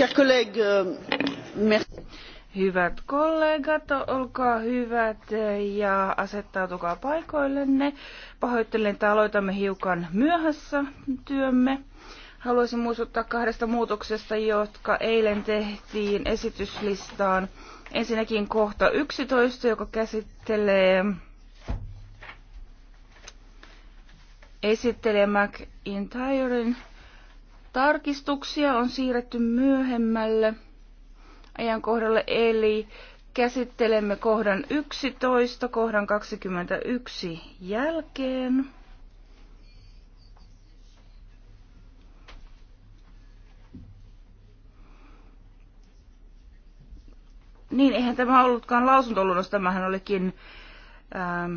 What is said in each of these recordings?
Euh, hyvät kollegat, olkaa hyvät ja asettautukaa paikoillenne. Pahoittelen, että aloitamme hiukan myöhässä työmme. Haluaisin muistuttaa kahdesta muutoksesta, jotka eilen tehtiin esityslistaan. Ensinnäkin kohta 11, joka käsittelee esittelee McIntyren tarkistuksia on siirretty myöhemmälle ajankohdalle, eli käsittelemme kohdan 11, kohdan 21 jälkeen. Niin, eihän tämä ollutkaan lausuntoluonnos, tämähän olikin ähm,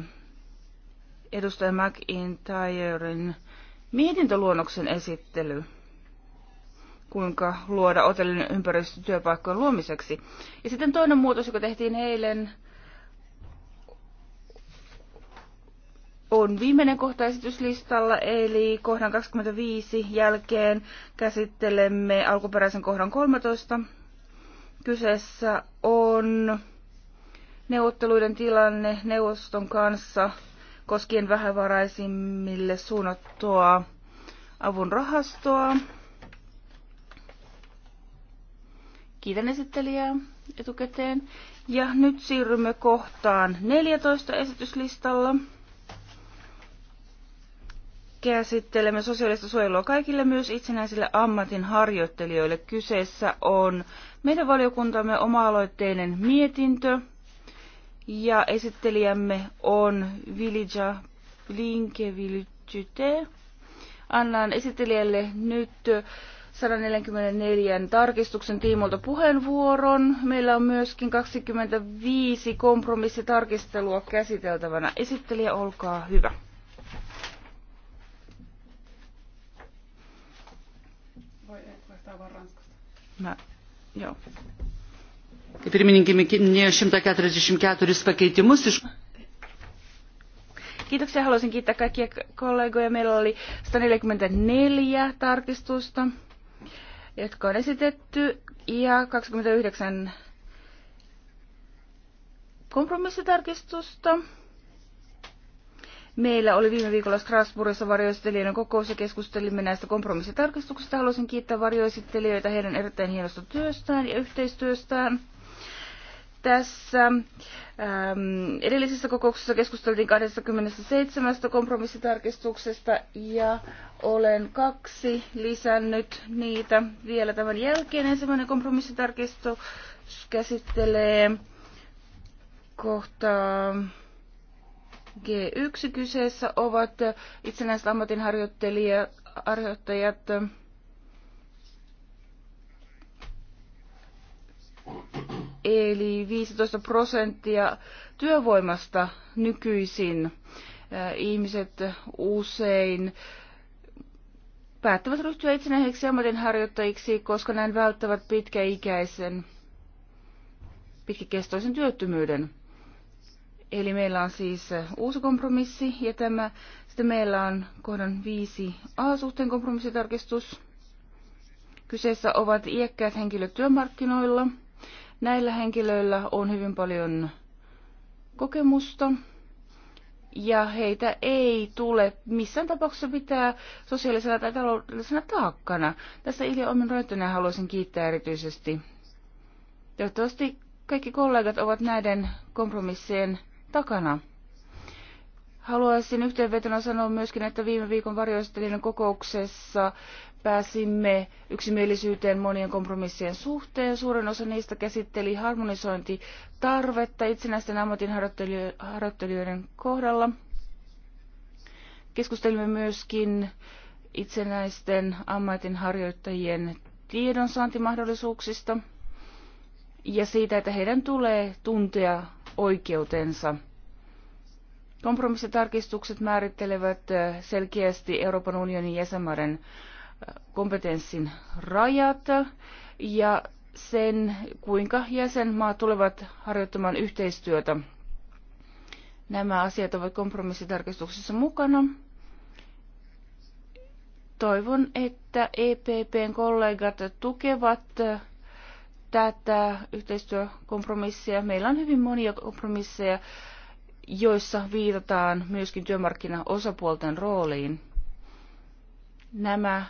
edustaja McIntyren mietintöluonnoksen esittely kuinka luoda otellinen ympäristö työpaikkojen luomiseksi. Ja sitten toinen muutos, joka tehtiin eilen, on viimeinen kohta esityslistalla, eli kohdan 25 jälkeen käsittelemme alkuperäisen kohdan 13. Kyseessä on neuvotteluiden tilanne neuvoston kanssa koskien vähävaraisimmille suunnattua avun rahastoa. Kiitän esittelijää etukäteen. Ja nyt siirrymme kohtaan 14 esityslistalla. Käsittelemme sosiaalista suojelua kaikille myös itsenäisille ammatin harjoittelijoille. Kyseessä on meidän valiokuntamme oma-aloitteinen mietintö. Ja esittelijämme on Vilija Blinkevilytyte. Annan esittelijälle nyt 144 tarkistuksen tiimolta puheenvuoron. Meillä on myöskin 25 kompromissitarkistelua käsiteltävänä. Esittelijä, olkaa hyvä. Voi, Mä, joo. 144 pakeitimus iš Kiitoksia. Haluaisin kiittää kaikkia kollegoja. Meillä oli 144 tarkistusta jotka on esitetty, ja 29 kompromissitarkistusta. Meillä oli viime viikolla Strasbourgissa varjoesittelijöiden kokous ja keskustelimme näistä kompromissitarkistuksista. Haluaisin kiittää varjoesittelijöitä heidän erittäin hienosta työstään ja yhteistyöstään. Tässä äm, edellisessä kokouksessa keskusteltiin 27 kompromissitarkistuksesta ja olen kaksi lisännyt niitä vielä tämän jälkeen. Ensimmäinen kompromissitarkistus käsittelee kohtaa G1 kyseessä ovat itsenäiset ammatinharjoittajat, eli 15 prosenttia työvoimasta nykyisin äh, ihmiset usein äh, päättävät ryhtyä itsenäisiksi ammatinharjoittajiksi, koska näin välttävät pitkäikäisen, pitkäkestoisen työttömyyden. Eli meillä on siis uusi kompromissi ja tämä, sitten meillä on kohdan 5a suhteen kompromissitarkistus. Kyseessä ovat iäkkäät henkilöt työmarkkinoilla. Näillä henkilöillä on hyvin paljon kokemusta ja heitä ei tule missään tapauksessa pitää sosiaalisena tai taloudellisena taakkana. Tässä Ilja Omen Röntönä haluaisin kiittää erityisesti. Toivottavasti kaikki kollegat ovat näiden kompromissien takana. Haluaisin yhteenvetona sanoa myöskin, että viime viikon varjoistelijan kokouksessa pääsimme yksimielisyyteen monien kompromissien suhteen. Suurin osa niistä käsitteli harmonisointitarvetta itsenäisten ammatinharjoittelijoiden kohdalla. Keskustelimme myöskin itsenäisten ammatinharjoittajien tiedonsaantimahdollisuuksista ja siitä, että heidän tulee tuntea oikeutensa. Kompromissitarkistukset määrittelevät selkeästi Euroopan unionin jäsenmaiden kompetenssin rajat ja sen, kuinka jäsenmaat tulevat harjoittamaan yhteistyötä. Nämä asiat ovat kompromissitarkistuksessa mukana. Toivon, että EPPn kollegat tukevat tätä yhteistyökompromissia. Meillä on hyvin monia kompromisseja, joissa viitataan myöskin työmarkkinaosapuolten rooliin. Nämä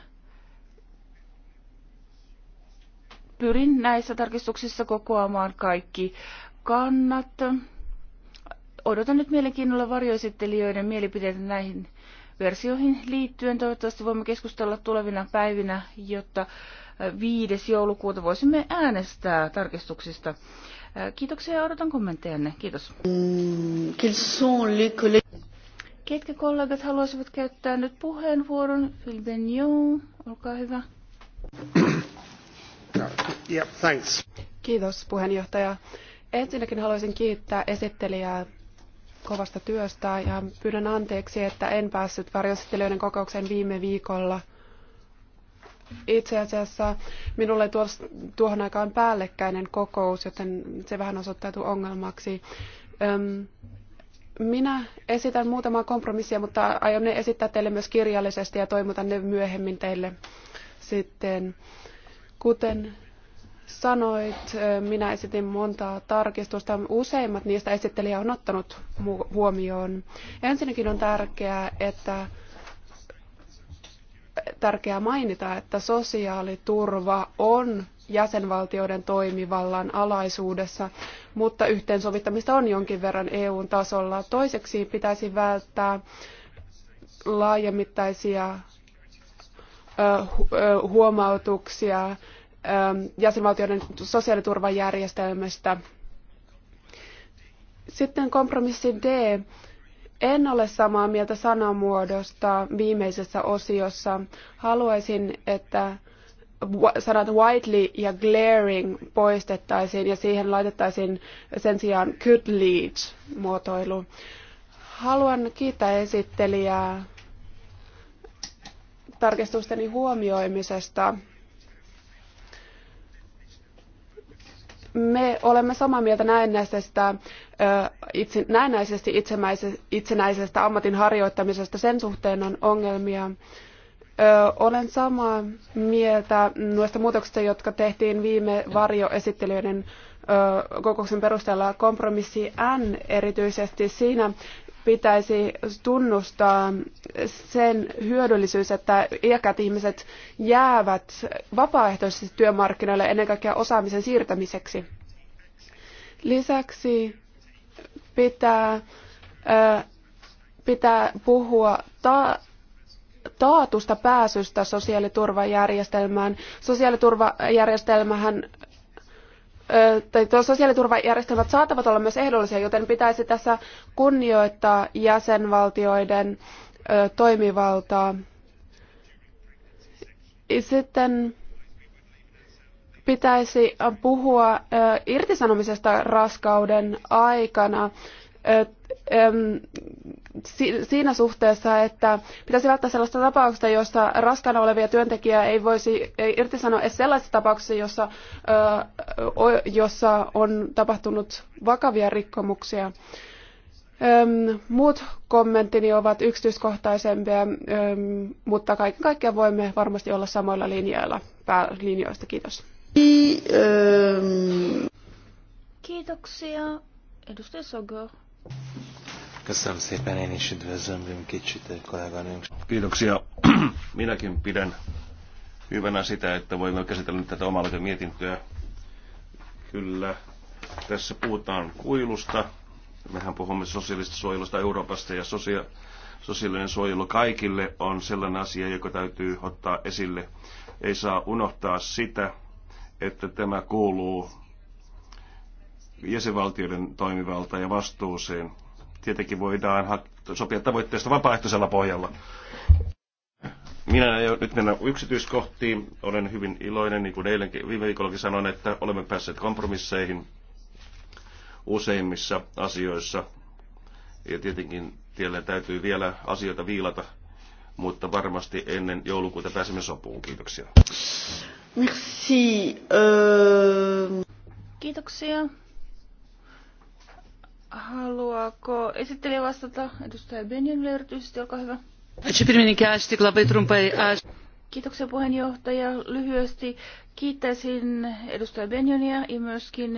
pyrin näissä tarkistuksissa kokoamaan kaikki kannat. Odotan nyt mielenkiinnolla varjoesittelijöiden mielipiteitä näihin versioihin liittyen. Toivottavasti voimme keskustella tulevina päivinä, jotta 5. joulukuuta voisimme äänestää tarkistuksista. Kiitoksia ja odotan kommenttejanne. Kiitos. Ketkä kollegat haluaisivat käyttää nyt puheenvuoron? Phil Benjon, olkaa hyvä. Kiitos puheenjohtaja. Ensinnäkin haluaisin kiittää esittelijää kovasta työstä ja pyydän anteeksi, että en päässyt varjoesittelijöiden kokoukseen viime viikolla. Itse asiassa minulle tuohon aikaan päällekkäinen kokous, joten se vähän osoittautui ongelmaksi. Öm, minä esitän muutamaa kompromissia, mutta aion ne esittää teille myös kirjallisesti ja toimitan ne myöhemmin teille sitten. Kuten sanoit, minä esitin montaa tarkistusta. Useimmat niistä esittelijä on ottanut huomioon. Ensinnäkin on tärkeää, että tärkeää mainita, että sosiaaliturva on jäsenvaltioiden toimivallan alaisuudessa, mutta yhteensovittamista on jonkin verran EUn tasolla. Toiseksi pitäisi välttää laajamittaisia huomautuksia jäsenvaltioiden sosiaaliturvajärjestelmästä. Sitten kompromissi D. En ole samaa mieltä sanamuodosta viimeisessä osiossa. Haluaisin, että sanat widely ja glaring poistettaisiin ja siihen laitettaisiin sen sijaan could lead muotoilu. Haluan kiittää esittelijää tarkistusteni huomioimisesta. Me olemme samaa mieltä näennäisestä, itse, näennäisesti itsenäisestä ammatin harjoittamisesta. Sen suhteen on ongelmia. Olen samaa mieltä noista muutoksista, jotka tehtiin viime varjoesittelyiden kokouksen perusteella kompromissi N erityisesti. Siinä pitäisi tunnustaa sen hyödyllisyys, että iäkät ihmiset jäävät vapaaehtoisesti työmarkkinoille ennen kaikkea osaamisen siirtämiseksi. Lisäksi pitää, pitää puhua ta- taatusta pääsystä sosiaaliturvajärjestelmään. Sosiaaliturvajärjestelmähän tai sosiaaliturvajärjestelmät saattavat olla myös ehdollisia, joten pitäisi tässä kunnioittaa jäsenvaltioiden toimivaltaa. Sitten pitäisi puhua irtisanomisesta raskauden aikana siinä suhteessa, että pitäisi välttää sellaista tapauksista, jossa raskaana olevia työntekijöitä ei voisi ei irtisanoa edes sellaisessa tapauksessa, jossa, jossa on tapahtunut vakavia rikkomuksia. Muut kommenttini ovat yksityiskohtaisempia, mutta kaiken kaikkiaan voimme varmasti olla samoilla linjoilla, päälinjoista. Kiitos. Kiitoksia. Edustaja Sogor. Köszönöm szépen, én is üdvözlöm kicsit kolléganőnk. Kiitoksia. Minäkin pidän hyvänä sitä, että voimme käsitellä tätä omalla mietintöä. Kyllä, tässä puhutaan kuilusta. Mehän puhumme sosiaalista suojelusta Euroopasta ja sosia- sosiaalinen suojelu kaikille on sellainen asia, joka täytyy ottaa esille. Ei saa unohtaa sitä, että tämä kuuluu jäsenvaltioiden toimivalta ja vastuuseen. Tietenkin voidaan sopia tavoitteesta vapaaehtoisella pohjalla. Minä en nyt mennä yksityiskohtiin. Olen hyvin iloinen, niin kuin eilen viime viikollakin sanoin, että olemme päässeet kompromisseihin useimmissa asioissa. Ja tietenkin tiellä täytyy vielä asioita viilata, mutta varmasti ennen joulukuuta pääsemme sopuun. Kiitoksia. Merci. Euh. Kiitoksia. Haluaako esittelijä vastata? Edustaja Benjamin erityisesti, olkaa hyvä. Kiitoksia puheenjohtaja. Lyhyesti kiittäisin edustaja Benjonia ja myöskin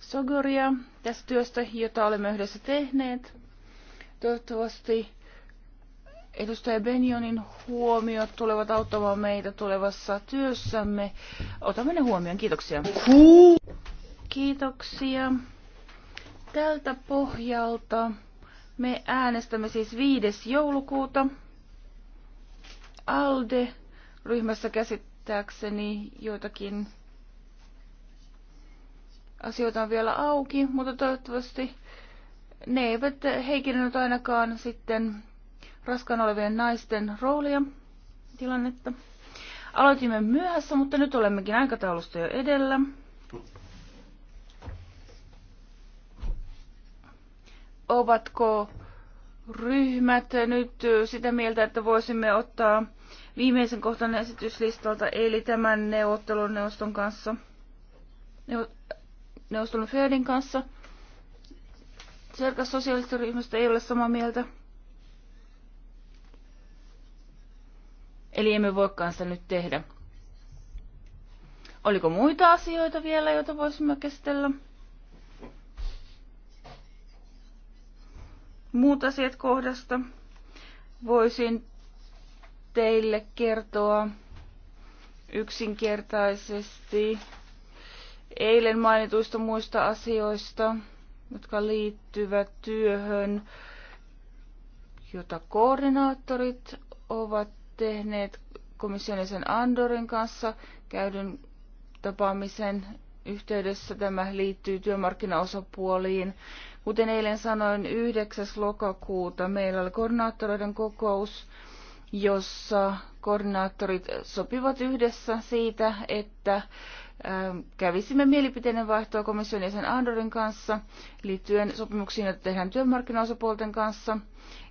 Sogoria tästä työstä, jota olemme yhdessä tehneet. Toivottavasti edustaja Benjonin huomiot tulevat auttamaan meitä tulevassa työssämme. Otamme ne huomioon. Kiitoksia. Kiitoksia. Tältä pohjalta me äänestämme siis 5. joulukuuta. ALDE-ryhmässä käsittääkseni joitakin asioita on vielä auki, mutta toivottavasti ne eivät heikennyt ainakaan sitten raskaan olevien naisten roolia tilannetta. Aloitimme myöhässä, mutta nyt olemmekin aikataulusta jo edellä. Ovatko ryhmät nyt sitä mieltä, että voisimme ottaa viimeisen kohtan esityslistalta, eli tämän neuvottelun neuvoston kanssa, neuvoston Födin kanssa. sosiaalista ryhmästä ei ole samaa mieltä. Eli emme voikaan sitä nyt tehdä. Oliko muita asioita vielä, joita voisimme käsitellä? muut asiat kohdasta. Voisin teille kertoa yksinkertaisesti eilen mainituista muista asioista, jotka liittyvät työhön, jota koordinaattorit ovat tehneet komissionisen Andorin kanssa käydyn tapaamisen yhteydessä. Tämä liittyy työmarkkinaosapuoliin. Kuten eilen sanoin, 9. lokakuuta meillä oli koordinaattoreiden kokous, jossa koordinaattorit sopivat yhdessä siitä, että ähm, kävisimme mielipiteiden vaihtoa komission jäsen Andorin kanssa liittyen sopimuksiin, joita tehdään työmarkkinaosapuolten kanssa.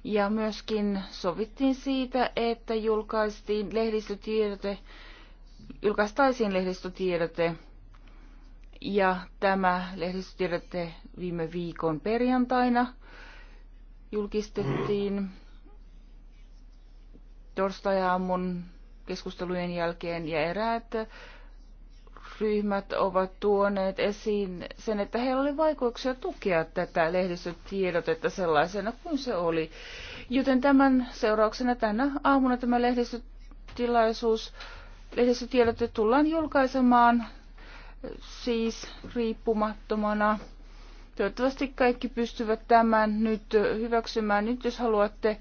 Ja myöskin sovittiin siitä, että julkaistiin lehdistötiedote, julkaistaisiin lehdistötiedote ja tämä lehdistötiedote viime viikon perjantaina julkistettiin torstai-aamun keskustelujen jälkeen ja eräät ryhmät ovat tuoneet esiin sen, että heillä oli vaikeuksia tukea tätä lehdistötiedotetta sellaisena kuin se oli. Joten tämän seurauksena tänä aamuna tämä lehdistötilaisuus, lehdistötiedote tullaan julkaisemaan siis riippumattomana. Toivottavasti kaikki pystyvät tämän nyt hyväksymään. Nyt jos haluatte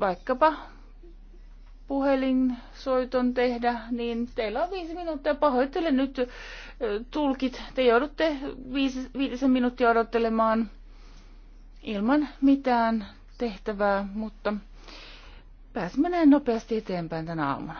vaikkapa puhelinsoiton tehdä, niin teillä on viisi minuuttia. Pahoittelen nyt tulkit. Te joudutte viisi, viitisen minuuttia odottelemaan ilman mitään tehtävää, mutta pääsemme näin nopeasti eteenpäin tänä aamuna.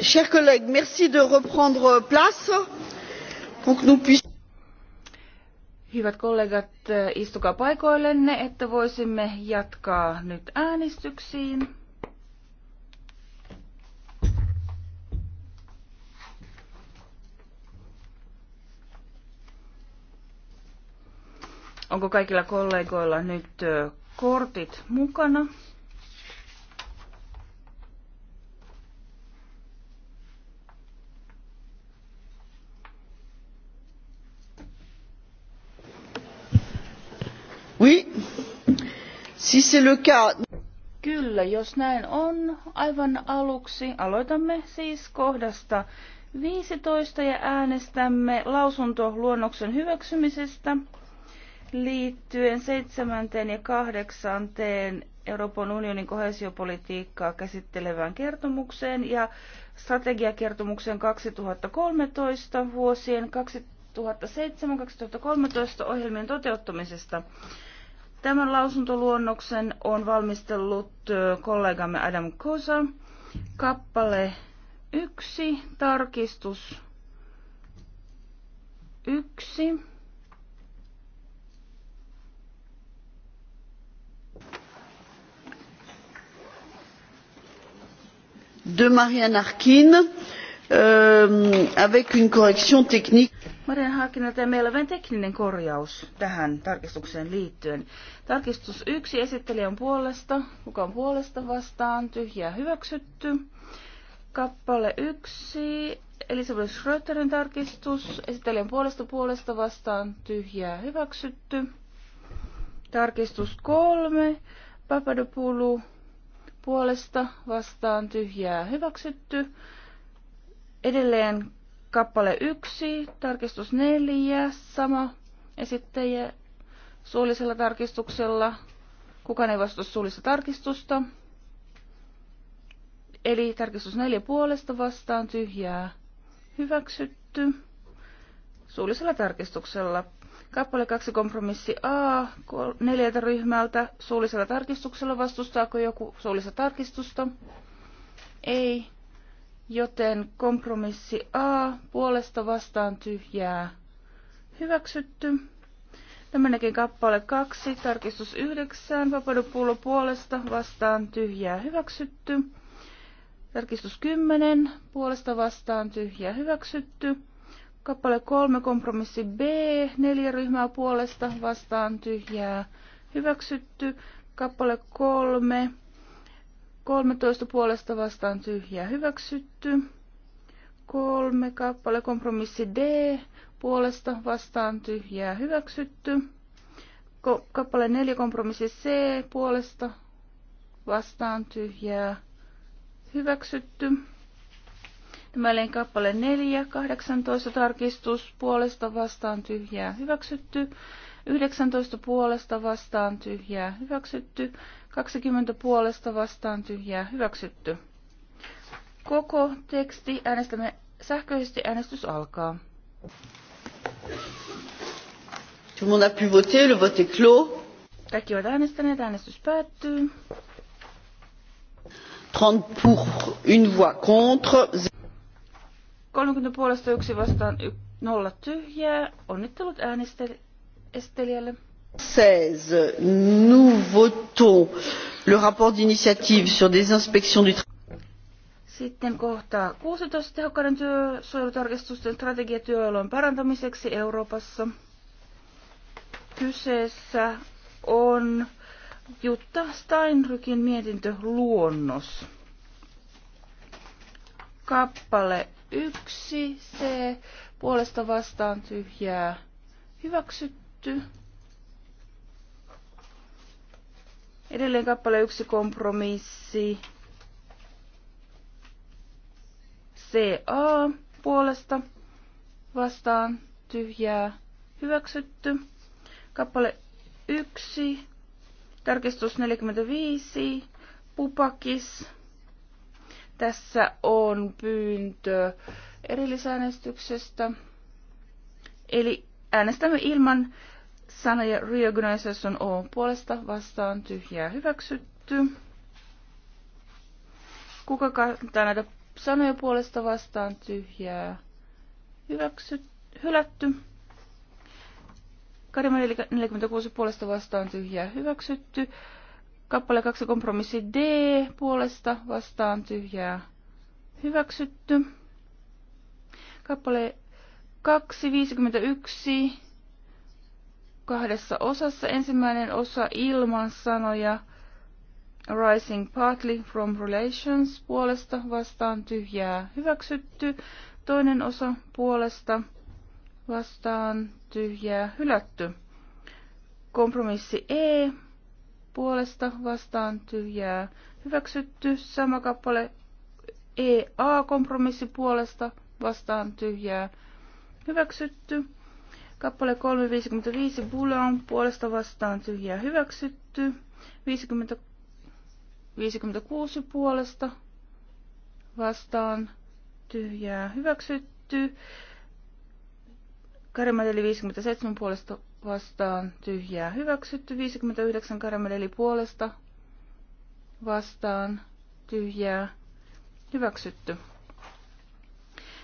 chers collègues merci de reprendre place pour que nous puissions. Hyvät kollegat, äh, istukaa paikoillenne, että voisimme jatkaa nyt äänestyksiin. Onko kaikilla kollegoilla nyt äh, kortit mukana? Si c'est le cas... Kyllä, jos näin on, aivan aluksi aloitamme siis kohdasta 15 ja äänestämme lausuntoluonnoksen hyväksymisestä liittyen seitsemänteen ja kahdeksanteen Euroopan unionin kohesiopolitiikkaa käsittelevään kertomukseen ja strategiakertomukseen 2013 vuosien 2007-2013 ohjelmien toteuttamisesta. Tämän lausuntoluonnoksen on valmistellut kollegamme Adam Kosa. Kappale 1, tarkistus 1. De Marianne Arkin Euh, avec une correction technique. Marian Haakinalta meillä on vain tekninen korjaus tähän tarkistukseen liittyen. Tarkistus yksi esittelijä on puolesta, kuka on puolesta vastaan, tyhjää hyväksytty. Kappale yksi, Elisabeth Schröterin tarkistus, esittelijän puolesta puolesta vastaan, tyhjää hyväksytty. Tarkistus kolme, Papadopoulou puolesta vastaan, tyhjää hyväksytty. Edelleen kappale 1, tarkistus 4, sama esittäjä suullisella tarkistuksella. Kukaan ei vastusta suullista tarkistusta. Eli tarkistus 4 puolesta vastaan tyhjää hyväksytty. Suullisella tarkistuksella Kappale 2 kompromissi A neljältä ryhmältä suullisella tarkistuksella. Vastustaako joku suullista tarkistusta? Ei. Joten kompromissi A puolesta vastaan tyhjää hyväksytty. Tämmöinenkin kappale 2, tarkistus 9, vapaudupullo puolesta vastaan tyhjää hyväksytty. Tarkistus 10, puolesta vastaan tyhjää hyväksytty. Kappale 3, kompromissi B, neljä ryhmää puolesta vastaan tyhjää hyväksytty. Kappale 3, 13 puolesta vastaan tyhjä hyväksytty. Kolme kappale kompromissi D puolesta vastaan tyhjää hyväksytty. Ko- kappale 4 kompromissi C puolesta vastaan tyhjää hyväksytty. Tämä oli kappale 4, 18 tarkistus puolesta vastaan tyhjää hyväksytty. 19 puolesta vastaan tyhjää hyväksytty. 20 puolesta vastaan tyhjää hyväksytty. Koko teksti äänestämme sähköisesti äänestys alkaa. Tout le monde a pu voter, le vote est clos. Kaikki ovat äänestäneet, äänestys päättyy. 30 pour, une voix contre. 30 puolesta yksi vastaan, y- nolla tyhjää. Onnittelut äänestäjälle seize nous votons le rapport d'initiative sur des inspections du sitten kohta 16 tehokkaiden työsuojelutarkistusten strategia työolon parantamiseksi Euroopassa. Kyseessä on Jutta Steinrykin mietintö luonnos. Kappale 1, C, puolesta vastaan tyhjää, hyväksytty. Edelleen kappale yksi kompromissi. CA puolesta vastaan tyhjää hyväksytty. Kappale 1, tarkistus 45, pupakis. Tässä on pyyntö erillisäänestyksestä. Eli äänestämme ilman Sanoja reorganization O puolesta vastaan tyhjää hyväksytty. Kuka kantaa näitä sanoja puolesta vastaan tyhjää hyväksy, hylätty. Karima 46 puolesta vastaan tyhjää hyväksytty. Kappale 2 kompromissi D puolesta vastaan tyhjää hyväksytty. Kappale 251 kahdessa osassa. Ensimmäinen osa ilman sanoja Rising partly from relations puolesta vastaan tyhjää hyväksytty. Toinen osa puolesta vastaan tyhjää hylätty. Kompromissi E puolesta vastaan tyhjää hyväksytty. Sama kappale EA kompromissi puolesta vastaan tyhjää hyväksytty. Kappale 355 on puolesta vastaan tyhjää hyväksytty. 50, 56 puolesta vastaan tyhjää hyväksytty. Karamelli 57 puolesta vastaan tyhjää hyväksytty. 59 karamelli puolesta vastaan tyhjää hyväksytty.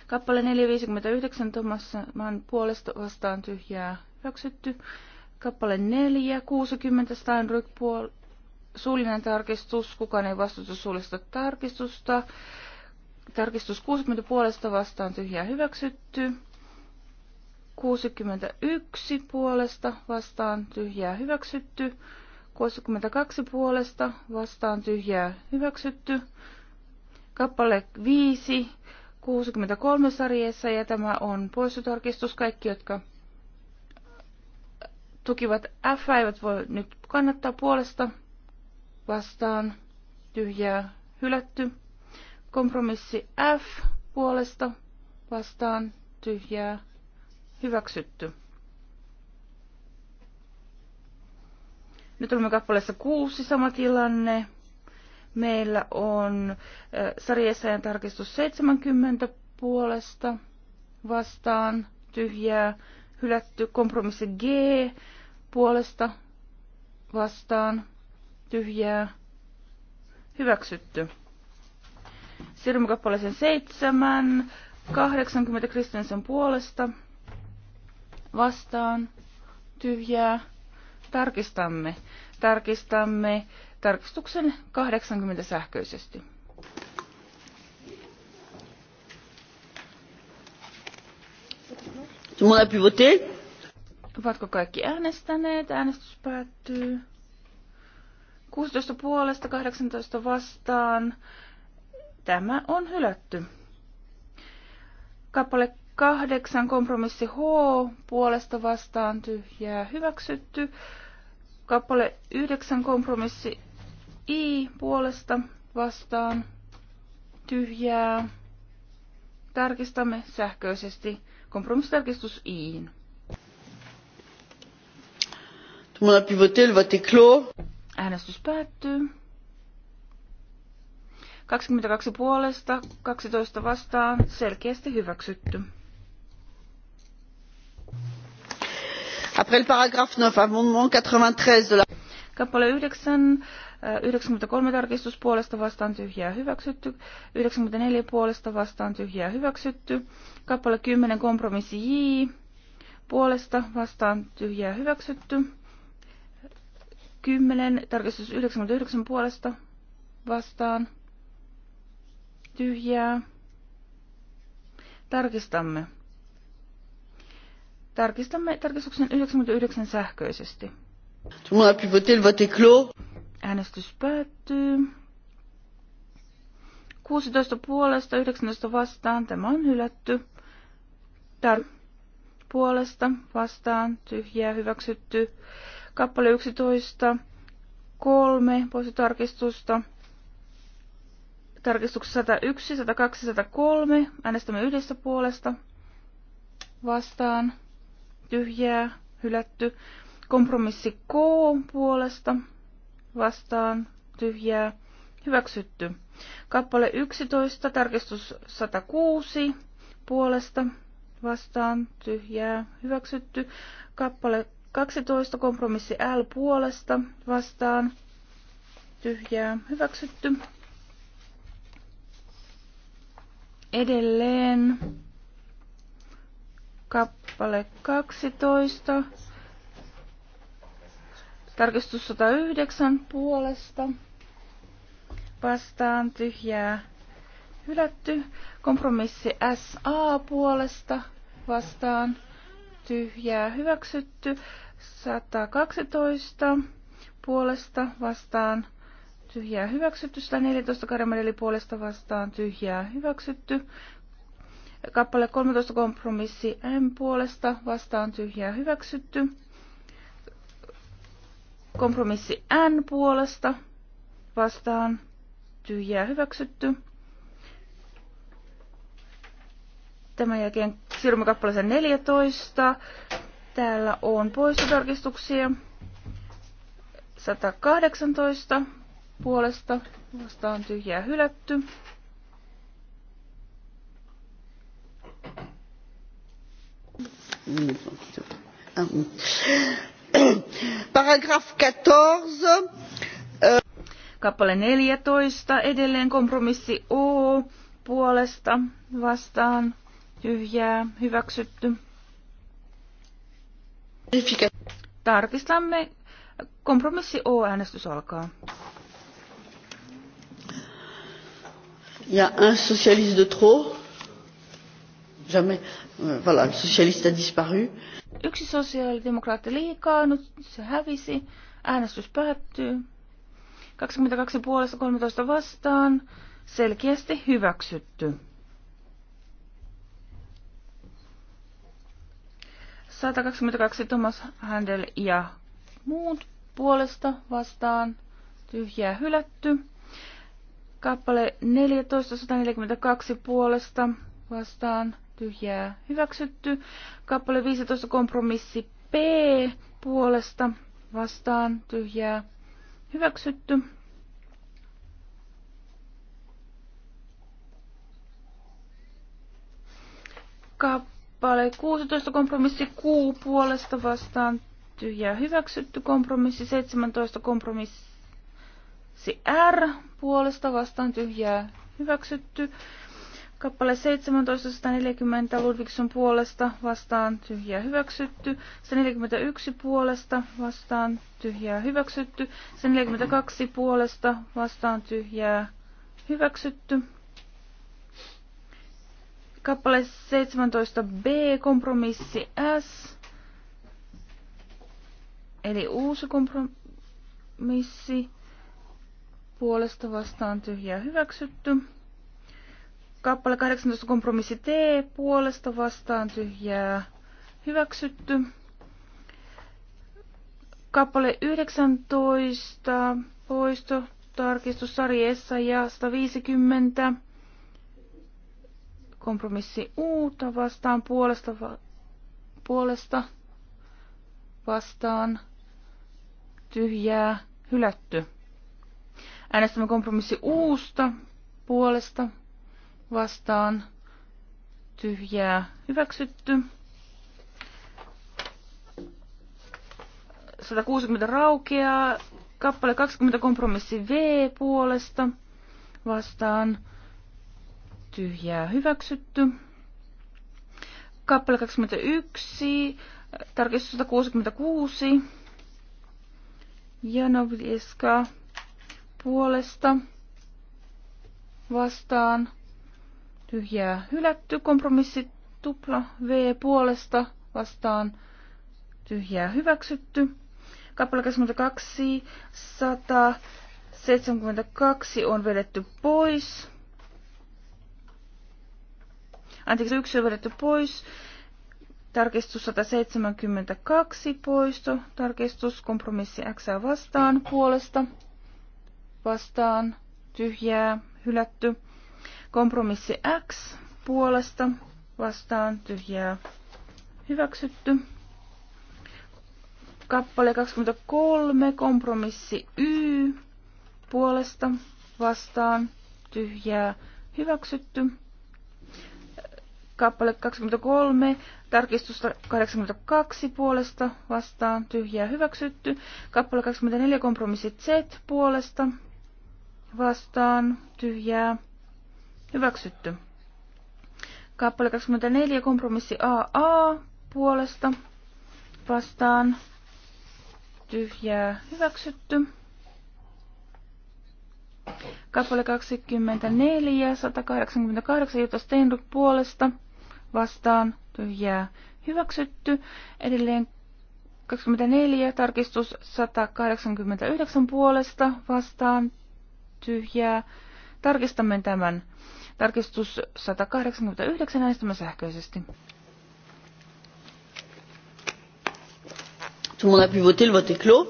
Kappale 459 Thomas Mann puolesta vastaan tyhjää hyväksytty. Kappale 460 Steinrück puol- suullinen tarkistus. Kukaan ei vastusta suullista tarkistusta. Tarkistus 60 puolesta vastaan tyhjää hyväksytty. 61 puolesta vastaan tyhjää hyväksytty. 62 puolesta vastaan tyhjää hyväksytty. Kappale 5 63 sarjeessa ja tämä on poistotarkistus. Kaikki, jotka tukivat F, eivät voi nyt kannattaa puolesta vastaan tyhjää hylätty. Kompromissi F puolesta vastaan tyhjää hyväksytty. Nyt olemme kappaleessa kuusi sama tilanne. Meillä on sarjessaan tarkistus 70 puolesta vastaan tyhjää hylätty. Kompromissi G puolesta vastaan tyhjää hyväksytty. Siirrymme kappaleeseen 7. 80 kristillisen puolesta vastaan tyhjää. Tarkistamme. Tarkistamme Tarkistuksen 80 sähköisesti. Ovatko kaikki äänestäneet? Äänestys päättyy. 16 puolesta, 18 vastaan. Tämä on hylätty. Kappale 8, kompromissi H, puolesta vastaan tyhjää hyväksytty. Kappale 9, kompromissi I puolesta vastaan tyhjää. Tarkistamme sähköisesti kompromissitarkistus I. Äänestys päättyy. 22 puolesta, 12 vastaan, selkeästi hyväksytty. Après le paragraphe 9, amendement 93 de la... Kappale 9, 93 tarkistus puolesta vastaan tyhjää hyväksytty. 94 puolesta vastaan tyhjää hyväksytty. Kappale 10 kompromissi J puolesta vastaan tyhjää hyväksytty. 10 tarkistus 99 puolesta vastaan tyhjää. Tarkistamme. Tarkistamme tarkistuksen 99 sähköisesti. Tout le pu voter, le vote est clos. Äänestys päättyy. 16 puolesta, 19 vastaan. Tämä on hylätty. Tar- puolesta, vastaan, tyhjää, hyväksytty. Kappale 11, kolme tarkistusta. Tarkistuksessa 101, 102, 103. Äänestämme yhdessä puolesta. Vastaan. Tyhjää. Hylätty. Kompromissi K puolesta vastaan tyhjää hyväksytty. Kappale 11, tarkistus 106 puolesta vastaan tyhjää hyväksytty. Kappale 12, kompromissi L puolesta vastaan tyhjää hyväksytty. Edelleen kappale 12, Tarkistus 109 puolesta. Vastaan tyhjää hylätty. Kompromissi SA puolesta vastaan tyhjää hyväksytty. 112 puolesta vastaan tyhjää hyväksytty. 114 karamelli puolesta vastaan tyhjää hyväksytty. Kappale 13 kompromissi M puolesta vastaan tyhjää hyväksytty. Kompromissi N puolesta vastaan tyhjää hyväksytty. Tämän jälkeen siirrymme kappaleeseen 14. Täällä on poistotarkistuksia. 118 puolesta vastaan tyhjää hylätty. paragraphe quatorze kappale neljätoista edelleen kompromissi O puolesta vastaan tyhjää hyväksytty. Tarkistamme. Kompromissi O äänestys alkaa. Ja un socialiste de trop. Jamais. Euh, voilà, le socialiste a disparu. Yksi sosiaalidemokraatti liikaa, nyt se hävisi. Äänestys päättyy. 22 puolesta 13 vastaan. Selkeästi hyväksytty. 122 Thomas Handel ja muut puolesta vastaan. Tyhjää hylätty. Kappale 1442 puolesta vastaan tyhjää hyväksytty. Kappale 15 kompromissi P puolesta vastaan tyhjää hyväksytty. Kappale 16 kompromissi Q puolesta vastaan tyhjää hyväksytty. Kompromissi 17 kompromissi R puolesta vastaan tyhjää hyväksytty. Kappale 1740 Ludvigson puolesta vastaan tyhjää hyväksytty. 141 puolesta vastaan tyhjää hyväksytty. 142 puolesta vastaan tyhjää hyväksytty. Kappale 17b, kompromissi S, eli uusi kompromissi, puolesta vastaan tyhjää hyväksytty. Kappale 18 kompromissi T puolesta vastaan tyhjää hyväksytty. Kappale 19 poisto tarkistus sarjessa ja 150 kompromissi uuta vastaan puolesta, va, puolesta vastaan tyhjää hylätty. Äänestämme kompromissi uusta puolesta vastaan tyhjää hyväksytty. 160 raukeaa. Kappale 20 kompromissi V puolesta vastaan tyhjää hyväksytty. Kappale 21, tarkistus 166. Janovlieska puolesta vastaan tyhjää hylätty. Kompromissi tupla V puolesta vastaan tyhjää hyväksytty. Kappale 22, 172 on vedetty pois. Anteeksi, yksi on vedetty pois. Tarkistus 172 poisto. Tarkistus kompromissi X vastaan puolesta. Vastaan tyhjää hylätty. Kompromissi X puolesta vastaan tyhjää hyväksytty. Kappale 23, kompromissi Y puolesta vastaan tyhjää hyväksytty. Kappale 23, tarkistusta 82 puolesta vastaan tyhjää hyväksytty. Kappale 24, kompromissi Z puolesta vastaan tyhjää hyväksytty Hyväksytty. Kappale 24, kompromissi AA puolesta vastaan. Tyhjää hyväksytty. Kappale 24, 188, Jutta Steinruck puolesta vastaan. Tyhjää hyväksytty. Edelleen 24, tarkistus 189 puolesta vastaan. Tyhjää. Tarkistamme tämän. Tarkistus 189 äänestämme sähköisesti. Tout le monde a pu voter, le vote est clos.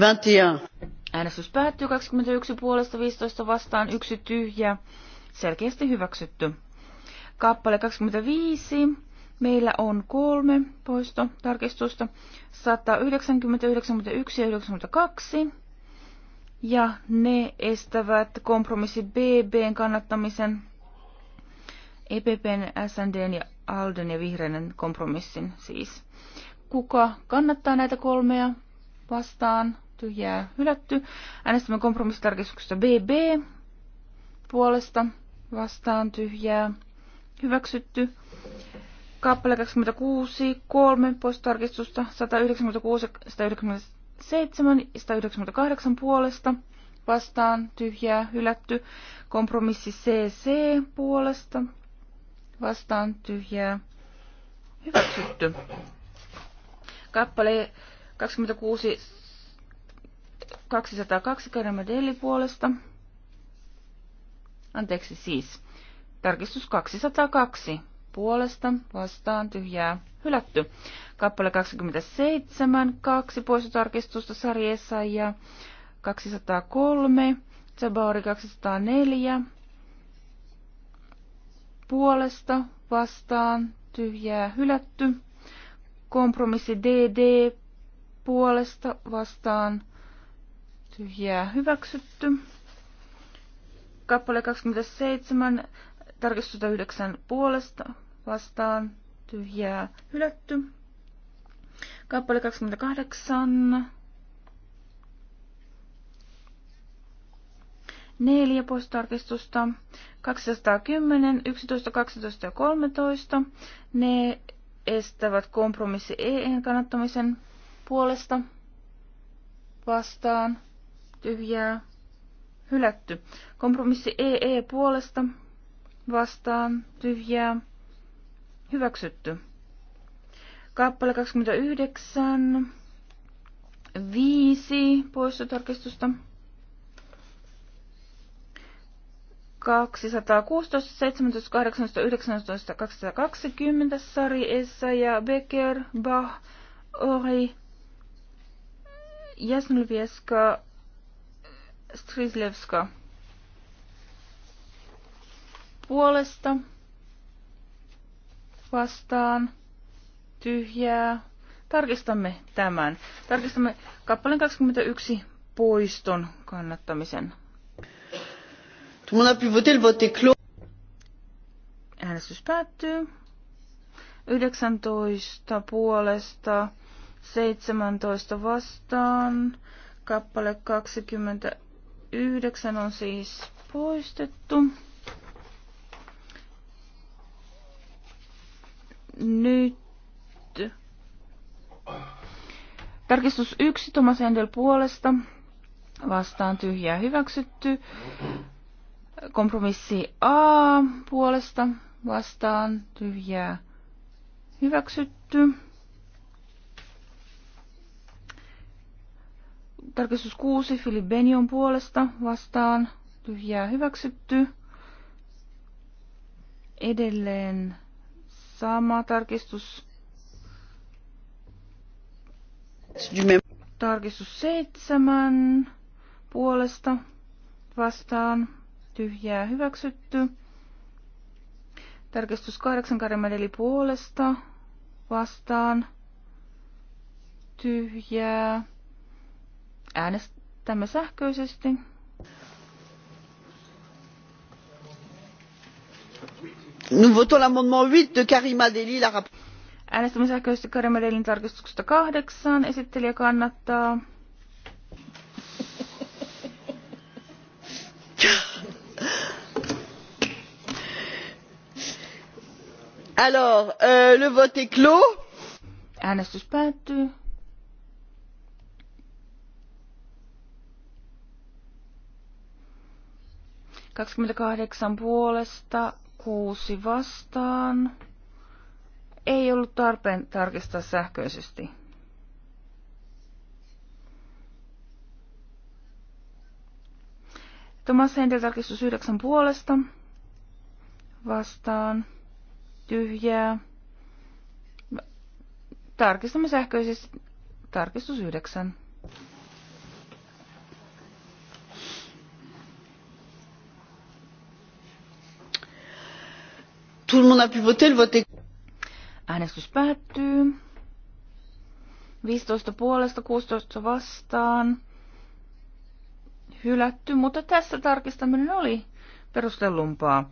21. Äänestys päättyy 21 puolesta 15 vastaan, yksi tyhjä, selkeästi hyväksytty. Kappale 25. Meillä on kolme poistotarkistusta, 190, 91 ja 92 ja ne estävät kompromissi BBn kannattamisen, EPPn, SNDn ja ALDEn ja vihreiden kompromissin siis. Kuka kannattaa näitä kolmea vastaan? Tyhjää hylätty. Äänestämme kompromissitarkistuksesta BB puolesta vastaan tyhjää hyväksytty. Kappale 26, 3 poistarkistusta, 196, 197 198 puolesta vastaan tyhjää hylätty. Kompromissi CC puolesta vastaan tyhjää hyväksytty. Kappale 26 202 Karamadeli puolesta. Anteeksi siis. Tarkistus 202 puolesta vastaan tyhjää hylätty. Kappale 27, kaksi poistotarkistusta sarjeessa ja 203, Zabauri 204 puolesta vastaan tyhjää hylätty. Kompromissi DD puolesta vastaan tyhjää hyväksytty. Kappale 27, tarkistusta 9 puolesta vastaan tyhjää hylätty. Kappale 28. Neljä poistotarkistusta. 210, 11, 12 ja 13. Ne estävät kompromissi EEn kannattamisen puolesta vastaan tyhjää hylätty. Kompromissi EE e puolesta vastaan tyhjää Hyväksytty. Kappale 29. Viisi poistotarkistusta. 216, 17, 18, 19, 220, Sari, Essa ja Becker, Bach, Ori, Jasnulvieska, Strislevska puolesta vastaan, tyhjää. Tarkistamme tämän. Tarkistamme kappaleen 21 poiston kannattamisen. Äänestys päättyy. 19 puolesta, 17 vastaan. Kappale 29 on siis poistettu. nyt tarkistus yksi Thomas Endel puolesta vastaan tyhjää hyväksytty. Kompromissi A puolesta vastaan tyhjää hyväksytty. Tarkistus 6 Philip Benion puolesta vastaan tyhjää hyväksytty. Edelleen sama tarkistus. Tarkistus seitsemän puolesta vastaan tyhjää hyväksytty. Tarkistus kahdeksan karemedeli puolesta vastaan tyhjää. Äänestämme sähköisesti. nous votons l'amendement huit de karima delli la rapporteure. Alors, euh, le vote est clos. Äänestys päättyy. Kaksikymmentäkahdeksan puolesta, kuusi vastaan. Ei ollut tarpeen tarkistaa sähköisesti. Thomas Hendel tarkistus yhdeksän puolesta. Vastaan. Tyhjää. Tarkistamme sähköisesti. Tarkistus yhdeksän. Tout le monde a pu voter, le vote est... Äänestys päättyy. 15 puolesta, 16 vastaan. Hylätty, mutta tässä tarkistaminen oli perustellumpaa.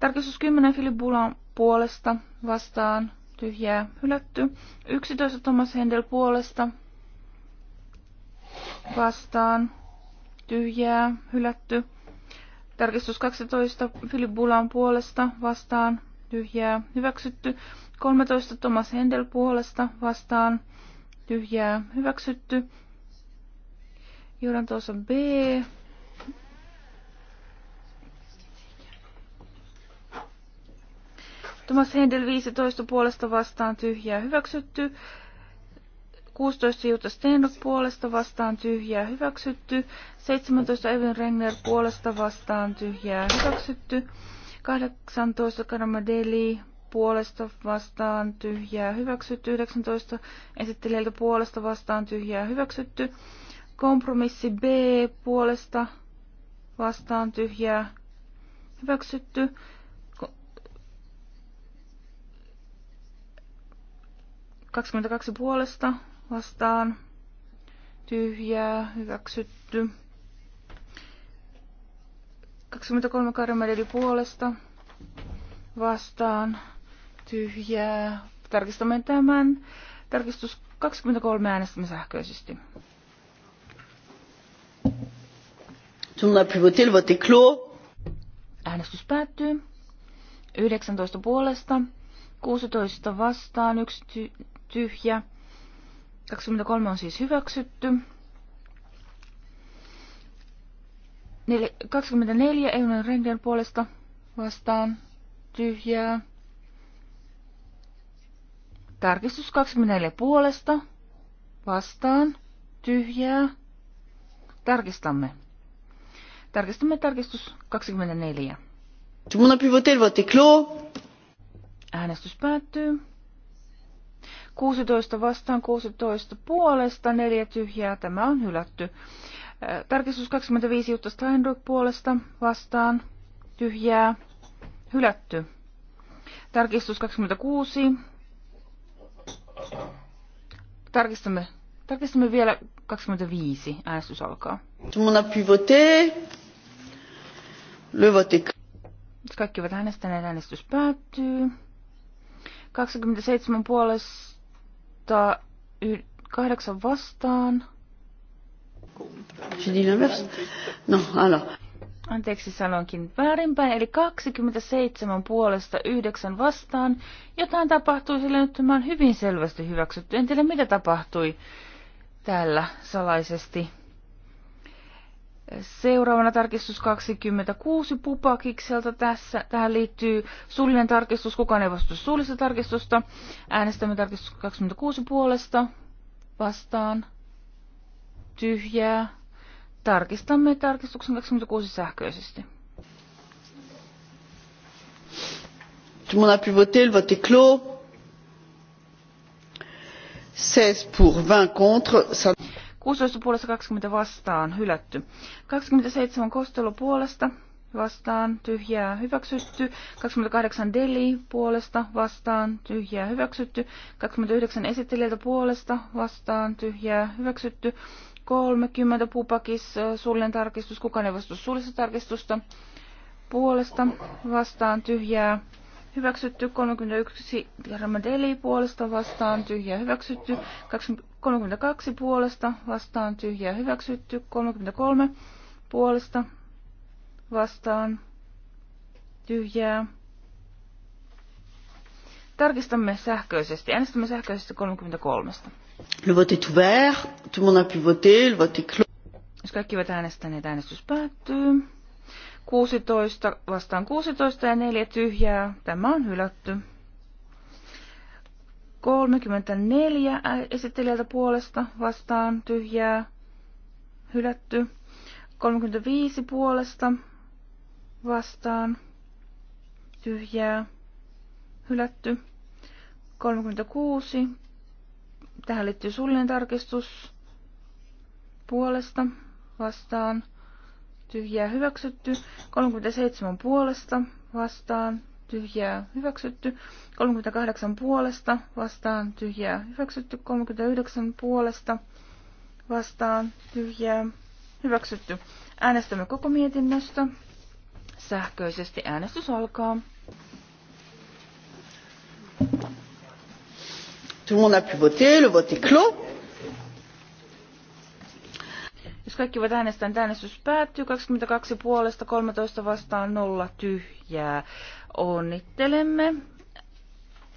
Tarkistus 10 Philip Bulan puolesta vastaan, tyhjää, hylätty. 11 Thomas Hendel puolesta vastaan, tyhjää, hylätty. Tarkistus 12 Philip Bulan puolesta vastaan, tyhjää, hyväksytty. 13 Thomas Hendel puolesta vastaan, tyhjää, hyväksytty. Juuran tuossa B. Thomas Hendel 15 puolesta vastaan, tyhjää, hyväksytty. 16 Jutta Steinrock puolesta vastaan tyhjää hyväksytty. 17 Evin Rengner puolesta vastaan tyhjää hyväksytty. 18 deli puolesta vastaan tyhjää hyväksytty. 19 esittelijältä puolesta vastaan tyhjää hyväksytty. Kompromissi B puolesta vastaan tyhjää hyväksytty. Ko- 22 puolesta vastaan tyhjää hyväksytty. 23 karamelli puolesta vastaan tyhjää. Tarkistamme tämän. Tarkistus 23 äänestämme sähköisesti. Äänestys päättyy. 19 puolesta, 16 vastaan, yksi tyhjä. 23 on siis hyväksytty. 24 Eunan Rengen puolesta vastaan tyhjää. Tarkistus 24 puolesta vastaan tyhjää. Tarkistamme. Tarkistamme tarkistus 24. Tout le monde a pu voter, le vote est clos. Äänestys päättyy. 16 vastaan 16 puolesta, neljä tyhjää, tämä on hylätty. Tarkistus 25 juttu Steinruck puolesta vastaan. Tyhjää. Hylätty. Tarkistus 26. Tarkistamme, tarkistamme vielä 25. Äänestys alkaa. Mun Kaikki ovat äänestäneet. Äänestys päättyy. 27 puolesta 8 vastaan. J'ai dit No, alo. Anteeksi sanoinkin väärinpäin, eli 27 puolesta 9 vastaan. Jotain tapahtui, sillä nyt mä on hyvin selvästi hyväksytty. En tiedä, mitä tapahtui täällä salaisesti. Seuraavana tarkistus 26 Pupakikselta. Tässä, tähän liittyy suullinen tarkistus. Kukaan ei vastu suullista tarkistusta. Äänestämme tarkistus 26 puolesta vastaan tyhjää. Tarkistamme tarkistuksen 26 sähköisesti. Tout le monde a pu voter, le vote est clos. 16 pour 20 contre. Ça... 16 puolesta 20 vastaan hylätty. 27 kostelo puolesta vastaan tyhjää hyväksytty. 28 deli puolesta vastaan tyhjää hyväksytty. 29 esittelijältä puolesta vastaan tyhjää hyväksytty. 30 Pupakis, suullinen tarkistus, kuka ei suullista tarkistusta. Puolesta vastaan tyhjää, hyväksytty 31 Ramadeli puolesta vastaan tyhjää hyväksytty, 32 puolesta vastaan tyhjää hyväksytty, 33 puolesta vastaan tyhjää. Tarkistamme sähköisesti. Äänestämme sähköisesti 33. Le vote est ouvert. Tout le monde a pu voter. Le vote est clos. Jos kaikki ovat äänestäneet, äänestys päättyy. 16 vastaan 16 ja 4 tyhjää. Tämä on hylätty. 34 esittelijältä puolesta vastaan tyhjää. Hylätty. 35 puolesta vastaan tyhjää. Hylätty. 36 Tähän liittyy suullinen tarkistus puolesta vastaan. Tyhjää hyväksytty. 37 puolesta vastaan. Tyhjää hyväksytty. 38 puolesta vastaan. Tyhjää hyväksytty. 39 puolesta vastaan. Tyhjää hyväksytty. Äänestämme koko mietinnöstä. Sähköisesti äänestys alkaa. tout le monde a pu voter le vote est clos jos kaikki ovat äänestäneet, niin äänestys päättyy. 22 puolesta, 13 vastaan, 0 tyhjää. Onnittelemme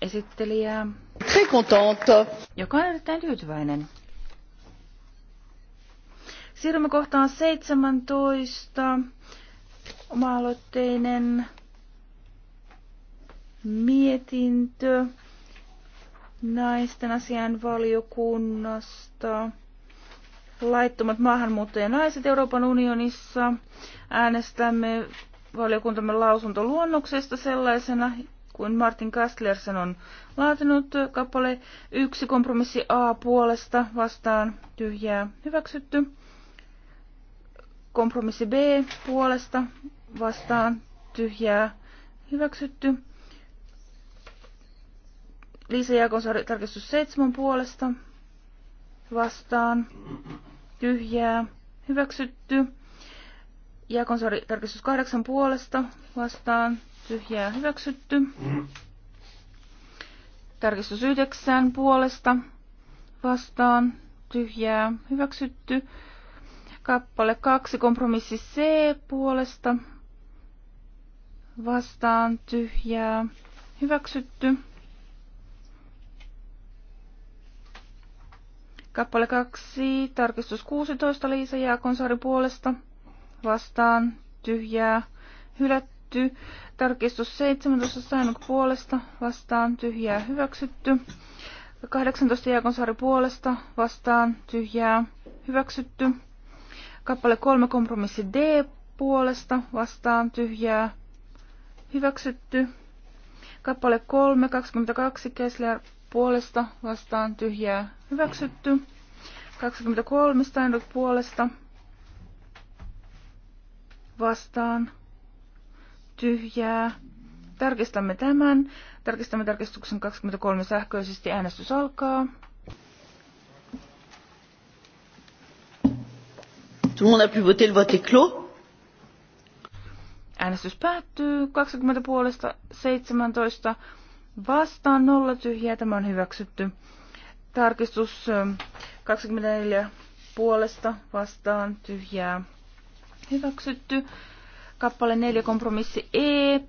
esittelijää. Très contente. Joka on erittäin tyytyväinen. Siirrymme kohtaan 17. Oma-aloitteinen mietintö naisten asian valiokunnasta. Laittomat naiset Euroopan unionissa. Äänestämme valiokuntamme lausuntoluonnoksesta sellaisena kuin Martin Kastlersen on laatinut kappale yksi kompromissi A puolesta vastaan tyhjää hyväksytty. Kompromissi B puolesta vastaan tyhjää hyväksytty. Liisa Jaakonsaari tarkistus seitsemän puolesta vastaan. Tyhjää. Hyväksytty. Jaakonsaari tarkistus kahdeksan puolesta vastaan. Tyhjää. Hyväksytty. Tarkistus yhdeksän puolesta vastaan. Tyhjää. Hyväksytty. Kappale kaksi kompromissi C puolesta vastaan. Tyhjää. Hyväksytty. Kappale 2, tarkistus 16, Liisa Jaakonsaari puolesta. Vastaan, tyhjää, hylätty. Tarkistus 17, Sainuk puolesta. Vastaan, tyhjää, hyväksytty. 18, Jaakonsaari puolesta. Vastaan, tyhjää, hyväksytty. Kappale 3, kompromissi D puolesta. Vastaan, tyhjää, hyväksytty. Kappale 3, 22, Kessler puolesta vastaan tyhjää hyväksytty. 23 Steinrock puolesta vastaan tyhjää. Tarkistamme tämän. Tarkistamme tarkistuksen 23 sähköisesti. Äänestys alkaa. Tout le monde a pu voter, le vote est clos. Äänestys päättyy 20 puolesta 17 vastaan, nolla tyhjää, tämä on hyväksytty. Tarkistus 24 puolesta vastaan, tyhjää, hyväksytty. Kappale 4, kompromissi E.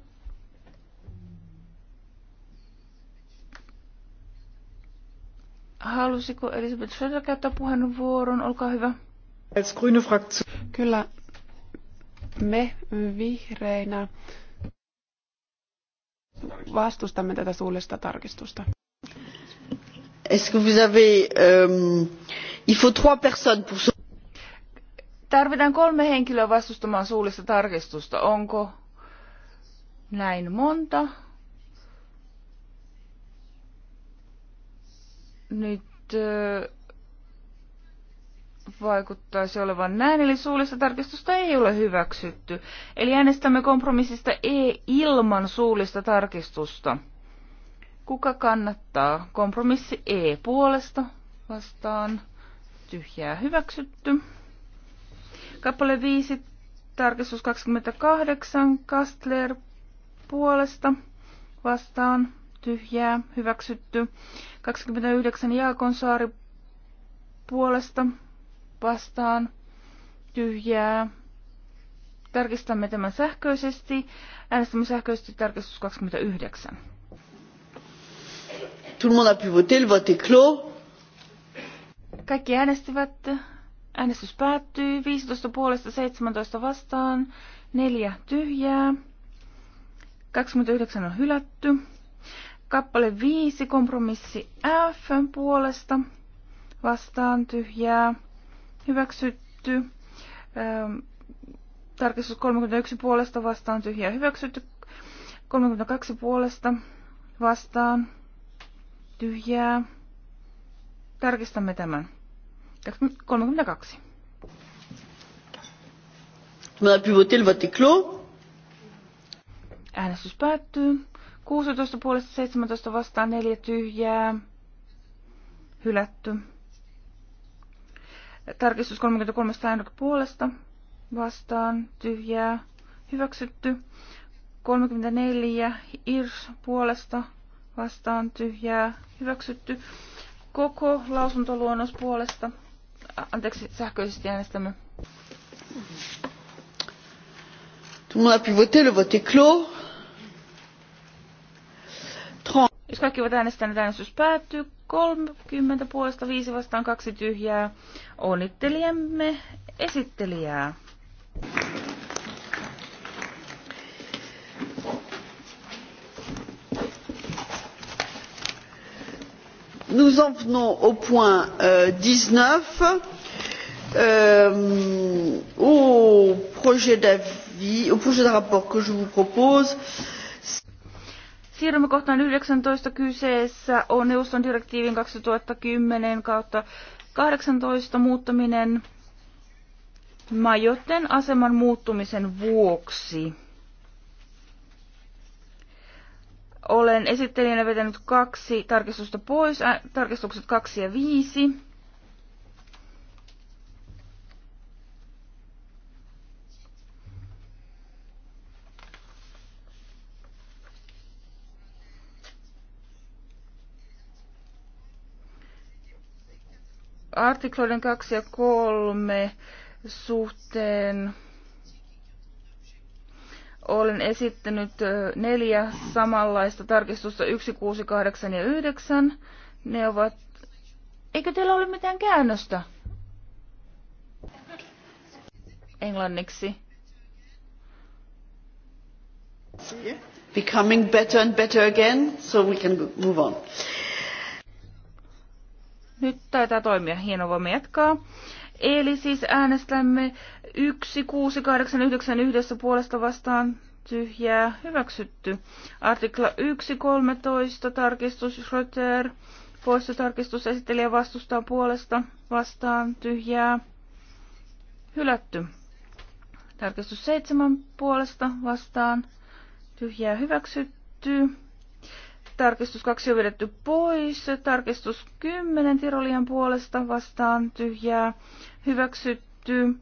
Halusiko Elisabeth Schröder käyttää puheenvuoron? Olkaa hyvä. Kyllä, me vihreinä vastustamme tätä suullista tarkistusta. Est-ce que vous avez, euh, il faut trois personnes pour Tarvitaan kolme henkilöä vastustamaan suullista tarkistusta. Onko näin monta? Nyt vaikuttaisi olevan näin, eli suullista tarkistusta ei ole hyväksytty. Eli äänestämme kompromissista E ilman suullista tarkistusta. Kuka kannattaa? Kompromissi E puolesta vastaan. Tyhjää hyväksytty. Kappale 5, tarkistus 28, Kastler puolesta vastaan. Tyhjää hyväksytty. 29, Jaakonsaari puolesta vastaan tyhjää. Tarkistamme tämän sähköisesti. Äänestämme sähköisesti tarkistus 29. Tout le monde a pu voter, le vote est clos. Kaikki äänestivät. Äänestys päättyy. 15 puolesta 17 vastaan. Neljä tyhjää. 29 on hylätty. Kappale 5, kompromissi F puolesta vastaan tyhjää hyväksytty. Tarkistus 31 puolesta vastaan tyhjä hyväksytty. 32 puolesta vastaan tyhjää. Tarkistamme tämän. 32. Madame Pivoté, le vote clos. Äänestys päättyy. 16 puolesta 17 vastaan 4 tyhjää. Hylätty. Tarkistus 33 Steinrock puolesta vastaan tyhjää hyväksytty. 34 Irs puolesta vastaan tyhjää hyväksytty. Koko lausuntoluonnos puolesta. Anteeksi, sähköisesti äänestämme. Tout le monde a pu voter, le vote est clos. Jos kaikki ovat äänestäneet, niin äänestys päättyy. 30 puolesta, 5 vastaan, 2 tyhjää. Onnittelijämme esittelijää. nous en venons au point euh, 19, euh, au projet au projet de rapport que je vous propose euh, Siirrymme kohtaan 19. Kyseessä on neuvoston direktiivin 2010 kautta 18 muuttaminen majoitten aseman muuttumisen vuoksi. Olen esittelijänä vetänyt kaksi tarkistusta pois, äh, tarkistukset 2 ja 5. artikloiden 2 ja 3 suhteen olen esittänyt neljä samanlaista tarkistusta 1, 6, 8 ja 9. Ne ovat... Eikö teillä ole mitään käännöstä? Englanniksi. Becoming better and better again, so we can move on. Nyt taitaa toimia. Hieno voimme jatkaa. Eli siis äänestämme 1, 6, 8, 9 yhdessä puolesta vastaan tyhjää hyväksytty. Artikla 1, 13, tarkistus Schröter. Poistotarkistus esittelijä vastustaa puolesta vastaan tyhjää hylätty. Tarkistus 7 puolesta vastaan tyhjää hyväksytty. Tarkistus 2 on vedetty pois. Tarkistus 10 Tirolian puolesta vastaan tyhjää hyväksytty.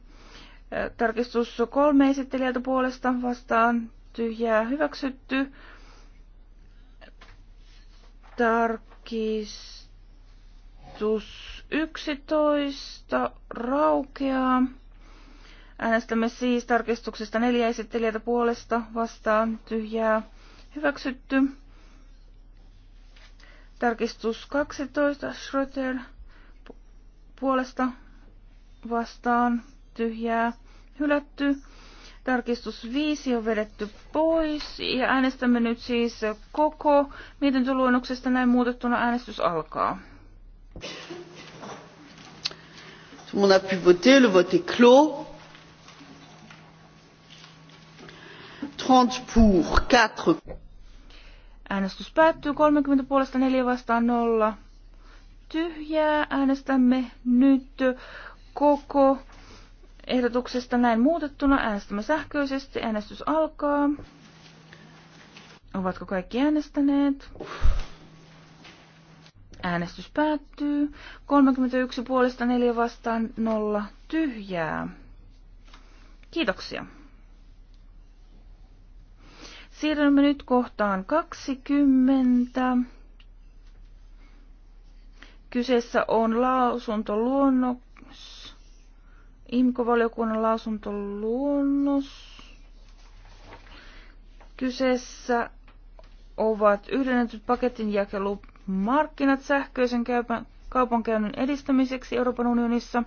Tarkistus 3 esittelijältä puolesta vastaan tyhjää hyväksytty. Tarkistus 11 raukeaa. Äänestämme siis tarkistuksesta neljä esittelijältä puolesta vastaan tyhjää hyväksytty. Tarkistus 12 Schröter puolesta vastaan tyhjää hylätty. Tarkistus 5 on vedetty pois ja äänestämme nyt siis koko mietintöluonnoksesta näin muutettuna äänestys alkaa. On a pu voter, le vote est clos. 30 pour, 4 Äänestys päättyy 30 puolesta 4 vastaan 0. Tyhjää äänestämme nyt koko ehdotuksesta näin muutettuna. Äänestämme sähköisesti. Äänestys alkaa. Ovatko kaikki äänestäneet? Äänestys päättyy. 31 puolesta 4 vastaan 0 tyhjää. Kiitoksia. Siirrymme nyt kohtaan 20. Kyseessä on lausuntoluonnos, IMKO-valiokunnan lausuntoluonnos. Kyseessä ovat yhdennetyt paketin jakelumarkkinat sähköisen kaupankäynnin edistämiseksi Euroopan unionissa.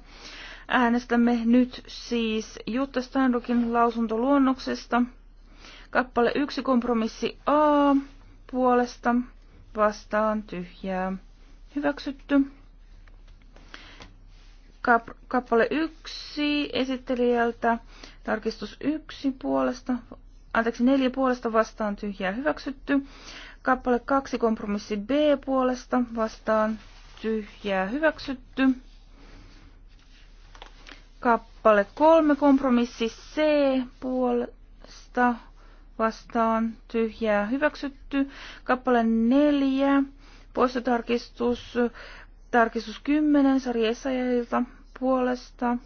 Äänestämme nyt siis Jutta Steinruckin lausuntoluonnoksesta. Kappale 1 kompromissi A puolesta vastaan tyhjää hyväksytty. Kap- kappale 1 esittelijältä tarkistus 1 puolesta, anteeksi 4 puolesta vastaan tyhjää hyväksytty. Kappale 2 kompromissi B puolesta vastaan tyhjää hyväksytty. Kappale 3 kompromissi C puolesta vastaan tyhjää hyväksytty. Kappale 4 poistotarkistus tarkistus 10 Sari Essayajilta puolesta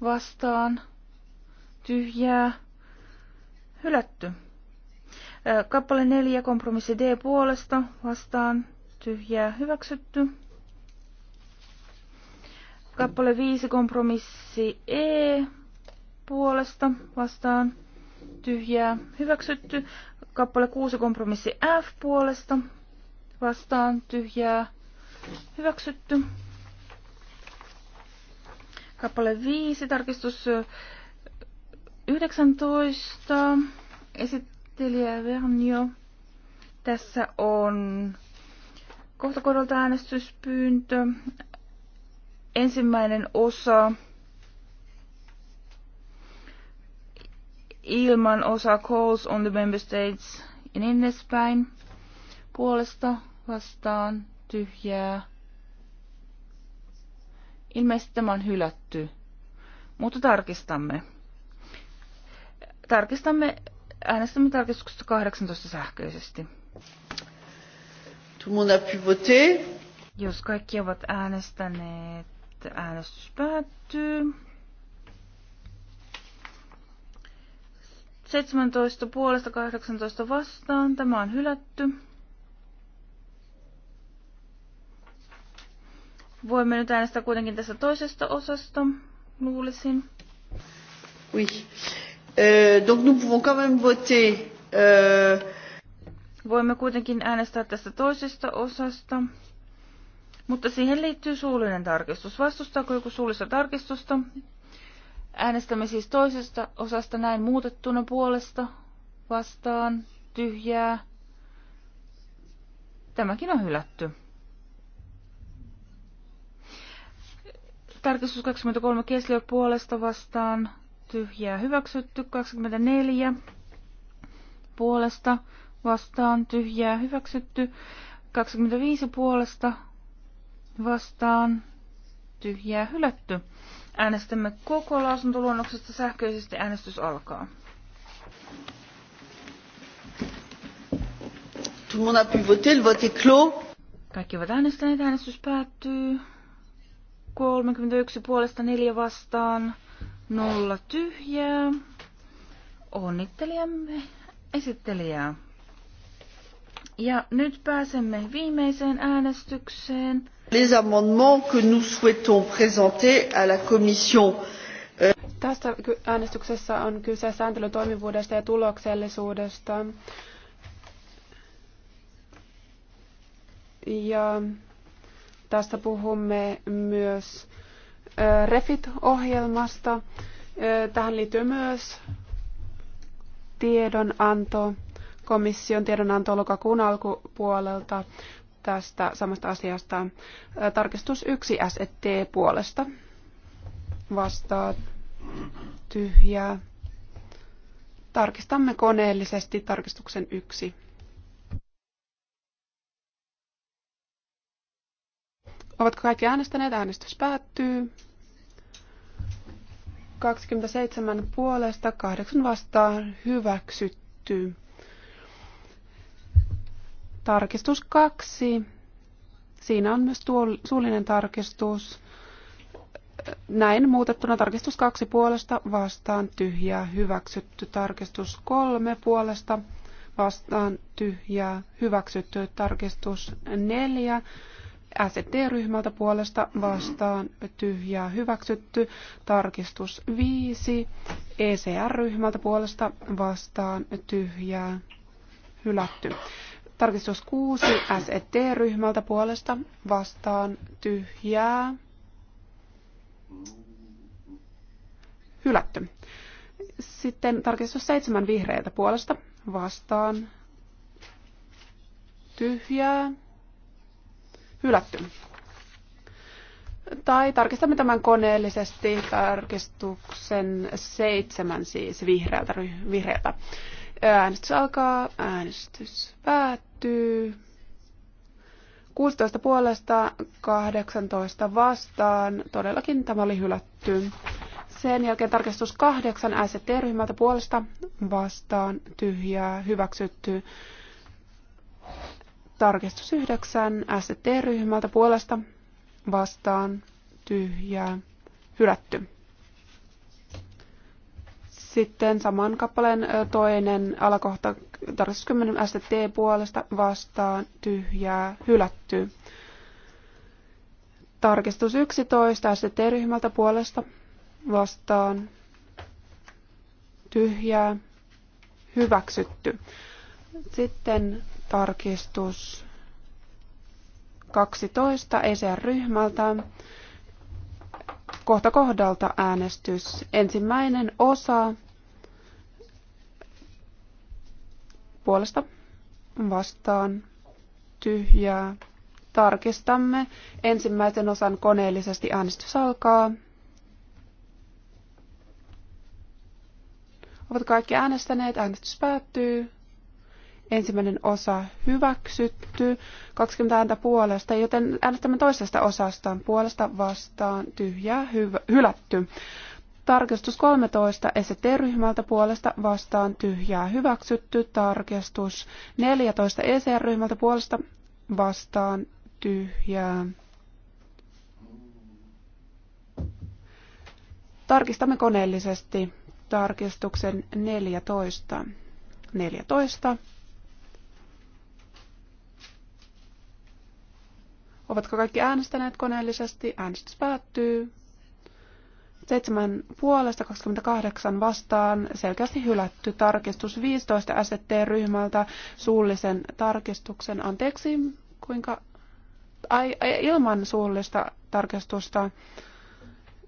vastaan tyhjää hylätty. Kappale 4, kompromissi D puolesta, vastaan, tyhjää, hyväksytty. Kappale 5, kompromissi E puolesta vastaan tyhjää hyväksytty. Kappale 6 kompromissi F puolesta vastaan tyhjää hyväksytty. Kappale 5 tarkistus 19 esittelijä Vernio. Tässä on kohtakorolta äänestyspyyntö. Ensimmäinen osa ilman osa calls on the member states in niin innespäin. Puolesta vastaan tyhjää. Ilmeisesti tämä on hylätty, mutta tarkistamme. Tarkistamme, äänestämme tarkistuksesta 18 sähköisesti. Tout monde a pu voter. Jos kaikki ovat äänestäneet, äänestys päättyy. 17 puolesta 18 vastaan. Tämä on hylätty. Voimme nyt äänestää kuitenkin tässä toisesta osasta, luulisin. Oui. Euh, donc nous pouvons quand même voter. Euh... Voimme kuitenkin äänestää tästä toisesta osasta. Mutta siihen liittyy suullinen tarkistus. Vastustaako joku suullista tarkistusta? Äänestämme siis toisesta osasta näin muutettuna puolesta vastaan tyhjää. Tämäkin on hylätty. Tarkistus 23 Kesliö puolesta vastaan tyhjää hyväksytty. 24 puolesta vastaan tyhjää hyväksytty. 25 puolesta vastaan tyhjää hylätty. Äänestämme koko lausuntoluonnoksesta sähköisesti. Äänestys alkaa. Tout le monde a pu voter, le vote est clos. Kaikki ovat äänestäneet, äänestys päättyy. 31 puolesta 4 vastaan, nolla tyhjää. Onnittelijamme esittelijää. Ja nyt pääsemme viimeiseen äänestykseen les amendements que nous souhaitons présenter à la commission. Tässä äänestyksessä on kyse ja tuloksellisuudesta. Ja puhumme myös REFIT-ohjelmasta. Tähän liittyy myös tiedonanto, komission tiedonanto lokakuun alkupuolelta tästä samasta asiasta. Tarkistus 1 SET puolesta. Vastaa tyhjää. Tarkistamme koneellisesti tarkistuksen 1. Ovatko kaikki äänestäneet? Äänestys päättyy. 27 puolesta, 8 vastaan hyväksytty. Tarkistus kaksi. Siinä on myös tuo suullinen tarkistus. Näin muutettuna tarkistus kaksi puolesta vastaan tyhjää hyväksytty. Tarkistus kolme puolesta vastaan tyhjää hyväksytty. Tarkistus neljä. ST-ryhmältä puolesta vastaan tyhjää hyväksytty. Tarkistus 5. ECR-ryhmältä puolesta vastaan tyhjää hylätty. Tarkistus 6 SET-ryhmältä puolesta vastaan tyhjää. Hylätty. Sitten tarkistus 7 vihreältä puolesta vastaan tyhjää. Hylätty. Tai tarkistamme tämän koneellisesti tarkistuksen seitsemän siis vihreältä. vihreältä. Äänestys alkaa, äänestys päättyy. 16 puolesta, 18 vastaan. Todellakin tämä oli hylätty. Sen jälkeen tarkistus 8 ST-ryhmältä puolesta vastaan tyhjää hyväksytty. Tarkistus 9 ST-ryhmältä puolesta vastaan tyhjää hylätty. Sitten saman kappaleen toinen alakohta, tarkistus 10 ST puolesta vastaan tyhjää hylätty. Tarkistus 11 ST-ryhmältä puolesta vastaan tyhjää hyväksytty. Sitten tarkistus 12 ECR-ryhmältä kohta kohdalta äänestys. Ensimmäinen osa puolesta vastaan tyhjää. Tarkistamme. Ensimmäisen osan koneellisesti äänestys alkaa. Ovat kaikki äänestäneet. Äänestys päättyy ensimmäinen osa hyväksytty, 20 ääntä puolesta, joten äänestämme toisesta osasta puolesta vastaan tyhjää hyvä, hylätty. Tarkistus 13 ST-ryhmältä puolesta vastaan tyhjää hyväksytty. Tarkistus 14 ECR-ryhmältä puolesta vastaan tyhjää. Tarkistamme koneellisesti tarkistuksen 14. 14. Ovatko kaikki äänestäneet koneellisesti? Äänestys päättyy. 7 puolesta 28 vastaan selkeästi hylätty tarkistus 15 ST-ryhmältä suullisen tarkistuksen. Anteeksi, kuinka ai, ai, ilman suullista tarkistusta.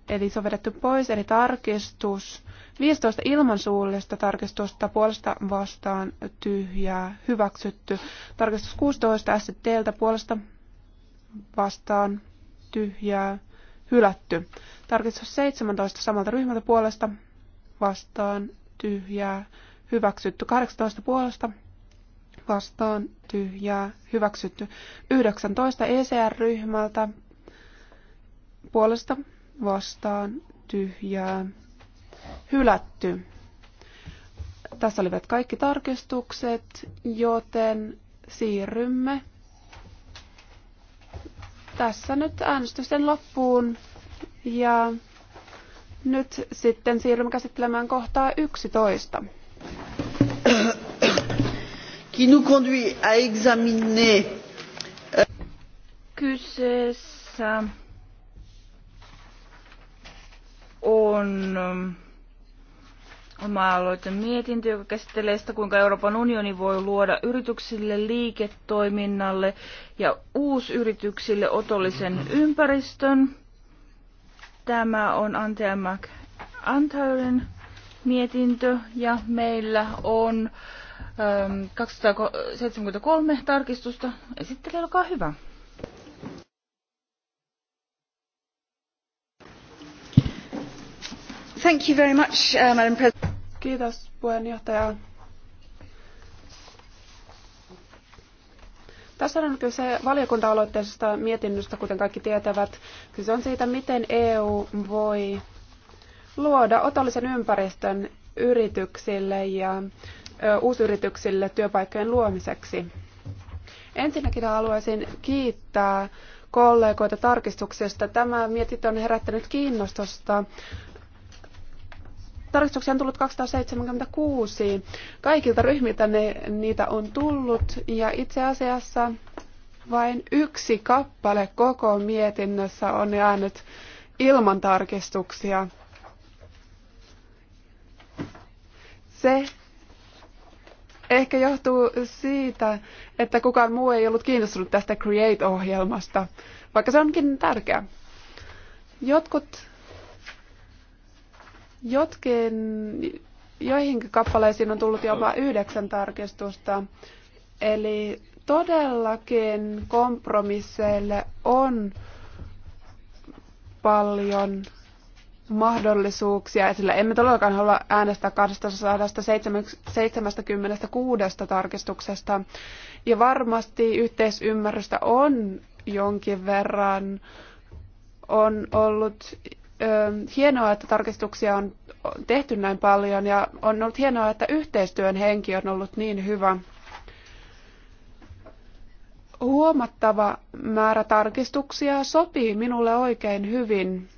Eli se on vedetty pois, eli tarkistus 15 ilman suullista tarkistusta puolesta vastaan tyhjää hyväksytty. Tarkistus 16 STltä puolesta vastaan tyhjää hylätty. Tarkistus 17 samalta ryhmältä puolesta vastaan tyhjää hyväksytty. 18 puolesta vastaan tyhjää hyväksytty. 19 ECR-ryhmältä puolesta vastaan tyhjää hylätty. Tässä olivat kaikki tarkistukset, joten siirrymme tässä nyt äänestysten loppuun ja nyt sitten siirrymme käsittelemään kohtaa 11. Qui nous conduit à examiner. Euh, Kyseessä on um, oma-aloite mietintö, joka käsittelee sitä, kuinka Euroopan unioni voi luoda yrityksille, liiketoiminnalle ja uusyrityksille otollisen ympäristön. Tämä on Antea McAntyren mietintö ja meillä on 273 ähm, tarkistusta. Esittely, olkaa hyvä. Thank you very much, uh, Madam President. Kiitos puheenjohtaja. Tässä on kyse valiokunta mietinnöstä, kuten kaikki tietävät. Kyse on siitä, miten EU voi luoda otollisen ympäristön yrityksille ja uusyrityksille työpaikkojen luomiseksi. Ensinnäkin haluaisin kiittää kollegoita tarkistuksesta. Tämä mietintö on herättänyt kiinnostusta tarkistuksia on tullut 276. Kaikilta ryhmiltä ne, niitä on tullut ja itse asiassa vain yksi kappale koko mietinnössä on jäänyt ilman tarkistuksia. Se ehkä johtuu siitä, että kukaan muu ei ollut kiinnostunut tästä Create-ohjelmasta, vaikka se onkin tärkeä. Jotkut Jotkin, joihinkin kappaleisiin on tullut jopa yhdeksän tarkistusta. Eli todellakin kompromisseille on paljon mahdollisuuksia sillä Emme todellakaan halua äänestää 276 tarkistuksesta. Ja varmasti yhteisymmärrystä on jonkin verran. On ollut hienoa, että tarkistuksia on tehty näin paljon ja on ollut hienoa, että yhteistyön henki on ollut niin hyvä. Huomattava määrä tarkistuksia sopii minulle oikein hyvin.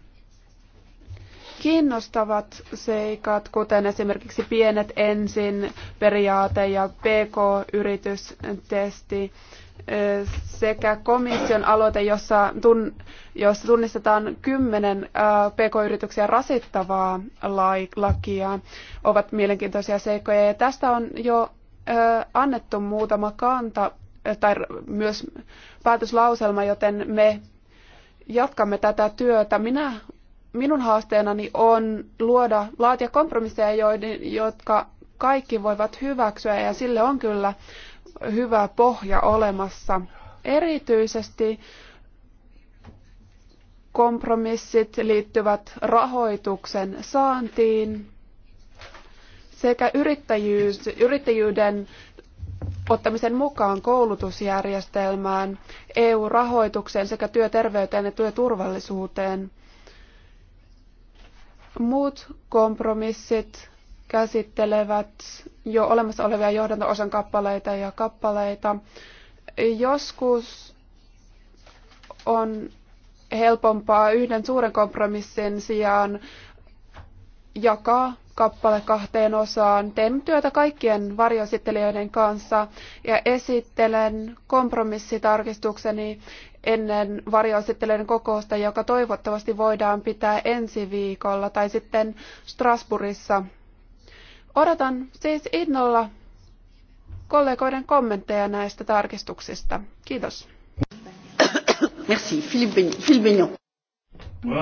Kiinnostavat seikat, kuten esimerkiksi pienet ensin periaate ja PK-yritystesti, sekä komission aloite, jossa, tun, jossa tunnistetaan kymmenen pk-yrityksiä rasittavaa lakia, ovat mielenkiintoisia seikkoja. Ja tästä on jo annettu muutama kanta tai myös päätöslauselma, joten me jatkamme tätä työtä. Minä, minun haasteenani on luoda, laatia kompromisseja, jotka kaikki voivat hyväksyä ja sille on kyllä hyvä pohja olemassa. Erityisesti kompromissit liittyvät rahoituksen saantiin sekä yrittäjyys, yrittäjyyden ottamisen mukaan koulutusjärjestelmään, EU-rahoitukseen sekä työterveyteen ja työturvallisuuteen. Muut kompromissit käsittelevät jo olemassa olevia johdanto-osan kappaleita ja kappaleita. Joskus on helpompaa yhden suuren kompromissin sijaan jakaa kappale kahteen osaan. Teen työtä kaikkien varjoesittelijöiden kanssa ja esittelen kompromissitarkistukseni ennen varjoesittelijöiden kokousta, joka toivottavasti voidaan pitää ensi viikolla tai sitten Strasbourgissa Odotan siis innolla kollegoiden kommentteja näistä tarkistuksista. Kiitos. Merci. Philippe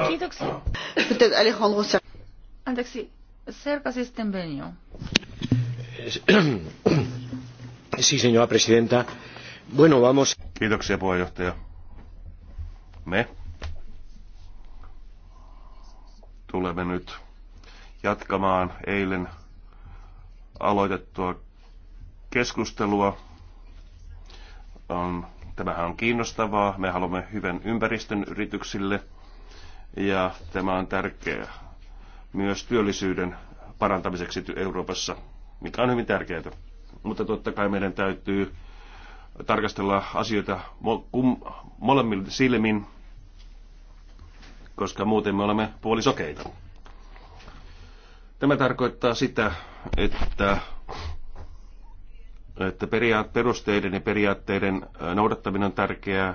Kiitoksia. Peut-être Alejandro Anteeksi, Serpa sitten Benio. Eh, sí, señora presidenta. Bueno, vamos. Kiitoksia, puheenjohtaja. Me tulemme nyt jatkamaan eilen aloitettua keskustelua. Um, tämähän on kiinnostavaa. Me haluamme hyvän ympäristön yrityksille ja tämä on tärkeää myös työllisyyden parantamiseksi Euroopassa, mikä on hyvin tärkeää. Mutta totta kai meidän täytyy tarkastella asioita Molemmin silmin, koska muuten me olemme puolisokeita. Tämä tarkoittaa sitä, että, että periaat, perusteiden ja periaatteiden noudattaminen on tärkeää.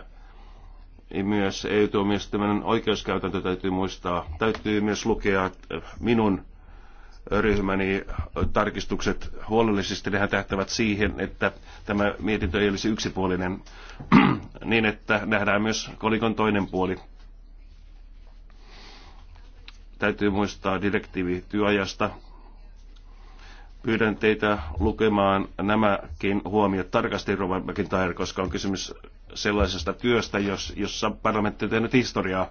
Ja myös EU-tuomioistuimen oikeuskäytäntö täytyy muistaa. Täytyy myös lukea minun ryhmäni tarkistukset huolellisesti. Nehän tähtävät siihen, että tämä mietintö ei olisi yksipuolinen, niin että nähdään myös kolikon toinen puoli. Täytyy muistaa direktiivi työajasta. Pyydän teitä lukemaan nämäkin huomiot tarkasti, Rovan McIntyre, koska on kysymys sellaisesta työstä, jos, jossa parlamentti on tehnyt historiaa.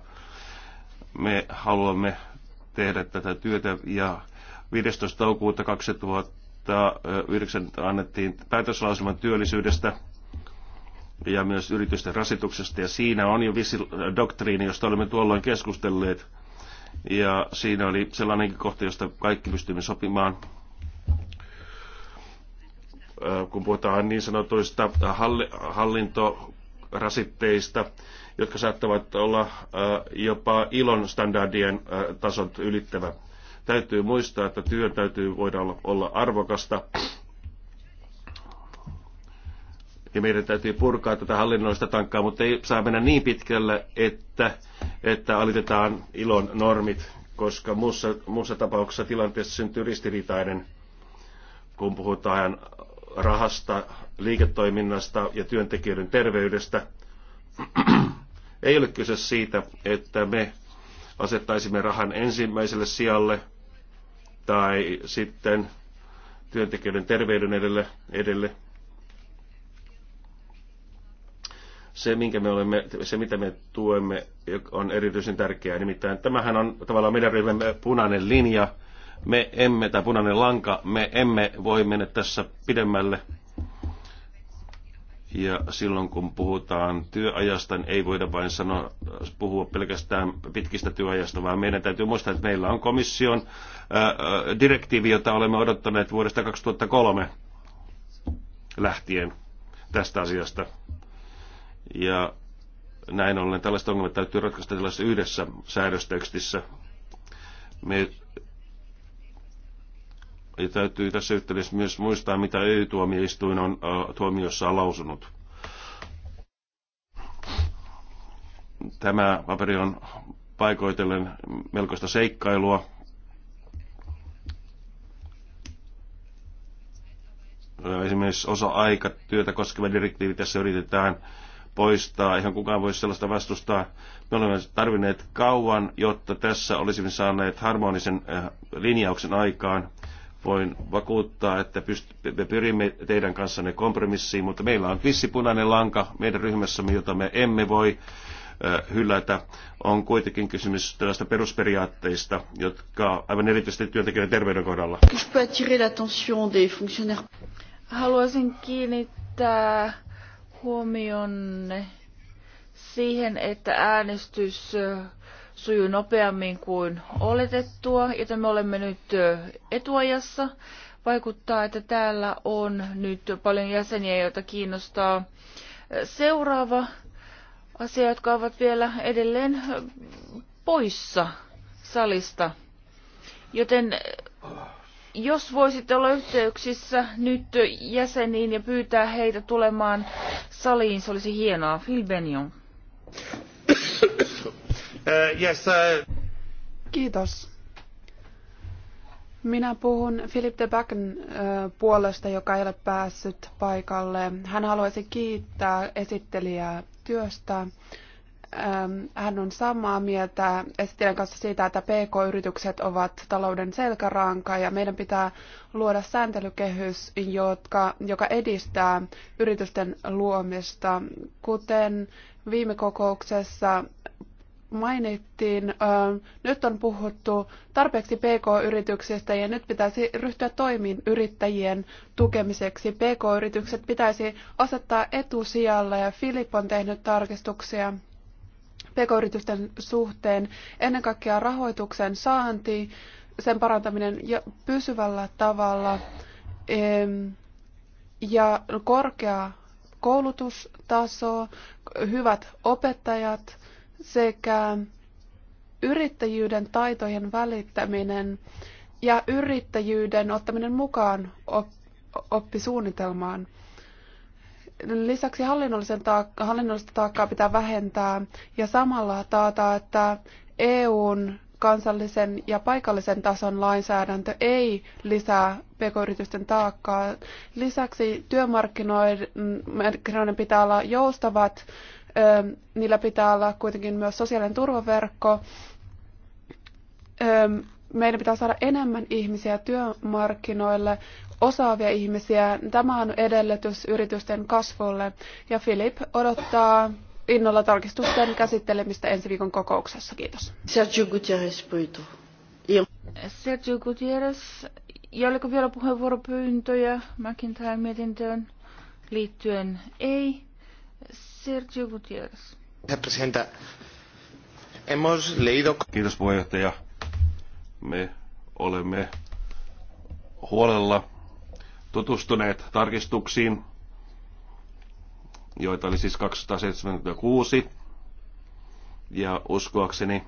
Me haluamme tehdä tätä työtä ja 15. toukokuuta 2009 annettiin päätöslauselman työllisyydestä ja myös yritysten rasituksesta. Ja siinä on jo visi doktriini, josta olemme tuolloin keskustelleet. Ja siinä oli sellainenkin kohta, josta kaikki pystyimme sopimaan kun puhutaan niin sanotuista hallintorasitteista, jotka saattavat olla jopa ilon standardien tasot ylittävä. Täytyy muistaa, että työ täytyy voida olla arvokasta ja meidän täytyy purkaa tätä hallinnollista tankkaa, mutta ei saa mennä niin pitkälle, että, että alitetaan ilon normit, koska muussa, muussa tapauksessa tilanteessa syntyy ristiriitainen, kun puhutaan rahasta, liiketoiminnasta ja työntekijöiden terveydestä. ei ole kyse siitä, että me asettaisimme rahan ensimmäiselle sijalle tai sitten työntekijöiden terveyden edelle, edelle se, minkä me olemme, se, mitä me tuemme, on erityisen tärkeää. Nimittäin tämähän on tavallaan meidän ryhmämme punainen linja, me emme, tai punainen lanka, me emme voi mennä tässä pidemmälle. Ja silloin kun puhutaan työajasta, niin ei voida vain sanoa, puhua pelkästään pitkistä työajasta, vaan meidän täytyy muistaa, että meillä on komission direktiivi, jota olemme odottaneet vuodesta 2003 lähtien tästä asiasta. Ja näin ollen tällaiset ongelmat täytyy ratkaista tällaisessa yhdessä säädöstekstissä. Me ja täytyy tässä yhteydessä myös muistaa, mitä EU-tuomioistuin on äh, tuomiossaan lausunut. Tämä paperi on paikoitellen melkoista seikkailua. Esimerkiksi osa-aikatyötä koskeva direktiivi tässä yritetään äh, poistaa. Eihän kukaan voi sellaista vastustaa. Me olemme tarvinneet kauan, jotta tässä olisimme saaneet harmonisen äh, linjauksen aikaan. Voin vakuuttaa, että me pyrimme teidän kanssanne kompromissiin, mutta meillä on vissipunainen lanka meidän ryhmässämme, jota me emme voi äh, hylätä, on kuitenkin kysymys tällaista perusperiaatteista, jotka aivan erityisesti työntekijöiden terveyden kohdalla. Haluaisin kiinnittää huomionne siihen, että äänestys sujuu nopeammin kuin oletettua, joten me olemme nyt etuajassa. Vaikuttaa, että täällä on nyt paljon jäseniä, joita kiinnostaa seuraava asia, jotka ovat vielä edelleen poissa salista. Joten jos voisitte olla yhteyksissä nyt jäseniin ja pyytää heitä tulemaan saliin, se olisi hienoa. Phil Benion. Uh, äh, yes, uh... Kiitos. Minä puhun Philip de Backen äh, puolesta, joka ei ole päässyt paikalle. Hän haluaisi kiittää esittelijää työstä hän on samaa mieltä esittelijän kanssa siitä, että PK-yritykset ovat talouden selkäranka ja meidän pitää luoda sääntelykehys, jotka, joka edistää yritysten luomista. Kuten viime kokouksessa mainittiin, nyt on puhuttu tarpeeksi PK-yrityksistä ja nyt pitäisi ryhtyä toimiin yrittäjien tukemiseksi. PK-yritykset pitäisi asettaa etusijalle ja Filip on tehnyt tarkistuksia pk-yritysten suhteen, ennen kaikkea rahoituksen saanti, sen parantaminen ja pysyvällä tavalla ja korkea koulutustaso, hyvät opettajat sekä yrittäjyyden taitojen välittäminen ja yrittäjyyden ottaminen mukaan oppisuunnitelmaan. Lisäksi hallinnollisen taakka, hallinnollista taakkaa pitää vähentää ja samalla taata, että EUn kansallisen ja paikallisen tason lainsäädäntö ei lisää pk-yritysten taakkaa. Lisäksi työmarkkinoiden pitää olla joustavat, niillä pitää olla kuitenkin myös sosiaalinen turvaverkko. Meidän pitää saada enemmän ihmisiä työmarkkinoille osaavia ihmisiä. Tämä on edellytys yritysten kasvulle ja Filip odottaa innolla tarkistusten käsittelemistä ensi viikon kokouksessa. Kiitos. Sergio Gutierrez Puito. Sergio Gutierrez, ja oliko vielä puheenvuoropyyntöjä McIntyre-mietintöön liittyen? Ei. Sergio Gutierrez. Presidenta, hemos leído... Kiitos puheenjohtaja. Me olemme huolella tutustuneet tarkistuksiin, joita oli siis 276. Ja uskoakseni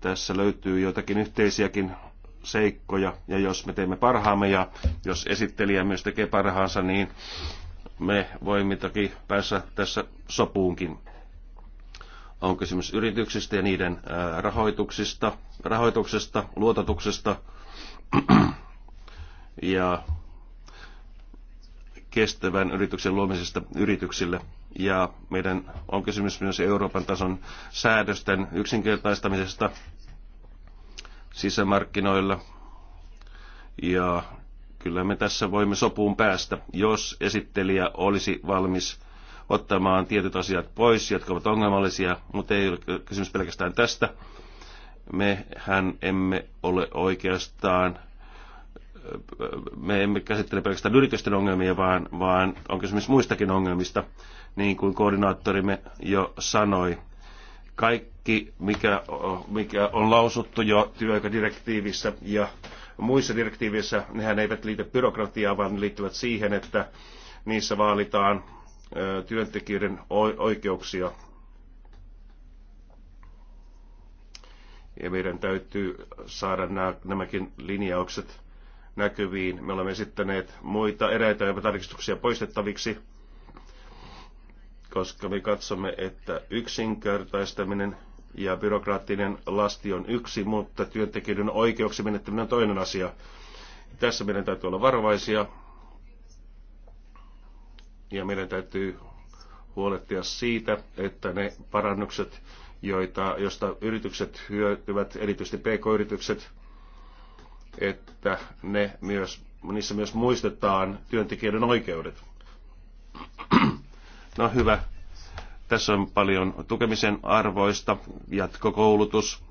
tässä löytyy joitakin yhteisiäkin seikkoja, ja jos me teemme parhaamme ja jos esittelijä myös tekee parhaansa, niin me voimme toki päässä tässä sopuunkin. On kysymys yrityksistä ja niiden rahoituksista, rahoituksesta, luototuksesta ja kestävän yrityksen luomisesta yrityksille. Ja meidän on kysymys myös Euroopan tason säädösten yksinkertaistamisesta sisämarkkinoilla. Ja kyllä me tässä voimme sopuun päästä, jos esittelijä olisi valmis ottamaan tietyt asiat pois, jotka ovat ongelmallisia, mutta ei ole kysymys pelkästään tästä. Mehän emme ole oikeastaan me emme käsittele pelkästään yritysten ongelmia, vaan, vaan on kysymys muistakin ongelmista, niin kuin koordinaattorimme jo sanoi. Kaikki, mikä, mikä on lausuttu jo työaikadirektiivissä ja muissa direktiivissä, nehän eivät liity byrokratiaan, vaan liittyvät siihen, että niissä vaalitaan työntekijöiden oikeuksia. Ja meidän täytyy saada nämä, nämäkin linjaukset näkyviin. Me olemme esittäneet muita eräitä tarkistuksia poistettaviksi, koska me katsomme, että yksinkertaistaminen ja byrokraattinen lasti on yksi, mutta työntekijöiden oikeuksien menettäminen on toinen asia. Tässä meidän täytyy olla varovaisia ja meidän täytyy huolehtia siitä, että ne parannukset, joita, josta yritykset hyötyvät, erityisesti pk-yritykset, että ne myös, niissä myös muistetaan työntekijöiden oikeudet. No hyvä. Tässä on paljon tukemisen arvoista, jatkokoulutus,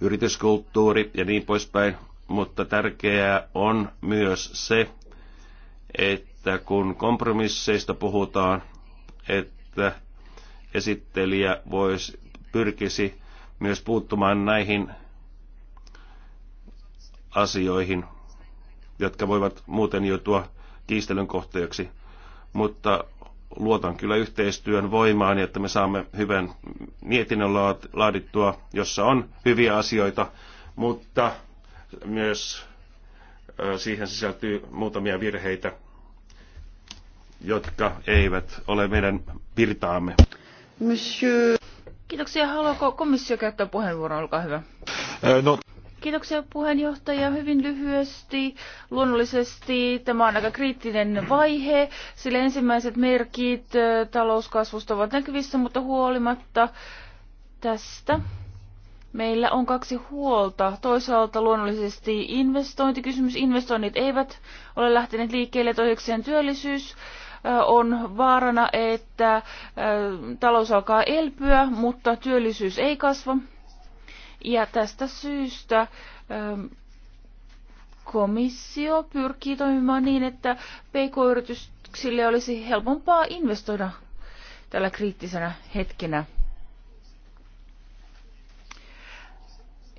yrityskulttuuri ja niin poispäin. Mutta tärkeää on myös se, että kun kompromisseista puhutaan, että esittelijä voisi pyrkisi myös puuttumaan näihin asioihin, jotka voivat muuten joutua kiistelyn kohteeksi. Mutta luotan kyllä yhteistyön voimaan, että me saamme hyvän mietinnön laadittua, jossa on hyviä asioita, mutta myös siihen sisältyy muutamia virheitä, jotka eivät ole meidän virtaamme. Monsieur. Kiitoksia. Haluaako komissio käyttää puheenvuoron? Olkaa hyvä. No. Kiitoksia puheenjohtaja. Hyvin lyhyesti. Luonnollisesti tämä on aika kriittinen vaihe, sillä ensimmäiset merkit talouskasvusta ovat näkyvissä, mutta huolimatta tästä meillä on kaksi huolta. Toisaalta luonnollisesti investointikysymys. Investoinnit eivät ole lähteneet liikkeelle. Toisekseen työllisyys on vaarana, että talous alkaa elpyä, mutta työllisyys ei kasva. Ja tästä syystä ähm, komissio pyrkii toimimaan niin, että pk-yrityksille olisi helpompaa investoida tällä kriittisenä hetkenä.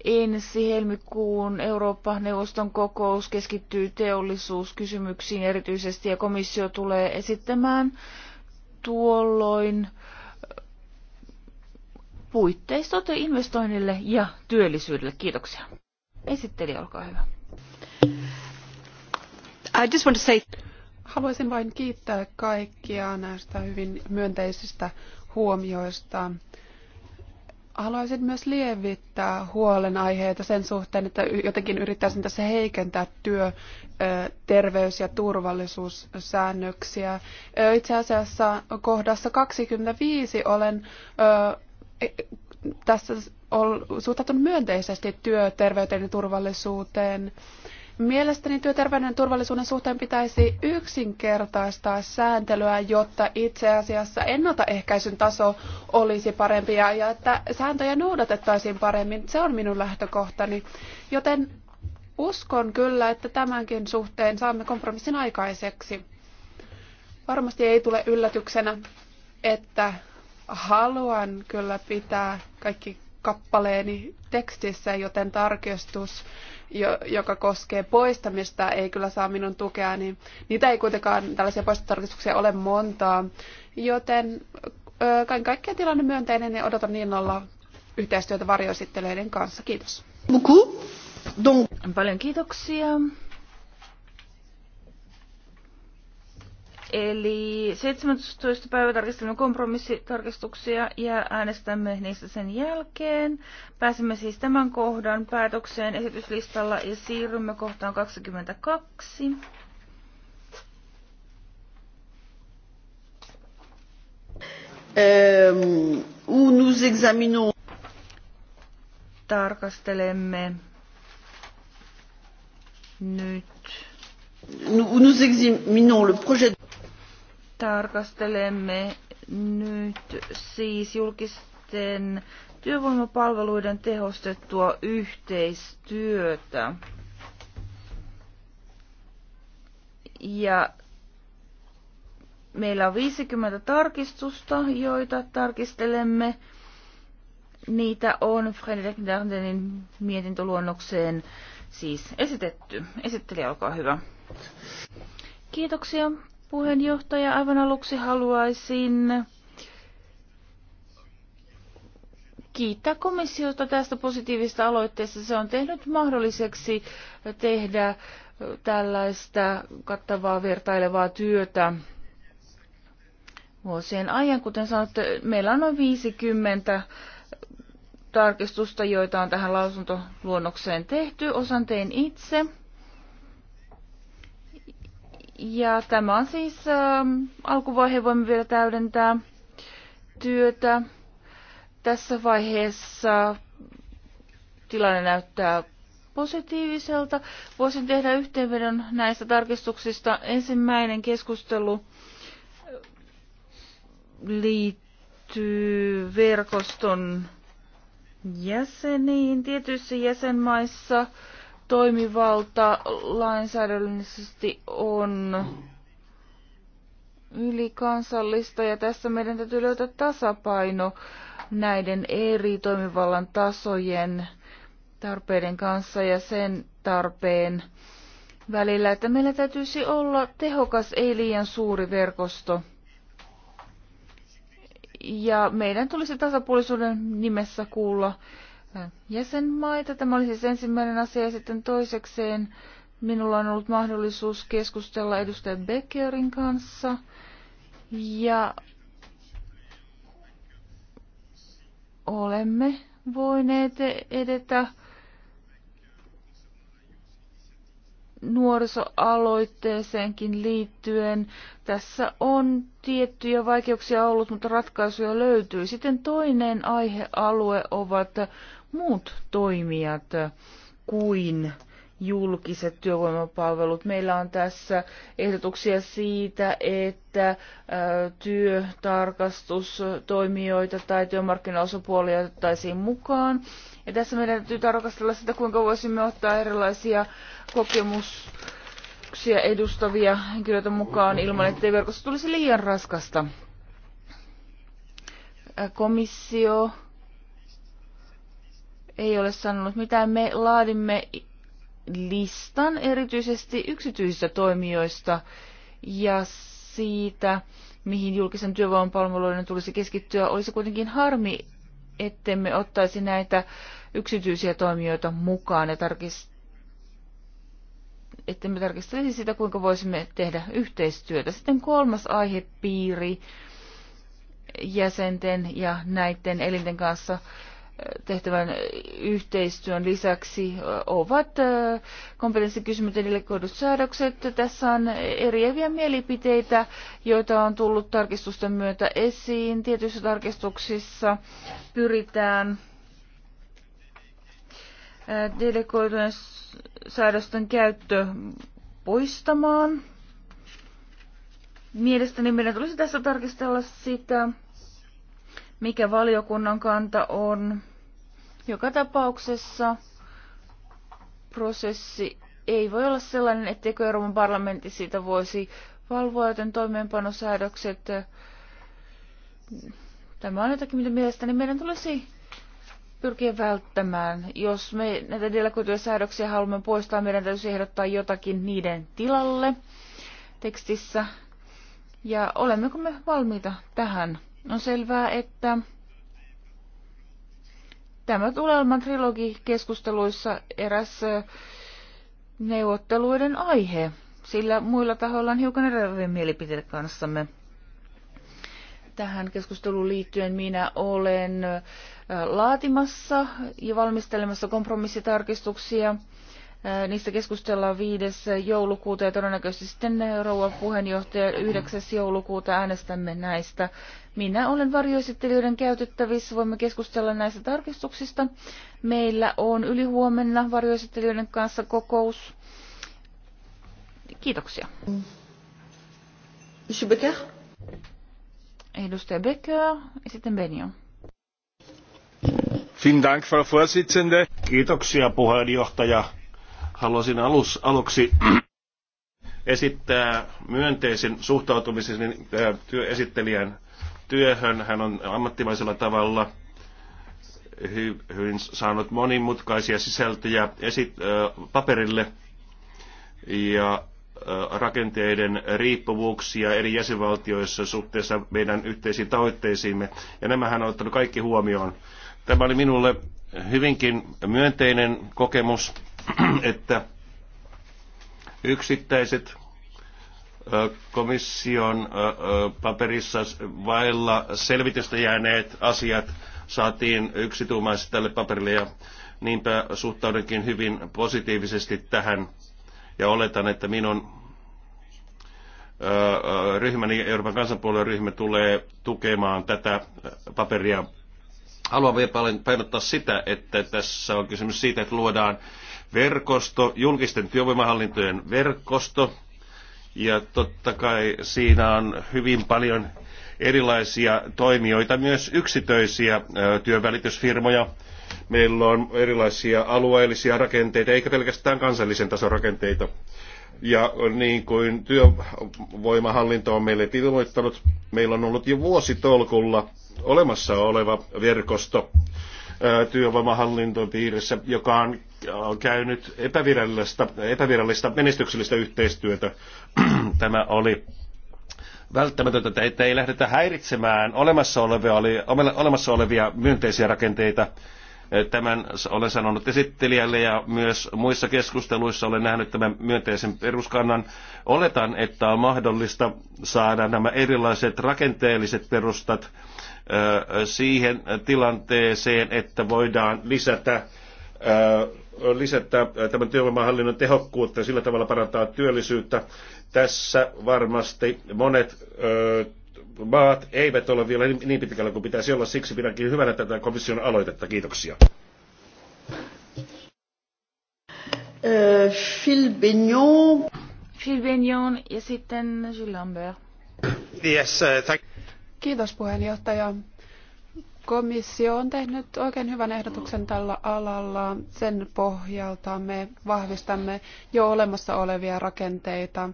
Ensi helmikuun Eurooppa-neuvoston kokous keskittyy teollisuuskysymyksiin erityisesti ja komissio tulee esittämään tuolloin äh, puitteistot investoinnille ja työllisyydelle. Kiitoksia. Esitteli, olkaa hyvä. I just want to say... Haluaisin vain kiittää kaikkia näistä hyvin myönteisistä huomioista. Haluaisin myös lievittää huolenaiheita sen suhteen, että jotenkin yrittäisin tässä heikentää työ, terveys- ja turvallisuussäännöksiä. Itse asiassa kohdassa 25 olen tässä suhtautunut myönteisesti työterveyteen ja turvallisuuteen. Mielestäni työterveyden ja turvallisuuden suhteen pitäisi yksinkertaistaa sääntelyä, jotta itse asiassa ennaltaehkäisyn taso olisi parempi ja, ja että sääntöjä noudatettaisiin paremmin. Se on minun lähtökohtani. Joten uskon kyllä, että tämänkin suhteen saamme kompromissin aikaiseksi. Varmasti ei tule yllätyksenä, että haluan kyllä pitää kaikki kappaleeni tekstissä, joten tarkistus, joka koskee poistamista, ei kyllä saa minun tukea, Niin niitä ei kuitenkaan tällaisia poistotarkistuksia ole montaa, joten kaiken kaikkiaan tilanne myönteinen ja odotan niin olla yhteistyötä varjoesittelijöiden kanssa. Kiitos. Paljon kiitoksia. Eli 17. päivä tarkistelemme kompromissitarkistuksia ja äänestämme niistä sen jälkeen. Pääsemme siis tämän kohdan päätökseen esityslistalla ja siirrymme kohtaan 22. Um, ähm, nous examinons tarkastelemme nyt nous, nous examinons le projet de tarkastelemme nyt siis julkisten työvoimapalveluiden tehostettua yhteistyötä. Ja meillä on 50 tarkistusta, joita tarkistelemme. Niitä on Frederik Dardenin mietintöluonnokseen siis esitetty. Esittelijä, olkaa hyvä. Kiitoksia puheenjohtaja. Aivan aluksi haluaisin kiittää komissiota tästä positiivisesta aloitteesta. Se on tehnyt mahdolliseksi tehdä tällaista kattavaa vertailevaa työtä vuosien ajan. Kuten sanotte, meillä on noin 50 tarkistusta, joita on tähän lausuntoluonnokseen tehty. Osan tein itse. Ja tämä on siis äh, alkuvaihe, voimme vielä täydentää työtä. Tässä vaiheessa tilanne näyttää positiiviselta. Voisin tehdä yhteenvedon näistä tarkistuksista. Ensimmäinen keskustelu liittyy verkoston jäseniin tietyissä jäsenmaissa toimivalta lainsäädännöllisesti on ylikansallista ja tässä meidän täytyy löytää tasapaino näiden eri toimivallan tasojen tarpeiden kanssa ja sen tarpeen välillä, että meillä täytyisi olla tehokas, ei liian suuri verkosto. Ja meidän tulisi tasapuolisuuden nimessä kuulla jäsenmaita. Tämä oli siis ensimmäinen asia. Ja sitten toisekseen minulla on ollut mahdollisuus keskustella edustaja Beckerin kanssa. Ja olemme voineet edetä nuorisoaloitteeseenkin liittyen. Tässä on tiettyjä vaikeuksia ollut, mutta ratkaisuja löytyy. Sitten toinen aihealue ovat muut toimijat kuin julkiset työvoimapalvelut. Meillä on tässä ehdotuksia siitä, että äh, työtarkastustoimijoita tai työmarkkinaosapuolia otettaisiin mukaan. Ja tässä meidän täytyy tarkastella sitä, kuinka voisimme ottaa erilaisia kokemuksia edustavia henkilöitä mukaan ilman, että verkosto tulisi liian raskasta. Äh, komissio ei ole sanonut mitään. Me laadimme listan erityisesti yksityisistä toimijoista ja siitä, mihin julkisen työvoimapalveluiden tulisi keskittyä. Olisi kuitenkin harmi, ettemme ottaisi näitä yksityisiä toimijoita mukaan ja tarkist- ettemme tarkistelisi sitä, kuinka voisimme tehdä yhteistyötä. Sitten kolmas aihepiiri jäsenten ja näiden elinten kanssa tehtävän yhteistyön lisäksi ovat kompetenssikysymysten delegoidut säädökset. Tässä on eriäviä mielipiteitä, joita on tullut tarkistusten myötä esiin. Tietyissä tarkistuksissa pyritään delegoitujen säädösten käyttö poistamaan. Mielestäni meidän tulisi tässä tarkistella sitä, mikä valiokunnan kanta on joka tapauksessa prosessi ei voi olla sellainen, etteikö Euroopan parlamentti siitä voisi valvoa, joten toimeenpanosäädökset, tämä on jotakin, mitä mielestäni meidän tulisi pyrkiä välttämään. Jos me näitä delegoituja säädöksiä haluamme poistaa, meidän täytyisi ehdottaa jotakin niiden tilalle tekstissä. Ja olemmeko me valmiita tähän? On selvää, että Tämä tulee trilogi keskusteluissa eräs neuvotteluiden aihe, sillä muilla tahoilla on hiukan erilainen mielipiteet kanssamme. Tähän keskusteluun liittyen minä olen laatimassa ja valmistelemassa kompromissitarkistuksia Niistä keskustellaan 5. joulukuuta ja todennäköisesti sitten rouva puheenjohtaja 9. joulukuuta äänestämme näistä. Minä olen varjoesittelijöiden käytettävissä, voimme keskustella näistä tarkistuksista. Meillä on ylihuomenna varjoesittelijöiden kanssa kokous. Kiitoksia. Monsieur Becker? Edustaja Becker ja sitten Benio. Vielen Dank, Frau Vorsitzende. Kiitoksia puheenjohtaja Haluaisin alus, aluksi esittää myönteisen suhtautumisen äh, työesittelijän työhön. Hän on ammattimaisella tavalla hyvin saanut monimutkaisia sisältöjä esit, äh, paperille ja äh, rakenteiden riippuvuuksia eri jäsenvaltioissa suhteessa meidän yhteisiin tavoitteisiimme. Ja nämä hän on ottanut kaikki huomioon. Tämä oli minulle hyvinkin myönteinen kokemus että yksittäiset komission paperissa vailla selvitystä jääneet asiat saatiin yksituumaisesti tälle paperille ja niinpä suhtaudunkin hyvin positiivisesti tähän ja oletan, että minun ryhmäni, Euroopan kansanpuolueen ryhmä tulee tukemaan tätä paperia. Haluan vielä painottaa sitä, että tässä on kysymys siitä, että luodaan verkosto, julkisten työvoimahallintojen verkosto. Ja totta kai siinä on hyvin paljon erilaisia toimijoita, myös yksityisiä työvälitysfirmoja. Meillä on erilaisia alueellisia rakenteita, eikä pelkästään kansallisen tason rakenteita. Ja niin kuin työvoimahallinto on meille ilmoittanut, meillä on ollut jo vuositolkulla olemassa oleva verkosto, työvoimahallinton piirissä, joka on käynyt epävirallista, epävirallista menestyksellistä yhteistyötä. Tämä oli välttämätöntä, että ei lähdetä häiritsemään olemassa olevia, olemassa olevia myönteisiä rakenteita. Tämän olen sanonut esittelijälle ja myös muissa keskusteluissa olen nähnyt tämän myönteisen peruskannan. Oletan, että on mahdollista saada nämä erilaiset rakenteelliset perustat siihen tilanteeseen, että voidaan lisätä lisätä tämän työvoimahallinnon tehokkuutta ja sillä tavalla parantaa työllisyyttä. Tässä varmasti monet maat eivät ole vielä niin, niin pitkällä kuin pitäisi olla. Siksi pidänkin hyvänä tätä komission aloitetta. Kiitoksia. Phil Bignon. Phil Bignon ja sitten Jules Lambert. Yes, uh, thank you. Kiitos puheenjohtaja. Komissio on tehnyt oikein hyvän ehdotuksen tällä alalla. Sen pohjalta me vahvistamme jo olemassa olevia rakenteita.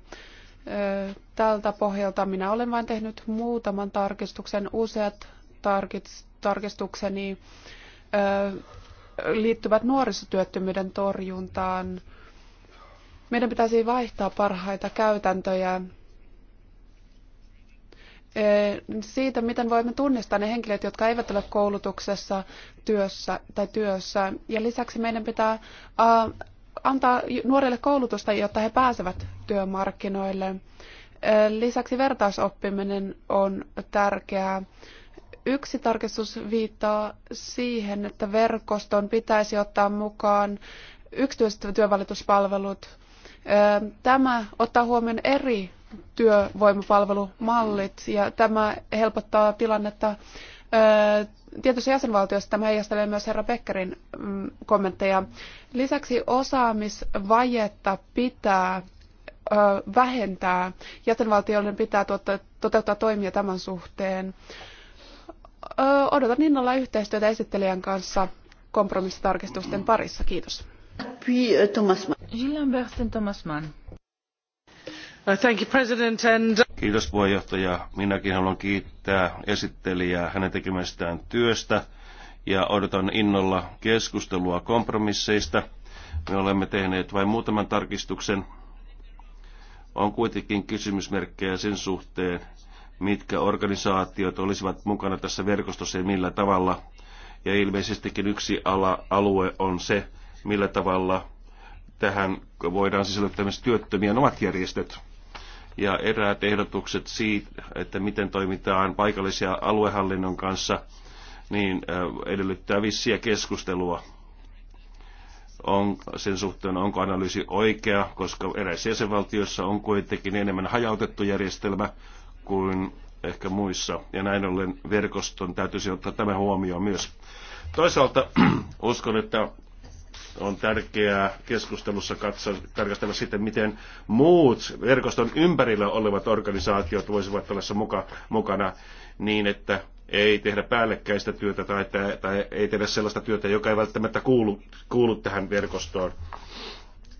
Tältä pohjalta minä olen vain tehnyt muutaman tarkistuksen. Useat tarkistukseni liittyvät nuorisotyöttömyyden torjuntaan. Meidän pitäisi vaihtaa parhaita käytäntöjä siitä, miten voimme tunnistaa ne henkilöt, jotka eivät ole koulutuksessa työssä tai työssä. Ja lisäksi meidän pitää antaa nuorille koulutusta, jotta he pääsevät työmarkkinoille. Lisäksi vertaisoppiminen on tärkeää. Yksi tarkistus viittaa siihen, että verkoston pitäisi ottaa mukaan yksityiset työnvälityspalvelut. Tämä ottaa huomioon eri työvoimapalvelumallit ja tämä helpottaa tilannetta tietyissä jäsenvaltioissa. Tämä heijastelee myös herra Beckerin mm, kommentteja. Lisäksi osaamisvajetta pitää vähentää. Jäsenvaltioiden pitää tuota, toteuttaa toimia tämän suhteen. Odotan innolla yhteistyötä esittelijän kanssa kompromissitarkistusten parissa. Kiitos. Euh, Thomas Mann. Gilles Thomas Mann. Uh, uh, Kiitos puheenjohtaja. Minäkin haluan kiittää esittelijää hänen tekemästään työstä ja odotan innolla keskustelua kompromisseista. Me olemme tehneet vain muutaman tarkistuksen. On kuitenkin kysymysmerkkejä sen suhteen, mitkä organisaatiot olisivat mukana tässä verkostossa ja millä tavalla. Ja ilmeisestikin yksi ala, alue on se, millä tavalla tähän voidaan sisällyttää myös työttömien omat järjestöt ja eräät ehdotukset siitä, että miten toimitaan paikallisia aluehallinnon kanssa, niin edellyttää vissiä keskustelua on, sen suhteen, onko analyysi oikea, koska eräissä jäsenvaltioissa on kuitenkin enemmän hajautettu järjestelmä kuin ehkä muissa. Ja näin ollen verkoston täytyisi ottaa tämä huomioon myös. Toisaalta uskon, että on tärkeää keskustelussa katsoa, tarkastella sitten, miten muut verkoston ympärillä olevat organisaatiot voisivat olla muka, mukana niin, että ei tehdä päällekkäistä työtä tai, tai, tai ei tehdä sellaista työtä, joka ei välttämättä kuulu, kuulu tähän verkostoon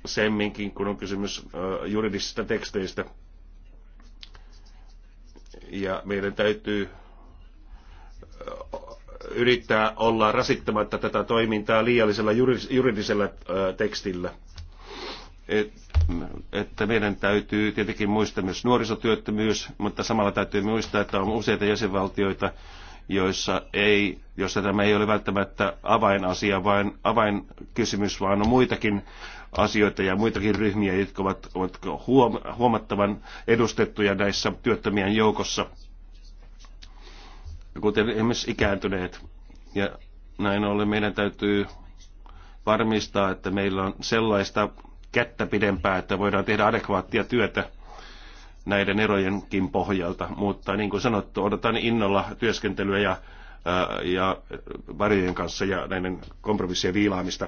semminkin, kun on kysymys juridisista teksteistä. Ja meidän täytyy yrittää olla rasittamatta tätä toimintaa liiallisella juridisella tekstillä. Et, että meidän täytyy tietenkin muistaa myös nuorisotyöttömyys, mutta samalla täytyy muistaa, että on useita jäsenvaltioita, joissa, ei, joissa tämä ei ole välttämättä avainasia, vaan avainkysymys, vaan on muitakin asioita ja muitakin ryhmiä, jotka ovat, ovat huomattavan edustettuja näissä työttömien joukossa kuten myös ikääntyneet. Ja näin ollen meidän täytyy varmistaa, että meillä on sellaista kättä pidempää, että voidaan tehdä adekvaattia työtä näiden erojenkin pohjalta. Mutta niin kuin sanottu, odotan innolla työskentelyä ja, ja varjojen kanssa ja näiden kompromissien viilaamista.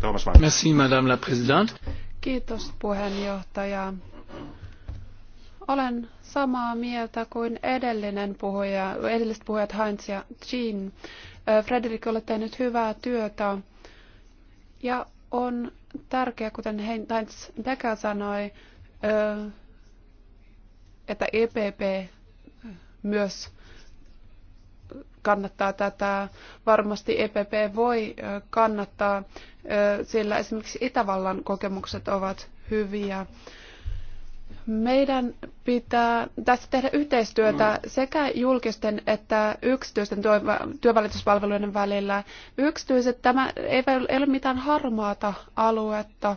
Thomas Merci, Madame la Présidente. Kiitos puheenjohtaja. Olen samaa mieltä kuin edellinen puhuja, edelliset puhujat Heinz ja Jean. Frederik, olet tehnyt hyvää työtä ja on tärkeää, kuten Heinz Becker sanoi, että EPP myös kannattaa tätä. Varmasti EPP voi kannattaa, sillä esimerkiksi Itävallan kokemukset ovat hyviä. Meidän pitää tässä tehdä yhteistyötä mm. sekä julkisten että yksityisten työvälitysvalveluiden välillä. Yksityiset, tämä ei ole mitään harmaata aluetta.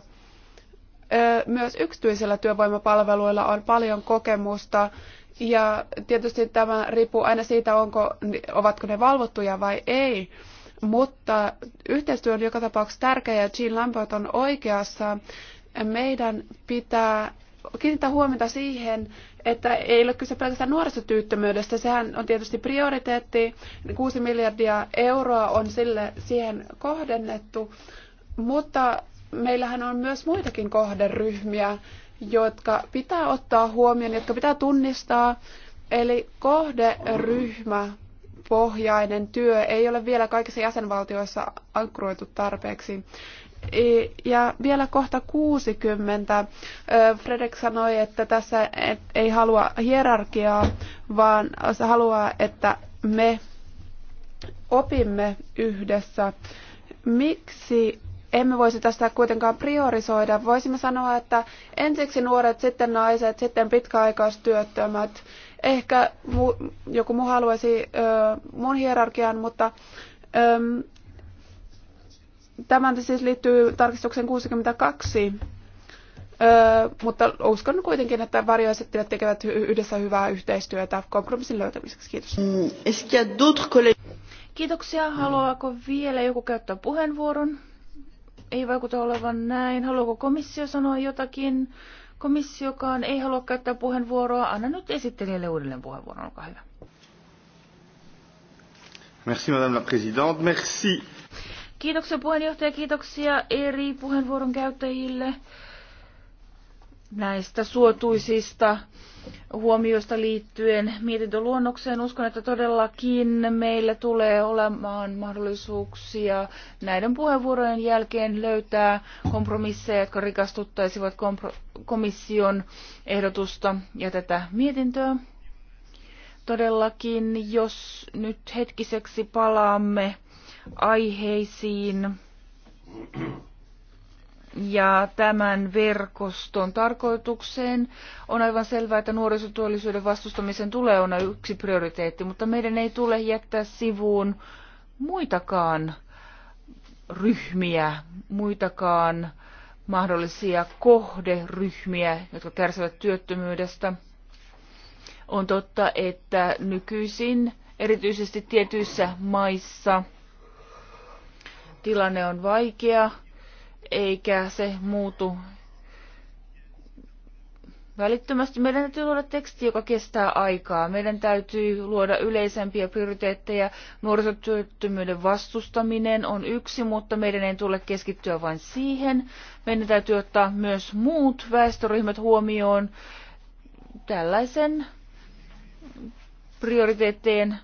Myös yksityisillä työvoimapalveluilla on paljon kokemusta ja tietysti tämä riippuu aina siitä, onko, ovatko ne valvottuja vai ei. Mutta yhteistyö on joka tapauksessa tärkeä ja Jean Lambert on oikeassa. Meidän pitää kiinnittää huomiota siihen, että ei ole kyse pelkästään nuorisotyyttömyydestä. Sehän on tietysti prioriteetti. 6 miljardia euroa on sille siihen kohdennettu, mutta meillähän on myös muitakin kohderyhmiä, jotka pitää ottaa huomioon, jotka pitää tunnistaa. Eli kohderyhmä pohjainen työ ei ole vielä kaikissa jäsenvaltioissa ankkuroitu tarpeeksi. E, ja vielä kohta 60. Fredrik sanoi, että tässä ei halua hierarkiaa, vaan haluaa, että me opimme yhdessä. Miksi emme voisi tästä kuitenkaan priorisoida? Voisimme sanoa, että ensiksi nuoret, sitten naiset, sitten pitkäaikaistyöttömät. Ehkä joku muu haluaisi mun hierarkian, mutta Tämä siis liittyy tarkistukseen 62, öö, mutta uskon kuitenkin, että varjoesittelijät tekevät yhdessä hyvää yhteistyötä kompromissin löytämiseksi. Kiitos. Mm, Kiitoksia. Haluaako vielä joku käyttää puheenvuoron? Ei vaikuta olevan näin. Haluaako komissio sanoa jotakin? Komissiokaan ei halua käyttää puheenvuoroa. Anna nyt esittelijälle uudelleen puheenvuoron. Olkaa hyvä. Merci, Madame la Présidente. Merci Kiitoksia puheenjohtaja, kiitoksia eri puheenvuoron käyttäjille näistä suotuisista huomioista liittyen mietintöluonnokseen. Uskon, että todellakin meillä tulee olemaan mahdollisuuksia näiden puheenvuorojen jälkeen löytää kompromisseja, jotka rikastuttaisivat komission ehdotusta ja tätä mietintöä. Todellakin, jos nyt hetkiseksi palaamme aiheisiin. Ja tämän verkoston tarkoitukseen on aivan selvää, että nuorisotyöllisyyden vastustamisen tulee olla yksi prioriteetti, mutta meidän ei tule jättää sivuun muitakaan ryhmiä, muitakaan mahdollisia kohderyhmiä, jotka kärsivät työttömyydestä. On totta, että nykyisin erityisesti tietyissä maissa – tilanne on vaikea, eikä se muutu välittömästi. Meidän täytyy luoda teksti, joka kestää aikaa. Meidän täytyy luoda yleisempiä prioriteetteja. Nuorisotyöttömyyden vastustaminen on yksi, mutta meidän ei tule keskittyä vain siihen. Meidän täytyy ottaa myös muut väestöryhmät huomioon tällaisen prioriteettien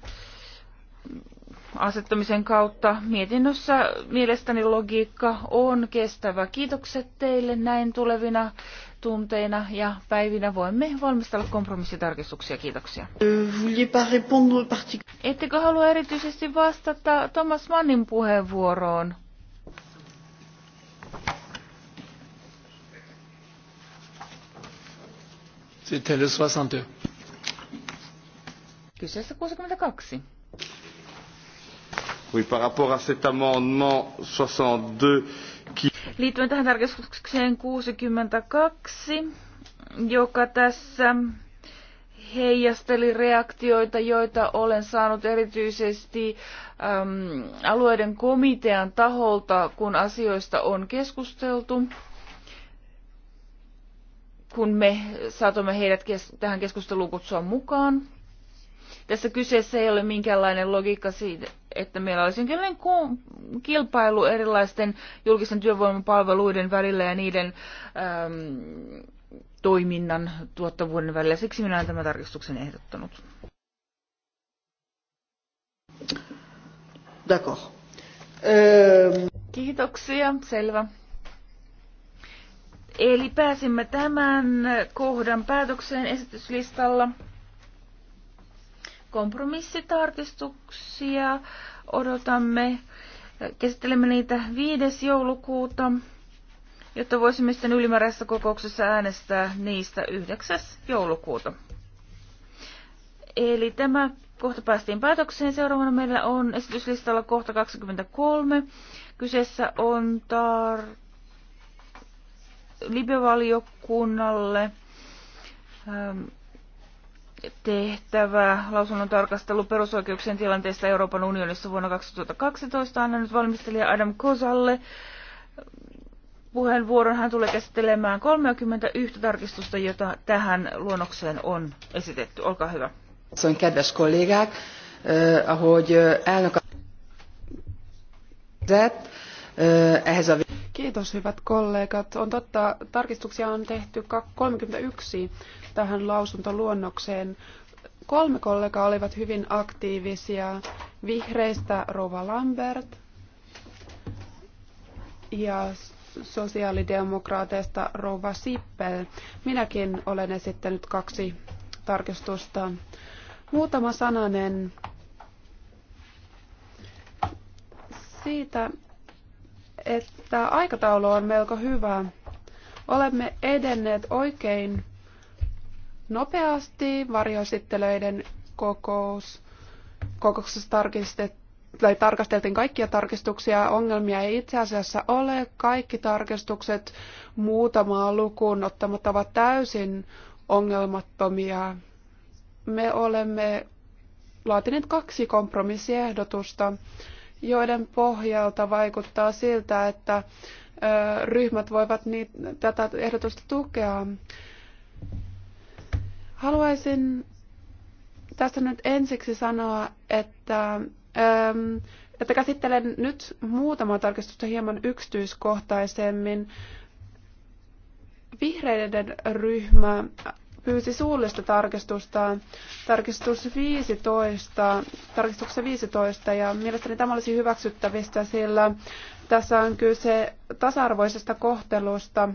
asettamisen kautta. Mietinnössä mielestäni logiikka on kestävä. Kiitokset teille näin tulevina tunteina ja päivinä voimme valmistella kompromissitarkistuksia. Kiitoksia. Euh, Ettekö halua erityisesti vastata Thomas Mannin puheenvuoroon? Kyseessä 62 par rapport à cet amendement 62 qui... Liittyen tähän tarkistukseen 62, joka tässä heijasteli reaktioita, joita olen saanut erityisesti äm, alueiden komitean taholta, kun asioista on keskusteltu kun me saatamme heidät kes- tähän keskusteluun kutsua mukaan. Tässä kyseessä ei ole minkäänlainen logiikka siitä, että meillä olisi jonkinlainen kilpailu erilaisten julkisten työvoimapalveluiden välillä ja niiden äm, toiminnan tuottavuuden välillä. Siksi minä olen tämän tarkistuksen ehdottanut. D'accord. Ähm. Kiitoksia, selvä. Eli pääsimme tämän kohdan päätökseen esityslistalla kompromissitarkistuksia odotamme. Käsittelemme niitä 5. joulukuuta, jotta voisimme sitten ylimääräisessä kokouksessa äänestää niistä 9. joulukuuta. Eli tämä kohta päästiin päätökseen. Seuraavana meillä on esityslistalla kohta 23. Kyseessä on tar- libevaliokunnalle ähm, tehtävä lausunnon tarkastelu perusoikeuksien tilanteesta Euroopan unionissa vuonna 2012. Annan nyt valmistelija Adam Kosalle puheenvuoron. Hän tulee käsittelemään 31 tarkistusta, jota tähän luonnokseen on esitetty. Olkaa hyvä. Kedves kollégák, eh, ahogy eh, elnök eh, ehhez a Kiitos hyvät kollegat. On totta, tarkistuksia on tehty 31 tähän lausuntoluonnokseen. Kolme kollegaa olivat hyvin aktiivisia. Vihreistä Rova Lambert ja sosiaalidemokraateista Rova Sippel. Minäkin olen esittänyt kaksi tarkistusta. Muutama sananen siitä, että aikataulu on melko hyvä. Olemme edenneet oikein nopeasti. Varjoesittelyiden kokous, kokouksessa tai tarkasteltiin kaikkia tarkistuksia. Ongelmia ei itse asiassa ole. Kaikki tarkistukset muutamaa lukuun ottamatta ovat täysin ongelmattomia. Me olemme laatineet kaksi kompromissiehdotusta joiden pohjalta vaikuttaa siltä, että ryhmät voivat niitä, tätä ehdotusta tukea. Haluaisin tässä nyt ensiksi sanoa, että, että käsittelen nyt muutamaa tarkistusta hieman yksityiskohtaisemmin. Vihreiden ryhmä pyysi suullista tarkistusta, tarkistus 15, tarkistuksessa 15, ja mielestäni tämä olisi hyväksyttävistä, sillä tässä on kyse tasa-arvoisesta kohtelusta,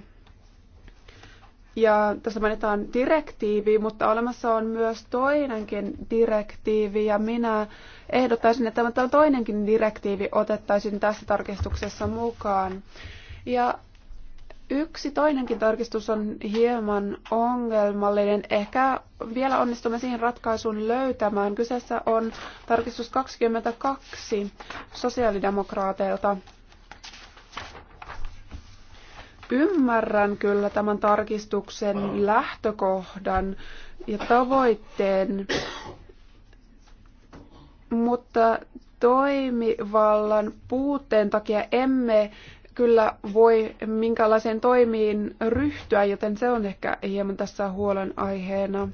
ja tässä mainitaan direktiivi, mutta olemassa on myös toinenkin direktiivi ja minä ehdottaisin, että tämä toinenkin direktiivi otettaisiin tässä tarkistuksessa mukaan. Ja Yksi toinenkin tarkistus on hieman ongelmallinen. Ehkä vielä onnistumme siihen ratkaisun löytämään. Kyseessä on tarkistus 22 sosiaalidemokraateilta. Ymmärrän kyllä tämän tarkistuksen lähtökohdan ja tavoitteen, mutta toimivallan puutteen takia emme kyllä voi minkälaisiin toimiin ryhtyä, joten se on ehkä hieman tässä huolen aiheena.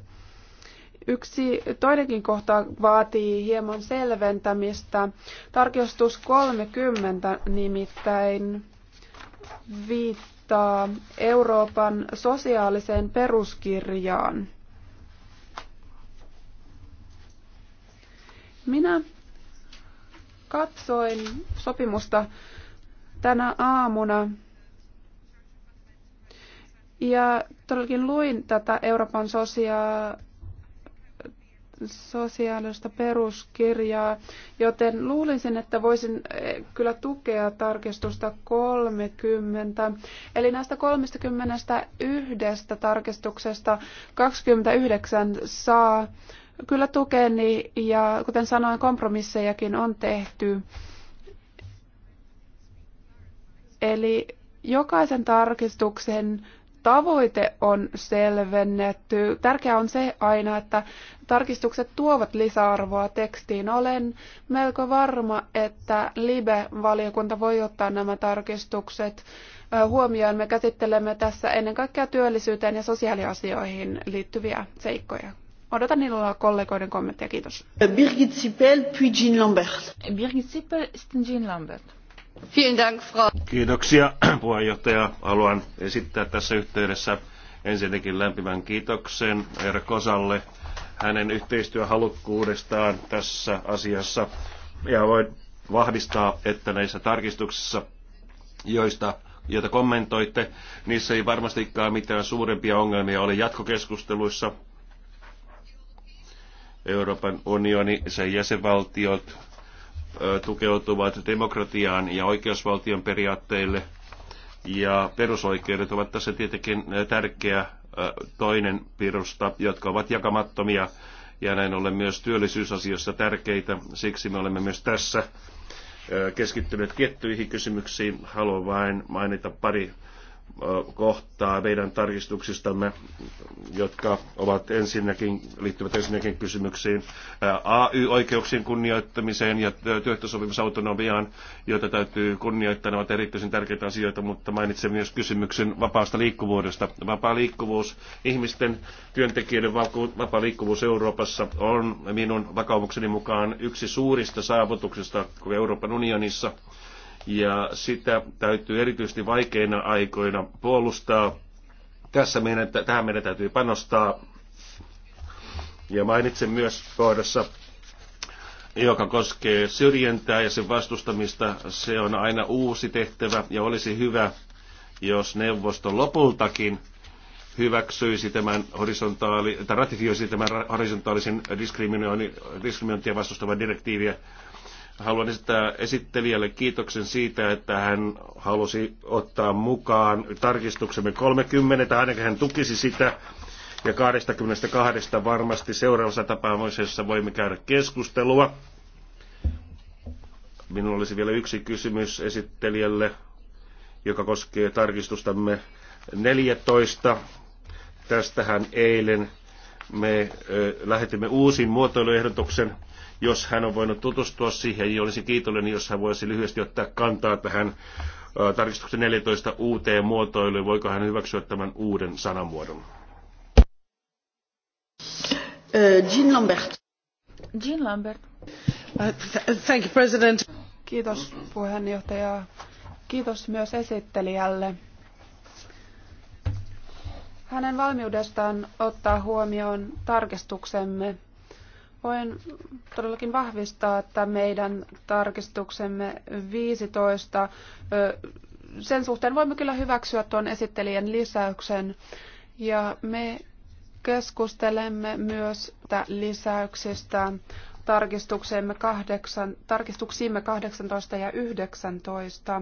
Yksi toinenkin kohta vaatii hieman selventämistä. Tarkistus 30 nimittäin viittaa Euroopan sosiaaliseen peruskirjaan. Minä katsoin sopimusta tänä aamuna. Ja todellakin luin tätä Euroopan sosia- sosiaalista peruskirjaa, joten luulisin, että voisin eh, kyllä tukea tarkistusta 30. Eli näistä 31 tarkistuksesta 29 saa kyllä tukeni ja kuten sanoin, kompromissejakin on tehty. Eli jokaisen tarkistuksen tavoite on selvennetty. Tärkeää on se aina, että tarkistukset tuovat lisäarvoa tekstiin. Olen melko varma, että LIBE-valiokunta voi ottaa nämä tarkistukset huomioon. Me käsittelemme tässä ennen kaikkea työllisyyteen ja sosiaaliasioihin liittyviä seikkoja. Odotan ilolla kollegoiden kommentteja. Kiitos. Birgit Sipel, puis Jean Lambert. Birgit Sipel, Jean Lambert. Kiitoksia puheenjohtaja. Haluan esittää tässä yhteydessä ensinnäkin lämpimän kiitoksen Erkosalle hänen yhteistyöhalukkuudestaan tässä asiassa. Ja voin vahvistaa, että näissä tarkistuksissa, joista joita kommentoitte, niissä ei varmastikaan mitään suurempia ongelmia ole jatkokeskusteluissa. Euroopan unioni, sen jäsenvaltiot, tukeutuvat demokratiaan ja oikeusvaltion periaatteille. Ja perusoikeudet ovat tässä tietenkin tärkeä toinen pirusta, jotka ovat jakamattomia ja näin ollen myös työllisyysasioissa tärkeitä. Siksi me olemme myös tässä keskittyneet tiettyihin kysymyksiin. Haluan vain mainita pari kohtaa meidän tarkistuksistamme, jotka ovat ensinnäkin, liittyvät ensinnäkin kysymyksiin AY-oikeuksien kunnioittamiseen ja työehtosopimusautonomiaan, joita täytyy kunnioittaa. Ne ovat erityisen tärkeitä asioita, mutta mainitsen myös kysymyksen vapaasta liikkuvuudesta. Vapaa liikkuvuus, ihmisten, työntekijöiden vapaa liikkuvuus Euroopassa on minun vakaumukseni mukaan yksi suurista saavutuksista Euroopan unionissa – ja sitä täytyy erityisesti vaikeina aikoina puolustaa. Tässä meidän, tähän meidän täytyy panostaa. Ja mainitsen myös kohdassa, joka koskee syrjintää ja sen vastustamista. Se on aina uusi tehtävä ja olisi hyvä, jos neuvosto lopultakin hyväksyisi tämän horisontaali, tai ratifioisi tämän horisontaalisen diskriminointia vastustavan direktiiviä Haluan esittää esittelijälle kiitoksen siitä, että hän halusi ottaa mukaan tarkistuksemme 30, ainakin hän tukisi sitä, ja 22 varmasti seuraavassa tapaamisessa voimme käydä keskustelua. Minulla olisi vielä yksi kysymys esittelijälle, joka koskee tarkistustamme 14. Tästähän eilen me lähetimme uusin muotoiluehdotuksen jos hän on voinut tutustua siihen, niin olisi kiitollinen, jos hän voisi lyhyesti ottaa kantaa tähän tarkistuksen 14 uuteen muotoiluun. Voiko hän hyväksyä tämän uuden sanamuodon? Jean Lambert. Jean Lambert. Thank you, President. Kiitos puheenjohtaja. Kiitos myös esittelijälle hänen valmiudestaan ottaa huomioon tarkistuksemme Voin todellakin vahvistaa, että meidän tarkistuksemme 15, sen suhteen voimme kyllä hyväksyä tuon esittelijän lisäyksen. Ja me keskustelemme myös lisäyksistä tarkistuksemme 8 tarkistuksiimme 18 ja 19.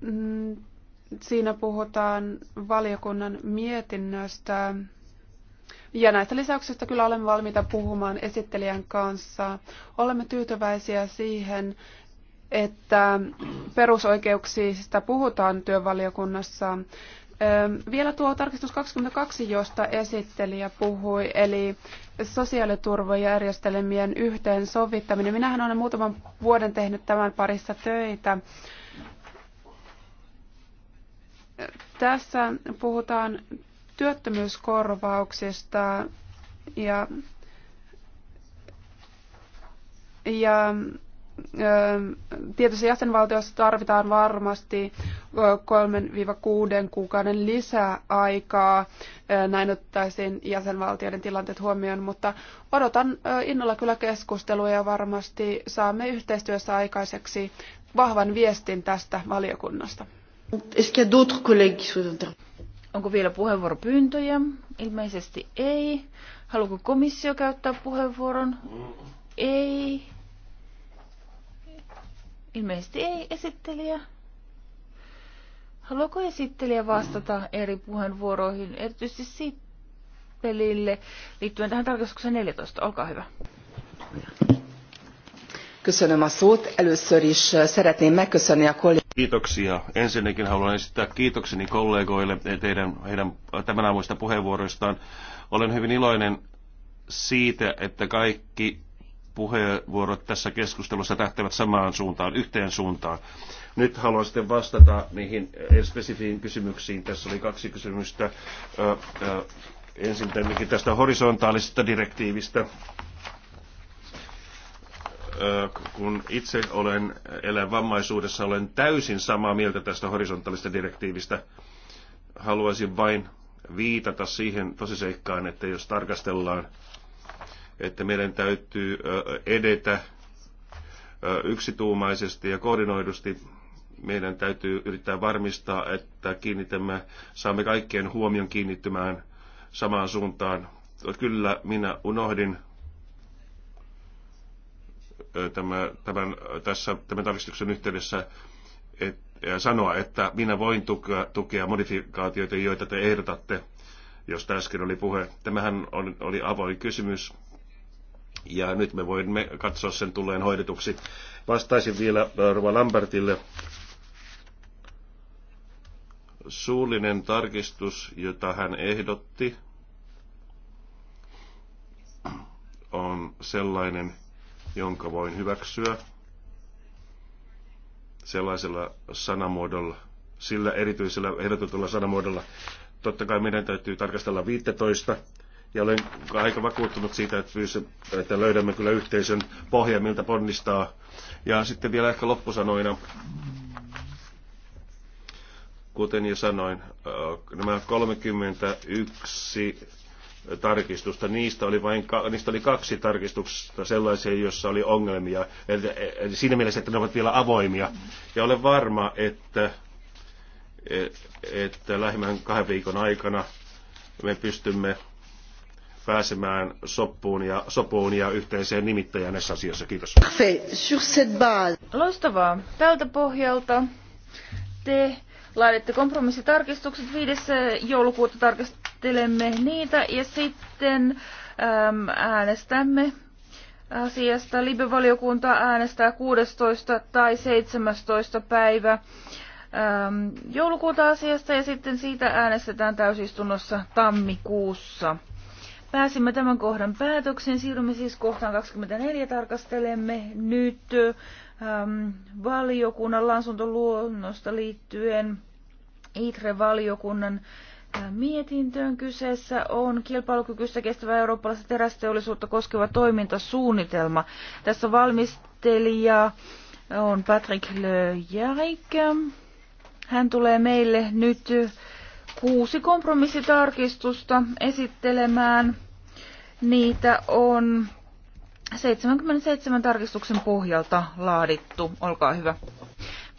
Mm, siinä puhutaan valiokunnan mietinnöstä ja näistä lisäyksistä kyllä olemme valmiita puhumaan esittelijän kanssa. Olemme tyytyväisiä siihen, että perusoikeuksista puhutaan työvaliokunnassa. Vielä tuo tarkistus 22, josta esittelijä puhui, eli sosiaaliturvajärjestelmien yhteensovittaminen. Minähän olen muutaman vuoden tehnyt tämän parissa töitä. Tässä puhutaan Työttömyyskorvauksesta ja, ja tietyissä jäsenvaltioissa tarvitaan varmasti 3-6 kuukauden lisäaikaa. Näin ottaisiin jäsenvaltioiden tilanteet huomioon, mutta odotan innolla kyllä keskustelua ja varmasti saamme yhteistyössä aikaiseksi vahvan viestin tästä valiokunnasta. Onko vielä puheenvuoropyyntöjä? Ilmeisesti ei. Haluaako komissio käyttää puheenvuoron? Ei. Ilmeisesti ei esittelijä. Haluaako esittelijä vastata eri puheenvuoroihin, erityisesti Sippelille, liittyen tähän tarkastukseen 14? Olkaa hyvä. Köszönöm a szót. Először is szeretném megköszönni a kollégát. Kiitoksia. Ensinnäkin haluan esittää kiitokseni kollegoille teidän heidän tämän aamuista puheenvuoroistaan. Olen hyvin iloinen siitä, että kaikki puheenvuorot tässä keskustelussa tähtävät samaan suuntaan, yhteen suuntaan. Nyt haluan sitten vastata niihin eh, spesifiin kysymyksiin. Tässä oli kaksi kysymystä. Ensin tästä horisontaalisesta direktiivistä kun itse olen elän vammaisuudessa, olen täysin samaa mieltä tästä horisontaalista direktiivistä. Haluaisin vain viitata siihen tosiseikkaan, että jos tarkastellaan, että meidän täytyy edetä yksituumaisesti ja koordinoidusti, meidän täytyy yrittää varmistaa, että kiinnitämme, saamme kaikkien huomion kiinnittymään samaan suuntaan. Kyllä, minä unohdin tämä, tämän, tässä, tämän tarkistuksen yhteydessä et, sanoa, että minä voin tukea, tukea modifikaatioita, joita te ehdotatte, jos äsken oli puhe. Tämähän on, oli avoin kysymys ja nyt me voimme katsoa sen tulleen hoidetuksi. Vastaisin vielä Rova Lambertille. Suullinen tarkistus, jota hän ehdotti, on sellainen, jonka voin hyväksyä sellaisella sanamuodolla, sillä erityisellä ehdotetulla sanamuodolla. Totta kai meidän täytyy tarkastella 15, ja olen aika vakuuttunut siitä, että löydämme kyllä yhteisön pohja, miltä ponnistaa. Ja sitten vielä ehkä loppusanoina, kuten jo sanoin, nämä 31 tarkistusta. Niistä oli, vain, niistä oli kaksi tarkistusta sellaisia, joissa oli ongelmia. Eli, eli siinä mielessä, että ne ovat vielä avoimia. Ja olen varma, että, e, että lähimmän kahden viikon aikana me pystymme pääsemään soppuun ja, sopuun ja yhteiseen nimittäjään näissä asioissa. Kiitos. Loistavaa. Tältä pohjalta te laaditte kompromissitarkistukset 5. joulukuuta tarkist- käsittelemme niitä ja sitten äm, äänestämme asiasta. Libevaliokunta äänestää 16. tai 17. päivä äm, joulukuuta asiasta ja sitten siitä äänestetään täysistunnossa tammikuussa. Pääsimme tämän kohdan päätöksen Siirrymme siis kohtaan 24. Tarkastelemme nyt äm, valiokunnan lansuntoluonnosta liittyen ITRE-valiokunnan mietintöön. Kyseessä on kilpailukykyistä kestävää eurooppalaista terästeollisuutta koskeva toimintasuunnitelma. Tässä valmistelija on Patrick Le Hän tulee meille nyt kuusi kompromissitarkistusta esittelemään. Niitä on 77 tarkistuksen pohjalta laadittu. Olkaa hyvä.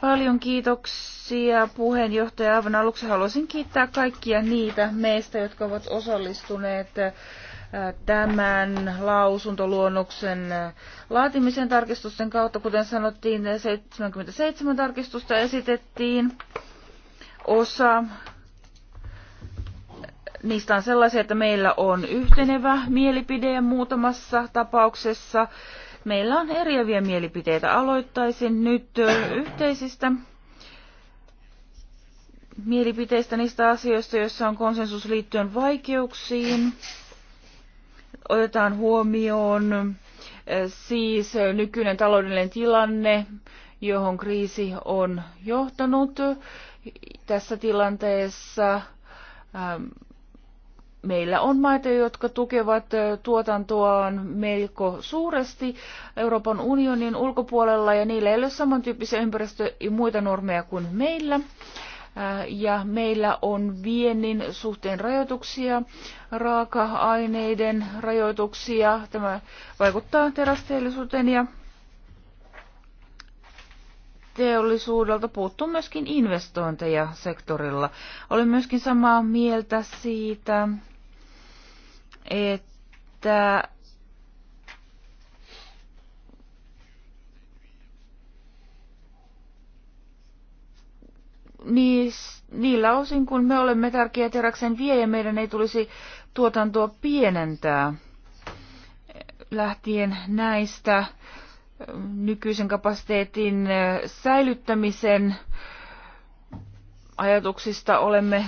Paljon kiitoksia puheenjohtaja. Aivan aluksi haluaisin kiittää kaikkia niitä meistä, jotka ovat osallistuneet äh, tämän lausuntoluonnoksen äh, laatimisen tarkistusten kautta. Kuten sanottiin, 77 tarkistusta esitettiin. Osa niistä on sellaisia, että meillä on yhtenevä mielipide muutamassa tapauksessa Meillä on eriäviä mielipiteitä. Aloittaisin nyt yhteisistä mielipiteistä niistä asioista, joissa on konsensus liittyen vaikeuksiin. Otetaan huomioon siis nykyinen taloudellinen tilanne, johon kriisi on johtanut. Tässä tilanteessa meillä on maita, jotka tukevat tuotantoaan melko suuresti Euroopan unionin ulkopuolella ja niillä ei ole samantyyppisiä ympäristö- ja muita normeja kuin meillä. Ja meillä on viennin suhteen rajoituksia, raaka-aineiden rajoituksia. Tämä vaikuttaa terästeollisuuteen ja teollisuudelta puuttuu myöskin investointeja sektorilla. Olen myöskin samaa mieltä siitä, että niis, niillä osin, kun me olemme tärkeä teräksen viejä, meidän ei tulisi tuotantoa pienentää lähtien näistä nykyisen kapasiteetin säilyttämisen ajatuksista olemme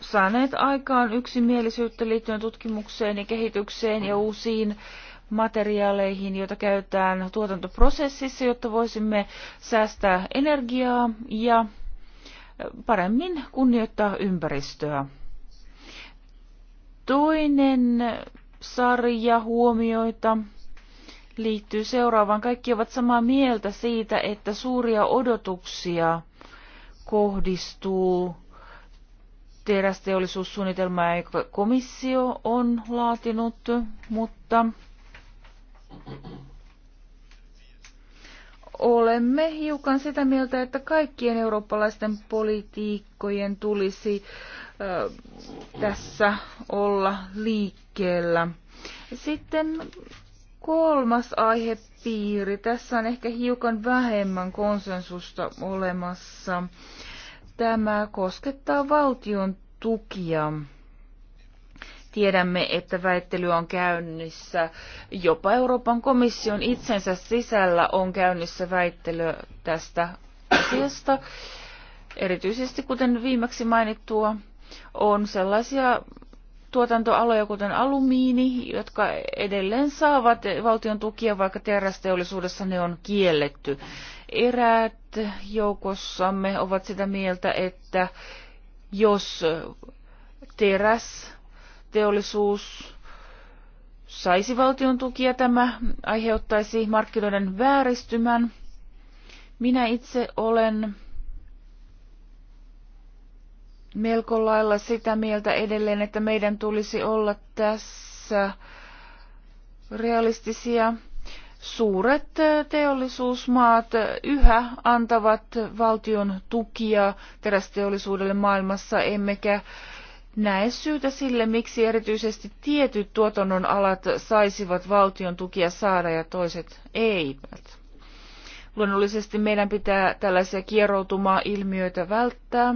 saaneet aikaan yksimielisyyttä liittyen tutkimukseen ja kehitykseen ja uusiin materiaaleihin, joita käytetään tuotantoprosessissa, jotta voisimme säästää energiaa ja paremmin kunnioittaa ympäristöä. Toinen sarja huomioita liittyy seuraavaan. Kaikki ovat samaa mieltä siitä, että suuria odotuksia kohdistuu terästeollisuussuunnitelmaa, jonka komissio on laatinut, mutta olemme hiukan sitä mieltä, että kaikkien eurooppalaisten politiikkojen tulisi ö, tässä olla liikkeellä. Sitten kolmas aihepiiri. Tässä on ehkä hiukan vähemmän konsensusta olemassa. Tämä koskettaa valtion tukia. Tiedämme, että väittely on käynnissä. Jopa Euroopan komission itsensä sisällä on käynnissä väittely tästä asiasta. Erityisesti, kuten viimeksi mainittua, on sellaisia tuotantoaloja, kuten alumiini, jotka edelleen saavat valtion tukia, vaikka terästeollisuudessa ne on kielletty. Eräät joukossamme ovat sitä mieltä, että jos teräs teollisuus saisi valtion tukia, tämä aiheuttaisi markkinoiden vääristymän. Minä itse olen melko lailla sitä mieltä edelleen, että meidän tulisi olla tässä realistisia. Suuret teollisuusmaat yhä antavat valtion tukia terästeollisuudelle maailmassa, emmekä näe syytä sille, miksi erityisesti tietyt tuotannon alat saisivat valtion tukia saada ja toiset eivät. Luonnollisesti meidän pitää tällaisia kieroutumaa ilmiöitä välttää.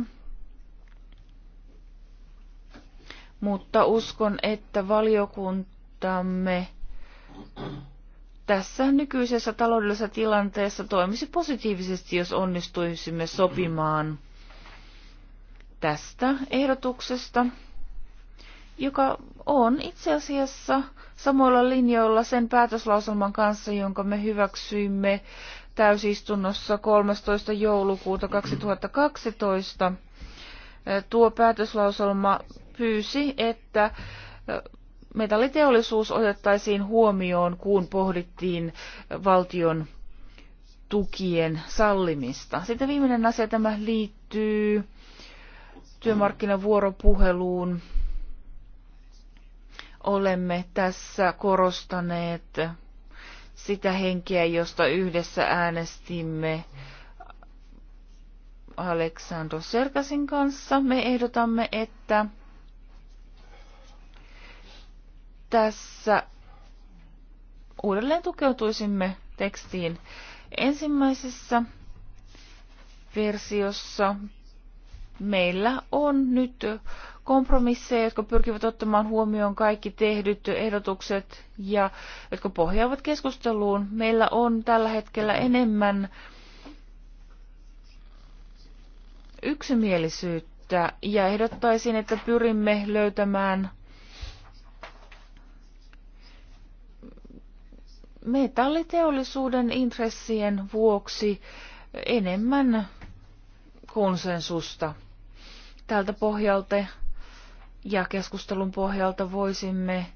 mutta uskon, että valiokuntamme tässä nykyisessä taloudellisessa tilanteessa toimisi positiivisesti, jos onnistuisimme sopimaan tästä ehdotuksesta, joka on itse asiassa samoilla linjoilla sen päätöslauselman kanssa, jonka me hyväksyimme täysistunnossa 13. joulukuuta 2012. Tuo päätöslauselma pyysi, että metalliteollisuus otettaisiin huomioon, kun pohdittiin valtion tukien sallimista. Sitten viimeinen asia tämä liittyy työmarkkinavuoropuheluun. Olemme tässä korostaneet sitä henkeä, josta yhdessä äänestimme Aleksandro Serkasin kanssa. Me ehdotamme, että tässä uudelleen tukeutuisimme tekstiin. Ensimmäisessä versiossa meillä on nyt kompromisseja, jotka pyrkivät ottamaan huomioon kaikki tehdyt ehdotukset ja jotka pohjaavat keskusteluun. Meillä on tällä hetkellä enemmän yksimielisyyttä ja ehdottaisin, että pyrimme löytämään – metalliteollisuuden intressien vuoksi enemmän konsensusta. Tältä pohjalta ja keskustelun pohjalta voisimme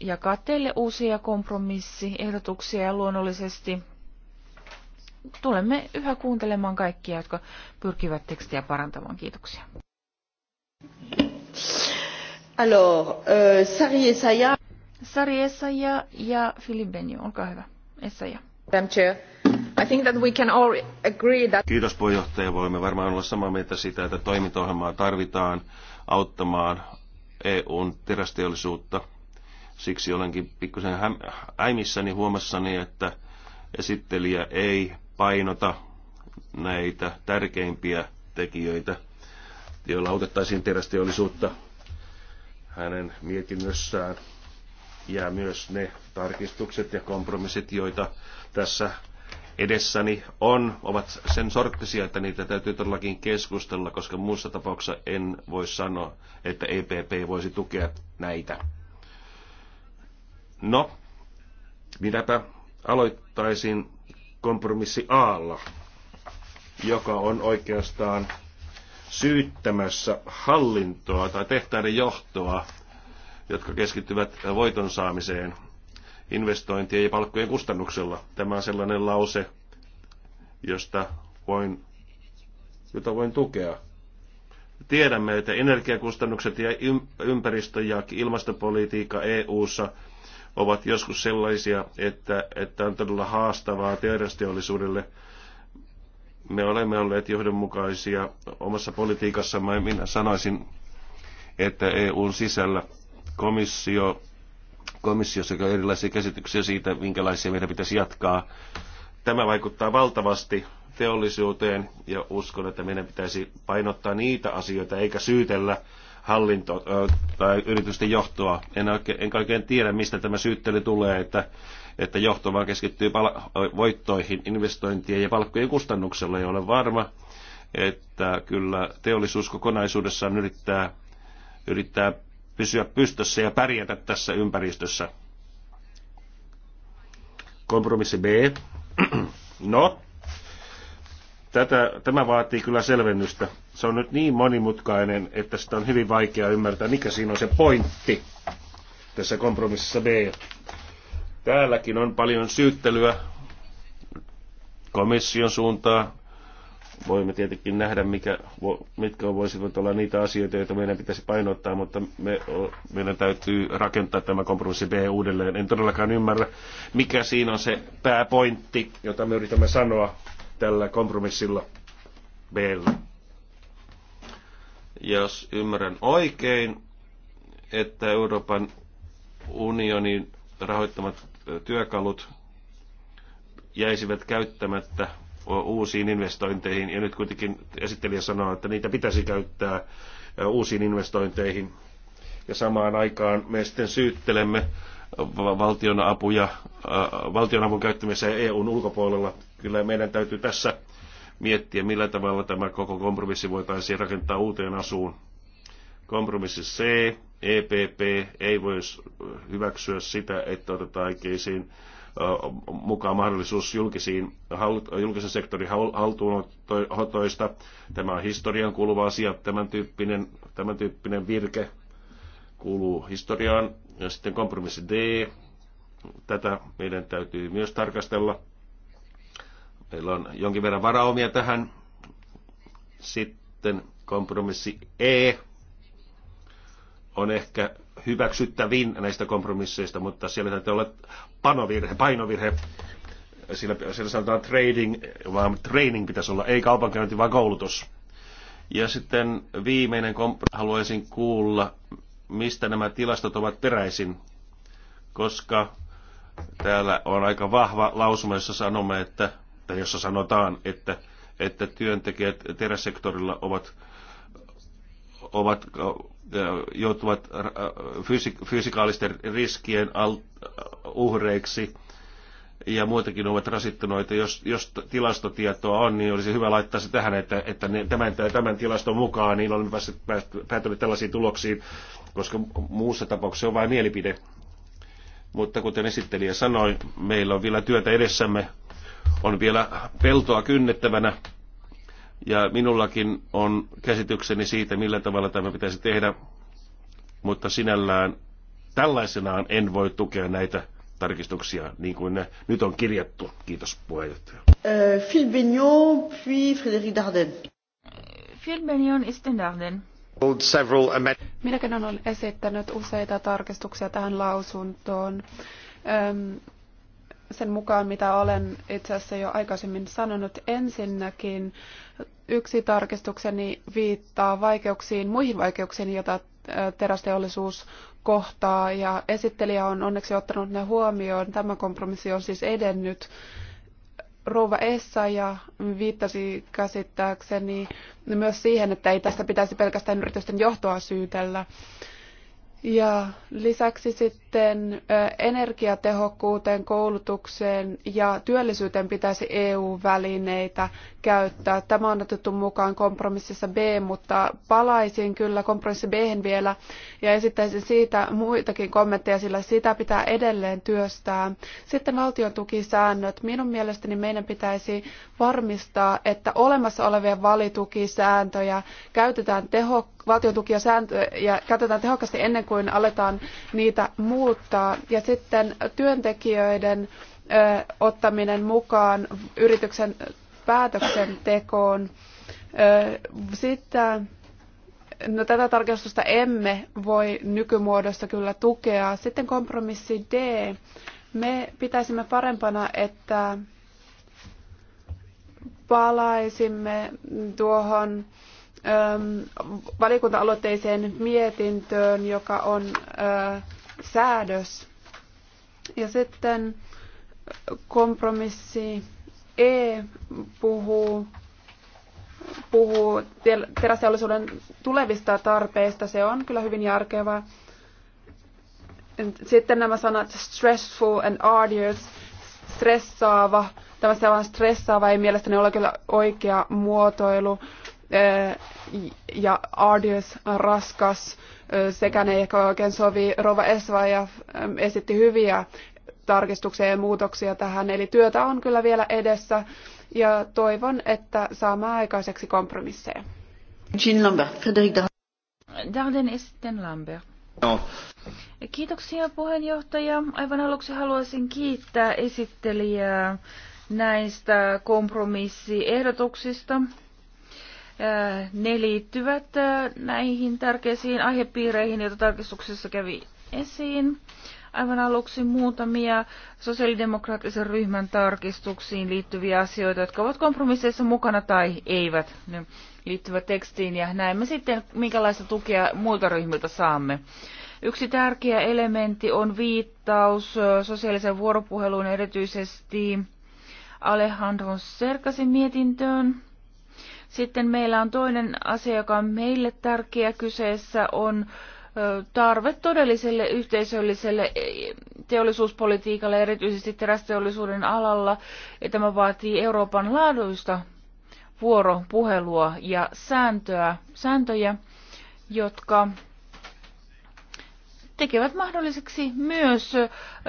jakaa teille uusia kompromissiehdotuksia ja luonnollisesti tulemme yhä kuuntelemaan kaikkia, jotka pyrkivät tekstiä parantamaan. Kiitoksia. Alors, euh, Sari Esaya. Sari Essaja ja Filip Benny, olkaa hyvä. Essaja. I think that we can all agree that... Kiitos puheenjohtaja. Voimme varmaan olla samaa mieltä siitä, että toimintaohjelmaa tarvitaan auttamaan EUn terästeollisuutta. Siksi olenkin pikkusen äimissäni huomassani, että esittelijä ei painota näitä tärkeimpiä tekijöitä, joilla autettaisiin terästeollisuutta hänen mietinnössään ja myös ne tarkistukset ja kompromissit, joita tässä edessäni on, ovat sen sorttisia, että niitä täytyy todellakin keskustella, koska muussa tapauksessa en voi sanoa, että EPP voisi tukea näitä. No, minäpä aloittaisin kompromissi Aalla, joka on oikeastaan syyttämässä hallintoa tai tehtäiden johtoa jotka keskittyvät voiton saamiseen investointien ja palkkojen kustannuksella. Tämä on sellainen lause, josta voin, jota voin tukea. Tiedämme, että energiakustannukset ja ympäristö- ja ilmastopolitiikka EU:ssa ovat joskus sellaisia, että, että on todella haastavaa terästeollisuudelle. Me olemme olleet johdonmukaisia omassa politiikassamme. Minä sanoisin, että EUn sisällä komissio, komissiossa on erilaisia käsityksiä siitä, minkälaisia meidän pitäisi jatkaa. Tämä vaikuttaa valtavasti teollisuuteen ja uskon, että meidän pitäisi painottaa niitä asioita eikä syytellä hallinto tai yritysten johtoa. En oikein, en oikein tiedä, mistä tämä syyttely tulee, että, että johto vaan keskittyy voittoihin, investointien ja palkkojen kustannuksella. Ei ole varma, että kyllä teollisuus kokonaisuudessaan yrittää, yrittää pysyä pystyssä ja pärjätä tässä ympäristössä. Kompromissi B. No, tätä, tämä vaatii kyllä selvennystä. Se on nyt niin monimutkainen, että sitä on hyvin vaikea ymmärtää, mikä siinä on se pointti tässä kompromississa B. Täälläkin on paljon syyttelyä komission suuntaan, Voimme tietenkin nähdä, mikä, mitkä voisivat olla niitä asioita, joita meidän pitäisi painottaa, mutta me, meidän täytyy rakentaa tämä kompromissi B uudelleen. En todellakaan ymmärrä, mikä siinä on se pääpointti, jota me yritämme sanoa tällä kompromissilla b Jos ymmärrän oikein, että Euroopan unionin rahoittamat työkalut jäisivät käyttämättä uusiin investointeihin, ja nyt kuitenkin esittelijä sanoo, että niitä pitäisi käyttää uusiin investointeihin, ja samaan aikaan me sitten syyttelemme valtionapuja, valtionavun käyttämiseen EUn ulkopuolella. Kyllä meidän täytyy tässä miettiä, millä tavalla tämä koko kompromissi voitaisiin rakentaa uuteen asuun. Kompromissi C, EPP ei voisi hyväksyä sitä, että otetaan oikeisiin mukaan mahdollisuus julkisiin, julkisen sektorin haltuunotoista. Tämä on historian kuuluva asia, tämän tyyppinen, tämän tyyppinen virke kuuluu historiaan. Ja sitten kompromissi D, tätä meidän täytyy myös tarkastella. Meillä on jonkin verran varaumia tähän. Sitten kompromissi E on ehkä hyväksyttävin näistä kompromisseista, mutta siellä täytyy olla panovirhe, painovirhe. Siellä, siellä sanotaan trading, vaan training pitäisi olla, ei kaupankäynti, vaan koulutus. Ja sitten viimeinen kompromissi. Haluaisin kuulla, mistä nämä tilastot ovat peräisin, koska täällä on aika vahva lausuma, jossa sanomme, että, tai jossa sanotaan, että, että työntekijät teräsektorilla ovat ovat, joutuvat fysi- fysikaalisten riskien uhreiksi ja muutenkin ovat rasittuneita. Jos, jos tilastotietoa on, niin olisi hyvä laittaa se tähän, että, että ne, tämän, tämän tilaston mukaan niin olemme päätynyt tällaisiin tuloksiin, koska muussa tapauksessa on vain mielipide. Mutta kuten esittelijä sanoi, meillä on vielä työtä edessämme, on vielä peltoa kynnettävänä ja minullakin on käsitykseni siitä, millä tavalla tämä pitäisi tehdä, mutta sinällään tällaisenaan en voi tukea näitä tarkistuksia niin kuin ne nyt on kirjattu. Kiitos puheenjohtaja. Äh, Phil Benyon, puis Frédéric Darden. Phil Benyon sitten Dardenne. Minäkin olen esittänyt useita tarkistuksia tähän lausuntoon sen mukaan, mitä olen itse asiassa jo aikaisemmin sanonut. Ensinnäkin yksi tarkistukseni viittaa vaikeuksiin, muihin vaikeuksiin, joita terästeollisuus kohtaa, ja esittelijä on onneksi ottanut ne huomioon. Tämä kompromissi on siis edennyt. Rouva Essa ja viittasi käsittääkseni myös siihen, että ei tästä pitäisi pelkästään yritysten johtoa syytellä. Ja lisäksi sitten sitten energiatehokkuuteen, koulutukseen ja työllisyyteen pitäisi EU-välineitä käyttää. Tämä on otettu mukaan kompromississa B, mutta palaisin kyllä kompromissi B vielä ja esittäisin siitä muitakin kommentteja, sillä sitä pitää edelleen työstää. Sitten valtion tukisäännöt. Minun mielestäni meidän pitäisi varmistaa, että olemassa olevia valitukisääntöjä käytetään teho, valtion tukia sääntöjä käytetään tehokkaasti ennen kuin aletaan niitä muuttaa kuluttaa. Ja sitten työntekijöiden ottaminen mukaan yrityksen päätöksentekoon. sitten no tätä tarkastusta emme voi nykymuodossa kyllä tukea. Sitten kompromissi D. Me pitäisimme parempana, että palaisimme tuohon valiokunta-aloitteiseen mietintöön, joka on säädös. Ja sitten kompromissi E puhuu, puhuu terästeollisuuden tulevista tarpeista. Se on kyllä hyvin järkevää. Sitten nämä sanat stressful and arduous, stressaava. Tämä se on stressaava ei mielestäni ole kyllä oikea muotoilu. Ja arduous, raskas sekään ei ehkä oikein sovi. Rova Esvaja ähm, esitti hyviä tarkistuksia ja muutoksia tähän, eli työtä on kyllä vielä edessä ja toivon, että saamme aikaiseksi kompromisseja. Jean Lambert, Darden. Darden Lambert. No. Kiitoksia puheenjohtaja. Aivan aluksi haluaisin kiittää esittelijää näistä kompromissiehdotuksista. Ne liittyvät näihin tärkeisiin aihepiireihin, joita tarkistuksessa kävi esiin. Aivan aluksi muutamia sosiaalidemokraattisen ryhmän tarkistuksiin liittyviä asioita, jotka ovat kompromisseissa mukana tai eivät. Ne liittyvät tekstiin ja näemme sitten, minkälaista tukea muilta ryhmiltä saamme. Yksi tärkeä elementti on viittaus sosiaalisen vuoropuheluun erityisesti Alejandro Serkasin mietintöön. Sitten meillä on toinen asia, joka on meille tärkeä. Kyseessä on tarve todelliselle yhteisölliselle e, teollisuuspolitiikalle, erityisesti terästeollisuuden alalla. Ja tämä vaatii Euroopan laaduista vuoropuhelua ja sääntöä, sääntöjä, jotka tekevät mahdolliseksi myös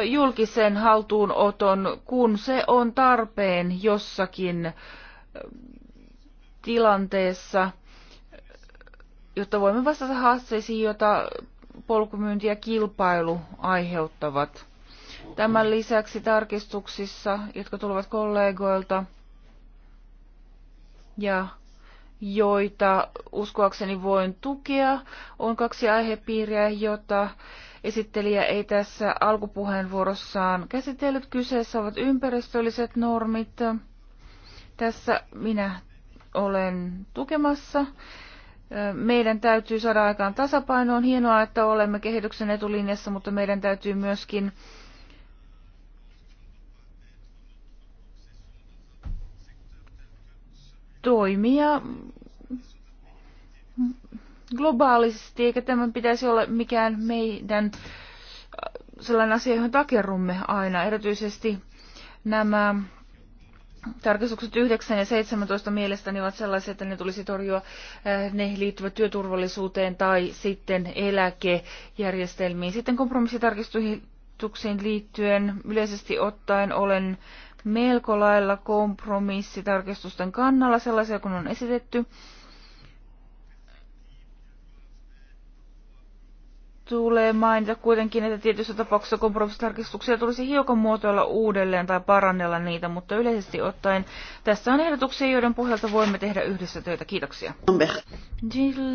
julkisen haltuunoton, kun se on tarpeen jossakin tilanteessa, jotta voimme vastata haasteisiin, joita polkumyynti ja kilpailu aiheuttavat. Tämän lisäksi tarkistuksissa, jotka tulevat kollegoilta ja joita uskoakseni voin tukea, on kaksi aihepiiriä, jota esittelijä ei tässä alkupuheenvuorossaan käsitellyt. Kyseessä ovat ympäristölliset normit. Tässä minä olen tukemassa. Meidän täytyy saada aikaan tasapaino. On hienoa, että olemme kehityksen etulinjassa, mutta meidän täytyy myöskin toimia globaalisti, eikä tämän pitäisi olla mikään meidän äh, sellainen asia, johon takerrumme aina. Erityisesti nämä Tarkastukset 9 ja 17 mielestäni ovat sellaisia, että ne tulisi torjua. Äh, ne liittyvät työturvallisuuteen tai sitten eläkejärjestelmiin. Sitten kompromissitarkistuksiin liittyen yleisesti ottaen olen melko lailla kompromissitarkistusten kannalla, sellaisia kun on esitetty. tulee mainita kuitenkin, että tietyissä tapauksissa kompromissitarkistuksia tulisi hiukan muotoilla uudelleen tai parannella niitä, mutta yleisesti ottaen tässä on ehdotuksia, joiden pohjalta voimme tehdä yhdessä töitä. Kiitoksia. Lambert.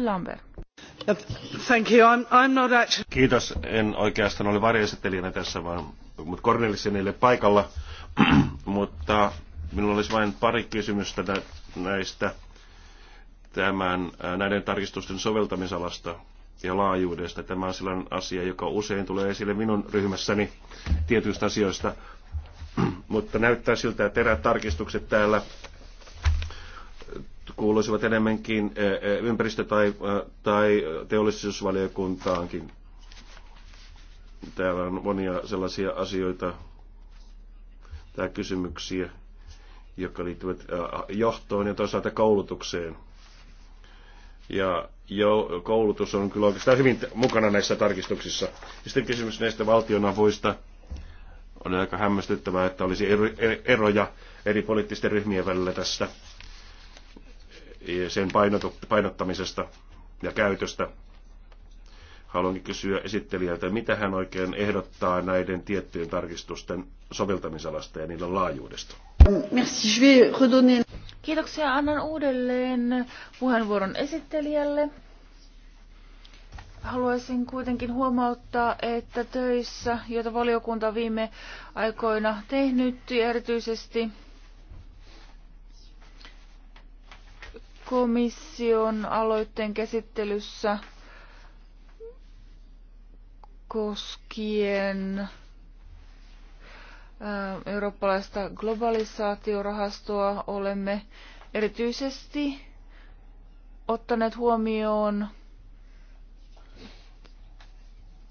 Lambert. Thank you. I'm, I'm not actually... Kiitos. En oikeastaan ole varjoesittelijänä tässä, vaan mutta Cornelissen ei ole paikalla. mutta minulla olisi vain pari kysymystä näistä tämän, näiden tarkistusten soveltamisalasta ja laajuudesta. Tämä on sellainen asia, joka usein tulee esille minun ryhmässäni tietyistä asioista, mutta näyttää siltä, että erät tarkistukset täällä kuuluisivat enemmänkin eh, eh, ympäristö- tai, eh, tai teollisuusvaliokuntaankin. Täällä on monia sellaisia asioita tai kysymyksiä, jotka liittyvät johtoon ja toisaalta koulutukseen. Ja jo, koulutus on kyllä oikeastaan hyvin mukana näissä tarkistuksissa. Sitten kysymys näistä valtionavuista. On aika hämmästyttävää, että olisi e, eroja eri poliittisten ryhmien välillä tässä sen painottamisesta ja käytöstä. Haluankin kysyä esittelijältä, mitä hän oikein ehdottaa näiden tiettyjen tarkistusten soveltamisalasta ja niiden laajuudesta. Merci, je vais redonner... Kiitoksia. Annan uudelleen puheenvuoron esittelijälle. Haluaisin kuitenkin huomauttaa, että töissä, joita valiokunta viime aikoina tehnyt, erityisesti komission aloitteen käsittelyssä koskien eurooppalaista globalisaatiorahastoa olemme erityisesti ottaneet huomioon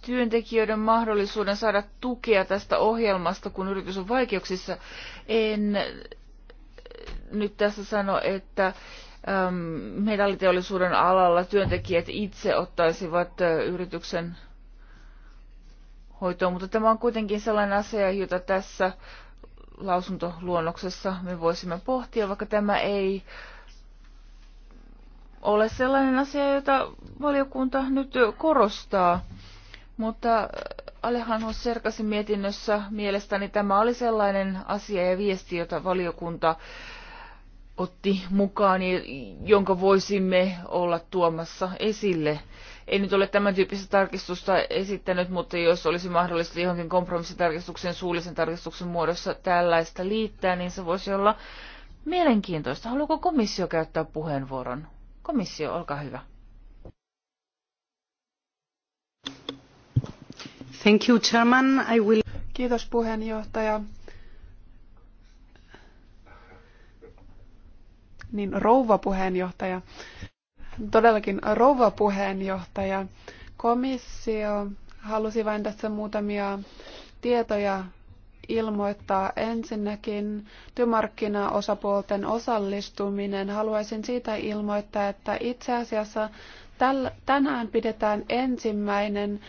työntekijöiden mahdollisuuden saada tukea tästä ohjelmasta, kun yritys on vaikeuksissa. En nyt tässä sano, että metalliteollisuuden alalla työntekijät itse ottaisivat yrityksen hoitoon, mutta tämä on kuitenkin sellainen asia, jota tässä lausuntoluonnoksessa me voisimme pohtia, vaikka tämä ei ole sellainen asia, jota valiokunta nyt korostaa. Mutta Alejandro Serkasin mietinnössä mielestäni tämä oli sellainen asia ja viesti, jota valiokunta otti mukaan, jonka voisimme olla tuomassa esille ei nyt ole tämän tyyppistä tarkistusta esittänyt, mutta jos olisi mahdollista johonkin kompromissitarkistuksen suullisen tarkistuksen muodossa tällaista liittää, niin se voisi olla mielenkiintoista. Haluaako komissio käyttää puheenvuoron? Komissio, olkaa hyvä. Thank you, Chairman. I will... Kiitos puheenjohtaja. Niin, rouva puheenjohtaja todellakin rouva puheenjohtaja. Komissio halusi vain tässä muutamia tietoja ilmoittaa ensinnäkin työmarkkinaosapuolten osallistuminen. Haluaisin siitä ilmoittaa, että itse asiassa tänään pidetään ensimmäinen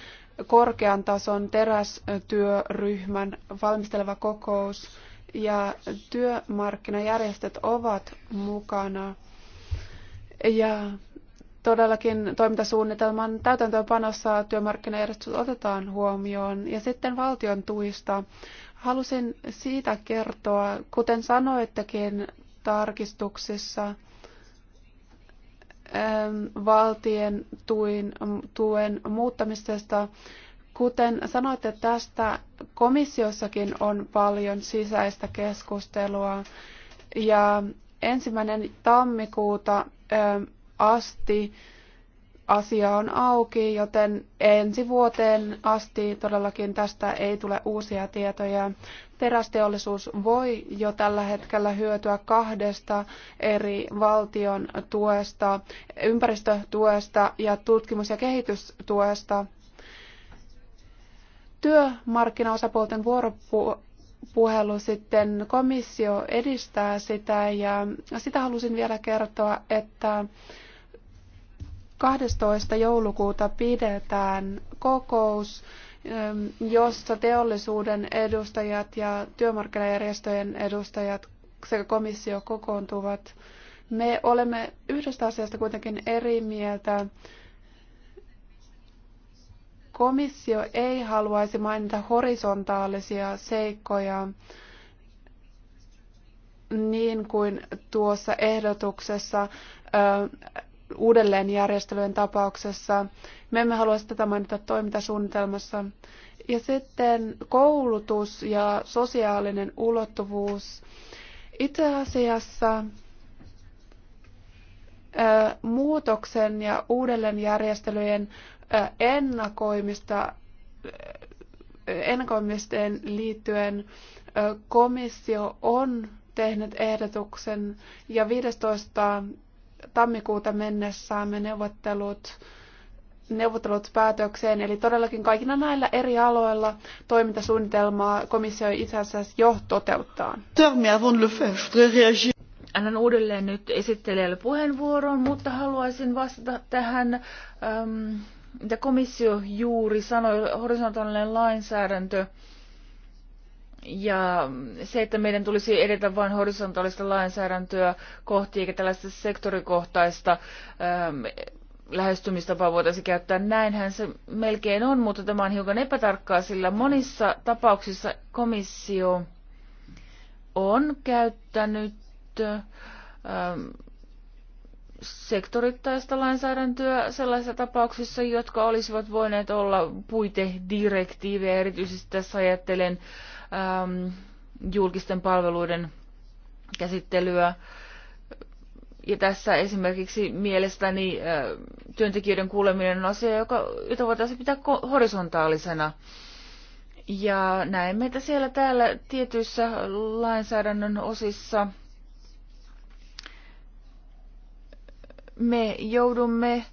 korkean tason terästyöryhmän valmisteleva kokous ja työmarkkinajärjestöt ovat mukana. Ja todellakin toimintasuunnitelman täytäntöönpanossa työmarkkinajärjestöt otetaan huomioon. Ja sitten valtion tuista. Halusin siitä kertoa, kuten sanoittekin tarkistuksissa, ähm, valtien tuin, tuen muuttamisesta. Kuten sanoitte, tästä komissiossakin on paljon sisäistä keskustelua. Ja ensimmäinen tammikuuta ähm, asti asia on auki, joten ensi vuoteen asti todellakin tästä ei tule uusia tietoja. Terästeollisuus voi jo tällä hetkellä hyötyä kahdesta eri valtion tuesta, ympäristötuesta ja tutkimus- ja kehitystuesta. Työmarkkinaosapuolten vuoropuhelu sitten komissio edistää sitä ja sitä halusin vielä kertoa, että 12. joulukuuta pidetään kokous, jossa teollisuuden edustajat ja työmarkkinajärjestöjen edustajat sekä komissio kokoontuvat. Me olemme yhdestä asiasta kuitenkin eri mieltä. Komissio ei haluaisi mainita horisontaalisia seikkoja niin kuin tuossa ehdotuksessa uudelleenjärjestelyjen tapauksessa. Me emme halua tätä mainita toimintasuunnitelmassa. Ja sitten koulutus ja sosiaalinen ulottuvuus. Itse asiassa muutoksen ja uudelleenjärjestelyjen ennakoimista ennakoimisteen liittyen komissio on tehnyt ehdotuksen ja 15 tammikuuta mennessä saamme neuvottelut, neuvottelut päätökseen. Eli todellakin kaikilla näillä eri aloilla toimintasuunnitelmaa komissio itse asiassa jo toteuttaa. Annan uudelleen nyt esittelijälle puheenvuoron, mutta haluaisin vastata tähän, ähm, mitä komissio juuri sanoi, horisontaalinen lainsäädäntö. Ja se, että meidän tulisi edetä vain horisontaalista lainsäädäntöä kohti, eikä tällaista sektorikohtaista ähm, lähestymistapaa voitaisiin käyttää. Näinhän se melkein on, mutta tämä on hiukan epätarkkaa, sillä monissa tapauksissa komissio on käyttänyt ähm, sektorittaista lainsäädäntöä sellaisissa tapauksissa, jotka olisivat voineet olla puitedirektiivejä. Erityisesti tässä ajattelen äh, Ähm, julkisten palveluiden käsittelyä. Ja tässä esimerkiksi mielestäni äh, työntekijöiden kuuleminen on asia, joka, jota voitaisiin pitää horisontaalisena. Ja näemme, että siellä täällä tietyissä lainsäädännön osissa me joudumme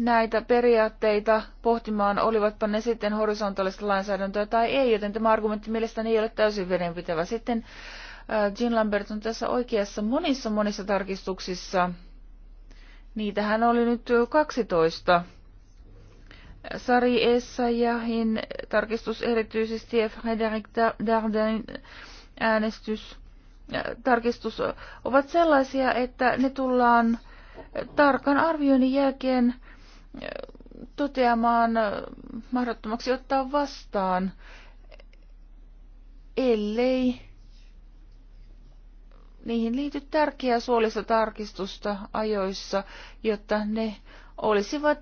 näitä periaatteita pohtimaan, olivatpa ne sitten horisontaalista lainsäädäntöä tai ei, joten tämä argumentti mielestäni ei ole täysin vedenpitävä. Sitten äh, Jean Lambert on tässä oikeassa monissa monissa tarkistuksissa. Niitähän oli nyt 12. Sari Essayahin tarkistus erityisesti ja Frédéric Dardenin äänestys äh, tarkistus äh, ovat sellaisia, että ne tullaan tarkan arvioinnin jälkeen toteamaan mahdottomaksi ottaa vastaan, ellei niihin liity tärkeää suolista tarkistusta ajoissa, jotta ne olisivat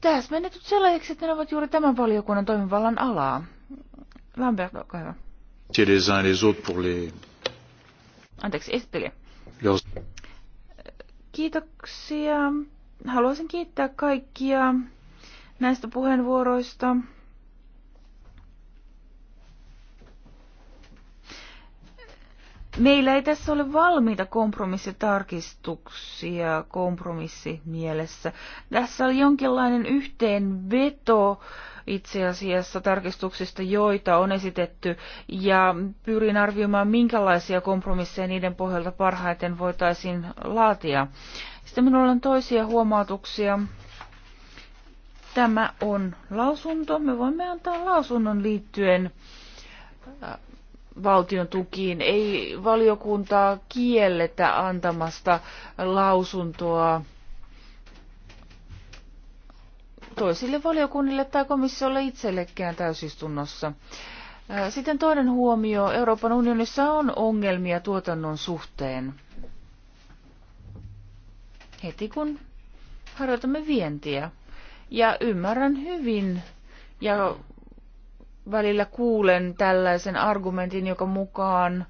täsmennetyt sellaiseksi, että ne ovat juuri tämän valiokunnan toimivallan alaa. Lambert, olkaa hyvä. Anteeksi, esittelijä. Kiitoksia haluaisin kiittää kaikkia näistä puheenvuoroista. Meillä ei tässä ole valmiita kompromissitarkistuksia kompromissimielessä. Tässä oli jonkinlainen yhteenveto itse asiassa tarkistuksista, joita on esitetty, ja pyrin arvioimaan, minkälaisia kompromisseja niiden pohjalta parhaiten voitaisiin laatia. Sitten minulla on toisia huomautuksia. Tämä on lausunto. Me voimme antaa lausunnon liittyen äh, valtion tukiin. Ei valiokuntaa kielletä antamasta lausuntoa toisille valiokunnille tai komissiolle itsellekään täysistunnossa. Äh, sitten toinen huomio. Euroopan unionissa on ongelmia tuotannon suhteen heti kun harjoitamme vientiä. Ja ymmärrän hyvin ja välillä kuulen tällaisen argumentin, joka mukaan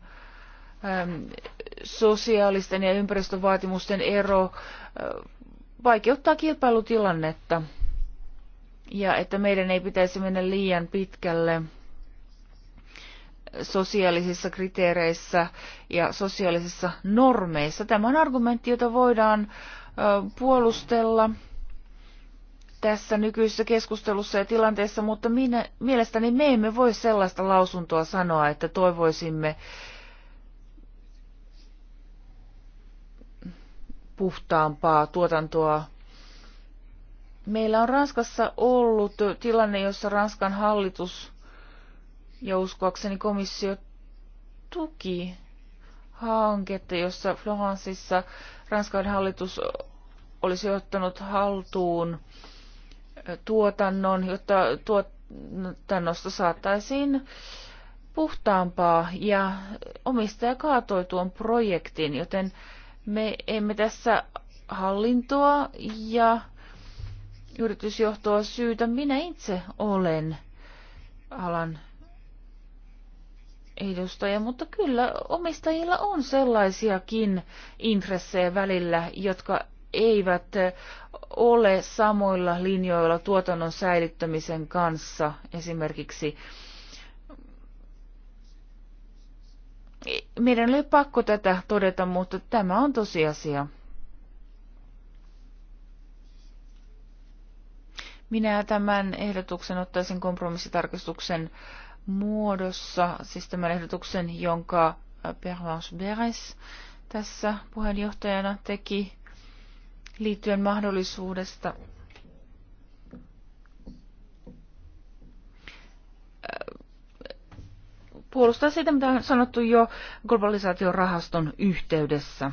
äm, sosiaalisten ja ympäristövaatimusten ero äh, vaikeuttaa kilpailutilannetta ja että meidän ei pitäisi mennä liian pitkälle sosiaalisissa kriteereissä ja sosiaalisissa normeissa. Tämä on argumentti, jota voidaan äh, puolustella tässä nykyisessä keskustelussa ja tilanteessa, mutta minä, mielestäni me emme voi sellaista lausuntoa sanoa, että toivoisimme puhtaampaa tuotantoa. Meillä on Ranskassa ollut tilanne, jossa Ranskan hallitus ja uskoakseni komissio tuki hanketta, jossa Florensissa Ranskan hallitus olisi ottanut haltuun tuotannon, jotta tuotannosta saataisiin puhtaampaa ja omistaja kaatoi tuon projektin, joten me emme tässä hallintoa ja yritysjohtoa syytä. Minä itse olen alan edustaja, mutta kyllä omistajilla on sellaisiakin intressejä välillä, jotka eivät ole samoilla linjoilla tuotannon säilyttämisen kanssa esimerkiksi. Meidän oli pakko tätä todeta, mutta tämä on tosiasia. Minä tämän ehdotuksen ottaisin kompromissitarkistuksen äh, muodossa, siis tämän ehdotuksen, jonka äh, Pervance Beres tässä puheenjohtajana teki liittyen mahdollisuudesta äh, puolustaa sitä, mitä on sanottu jo globalisaation rahaston yhteydessä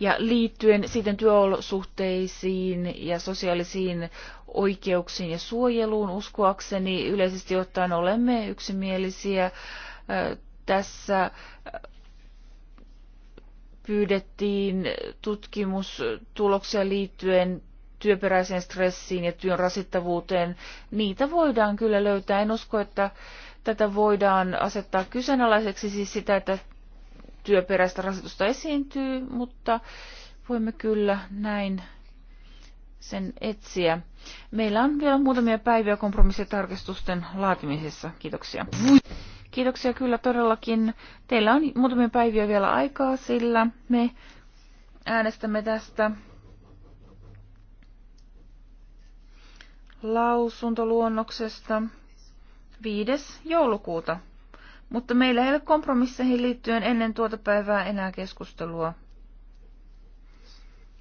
ja liittyen sitten työolosuhteisiin ja sosiaalisiin oikeuksiin ja suojeluun uskoakseni yleisesti ottaen olemme yksimielisiä. Tässä pyydettiin tutkimustuloksia liittyen työperäiseen stressiin ja työn rasittavuuteen. Niitä voidaan kyllä löytää. En usko, että tätä voidaan asettaa kyseenalaiseksi, siis sitä, että työperäistä rasitusta esiintyy, mutta voimme kyllä näin sen etsiä. Meillä on vielä muutamia päiviä kompromissitarkistusten laatimisessa. Kiitoksia. Kiitoksia kyllä todellakin. Teillä on muutamia päiviä vielä aikaa, sillä me äänestämme tästä lausuntoluonnoksesta 5. joulukuuta mutta meillä ei ole kompromisseihin liittyen ennen tuota päivää enää keskustelua.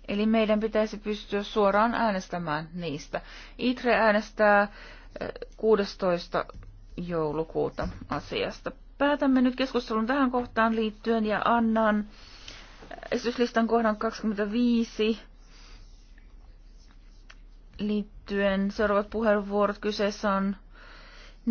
Eli meidän pitäisi pystyä suoraan äänestämään niistä. ITRE äänestää 16. Eh, joulukuuta asiasta. Päätämme nyt keskustelun tähän kohtaan liittyen ja annan eh, esityslistan kohdan 25 liittyen seuraavat puheenvuorot. Kyseessä on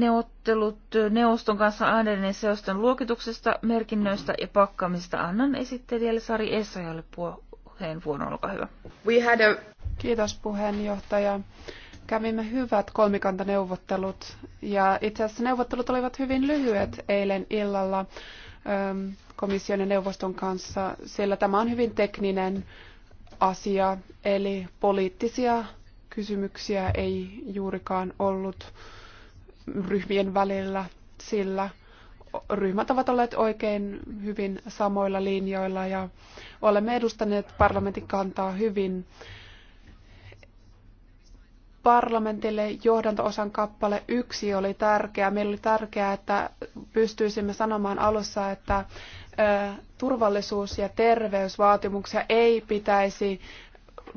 neuvottelut neuvoston kanssa aineiden seosten luokituksesta, merkinnöistä ja pakkaamista. Annan esittelijälle Sari Essajalle puheenvuoron, olkaa hyvä. We had a... Kiitos puheenjohtaja. Kävimme hyvät kolmikantaneuvottelut ja itse asiassa neuvottelut olivat hyvin lyhyet eilen illalla ähm, komission ja neuvoston kanssa, sillä tämä on hyvin tekninen asia, eli poliittisia kysymyksiä ei juurikaan ollut ryhmien välillä, sillä ryhmät ovat olleet oikein hyvin samoilla linjoilla ja olemme edustaneet parlamentin kantaa hyvin. Parlamentille johdantoosan kappale yksi oli tärkeä. Meillä oli tärkeää, että pystyisimme sanomaan alussa, että turvallisuus- ja terveysvaatimuksia ei pitäisi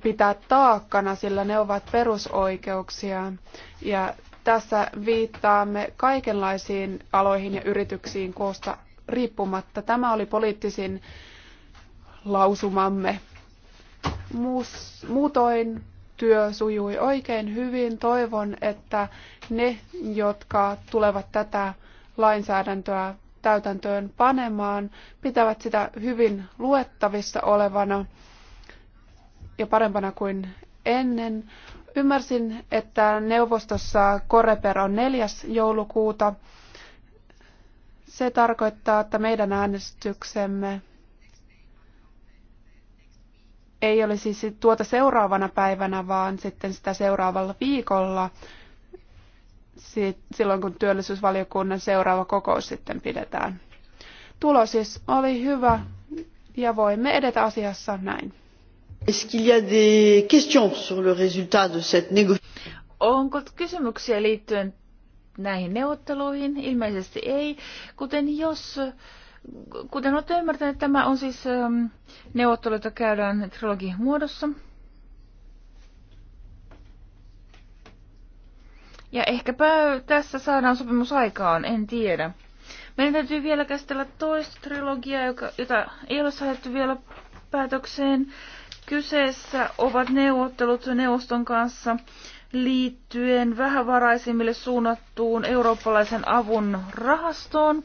pitää taakkana, sillä ne ovat perusoikeuksia. Ja tässä viittaamme kaikenlaisiin aloihin ja yrityksiin koosta riippumatta. Tämä oli poliittisin lausumamme. Muus, muutoin työ sujui oikein hyvin. Toivon, että ne, jotka tulevat tätä lainsäädäntöä täytäntöön panemaan, pitävät sitä hyvin luettavissa olevana ja parempana kuin ennen. Ymmärsin, että neuvostossa Koreper on 4. joulukuuta. Se tarkoittaa, että meidän äänestyksemme ei olisi tuota seuraavana päivänä, vaan sitten sitä seuraavalla viikolla, silloin kun työllisyysvaliokunnan seuraava kokous sitten pidetään. Tulos siis oli hyvä ja voimme edetä asiassa näin. Onko kysymyksiä liittyen näihin neuvotteluihin? Ilmeisesti ei. Kuten jos, kuten olette ymmärtäneet, tämä on siis ähm, neuvottelu, jota käydään trilogin muodossa. Ja ehkäpä tässä saadaan sopimus aikaan, en tiedä. Meidän täytyy vielä käsitellä toista trilogiaa, jota ei ole saatu vielä päätökseen. Kyseessä ovat neuvottelut neuvoston kanssa liittyen vähävaraisimmille suunnattuun eurooppalaisen avun rahastoon.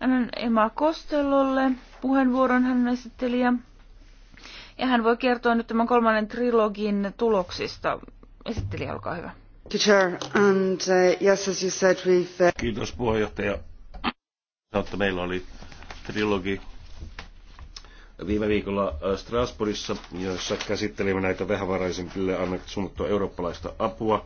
Annan Emma Kostellolle puheenvuoron hän esitteli Ja hän voi kertoa nyt tämän kolmannen trilogin tuloksista. Esittelijä, olkaa hyvä. Uh, uh, Kiitos puheenjohtaja. meillä oli trilogi viime viikolla äh, Strasbourgissa, jossa käsittelimme näitä vähävaraisimmille annettua eurooppalaista apua.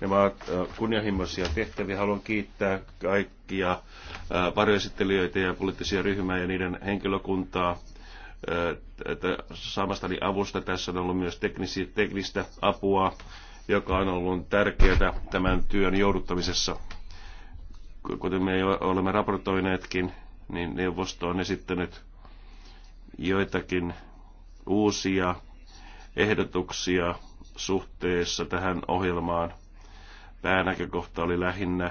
Ne ovat äh, kunnianhimoisia tehtäviä. Haluan kiittää kaikkia äh, varjoesittelijöitä ja poliittisia ryhmää ja niiden henkilökuntaa saamastani avusta. Tässä on ollut myös teknisi, teknistä apua, joka on ollut tärkeää tämän työn jouduttamisessa. Kuten me olemme raportoineetkin, niin neuvosto on esittänyt joitakin uusia ehdotuksia suhteessa tähän ohjelmaan. Päänäkökohta oli lähinnä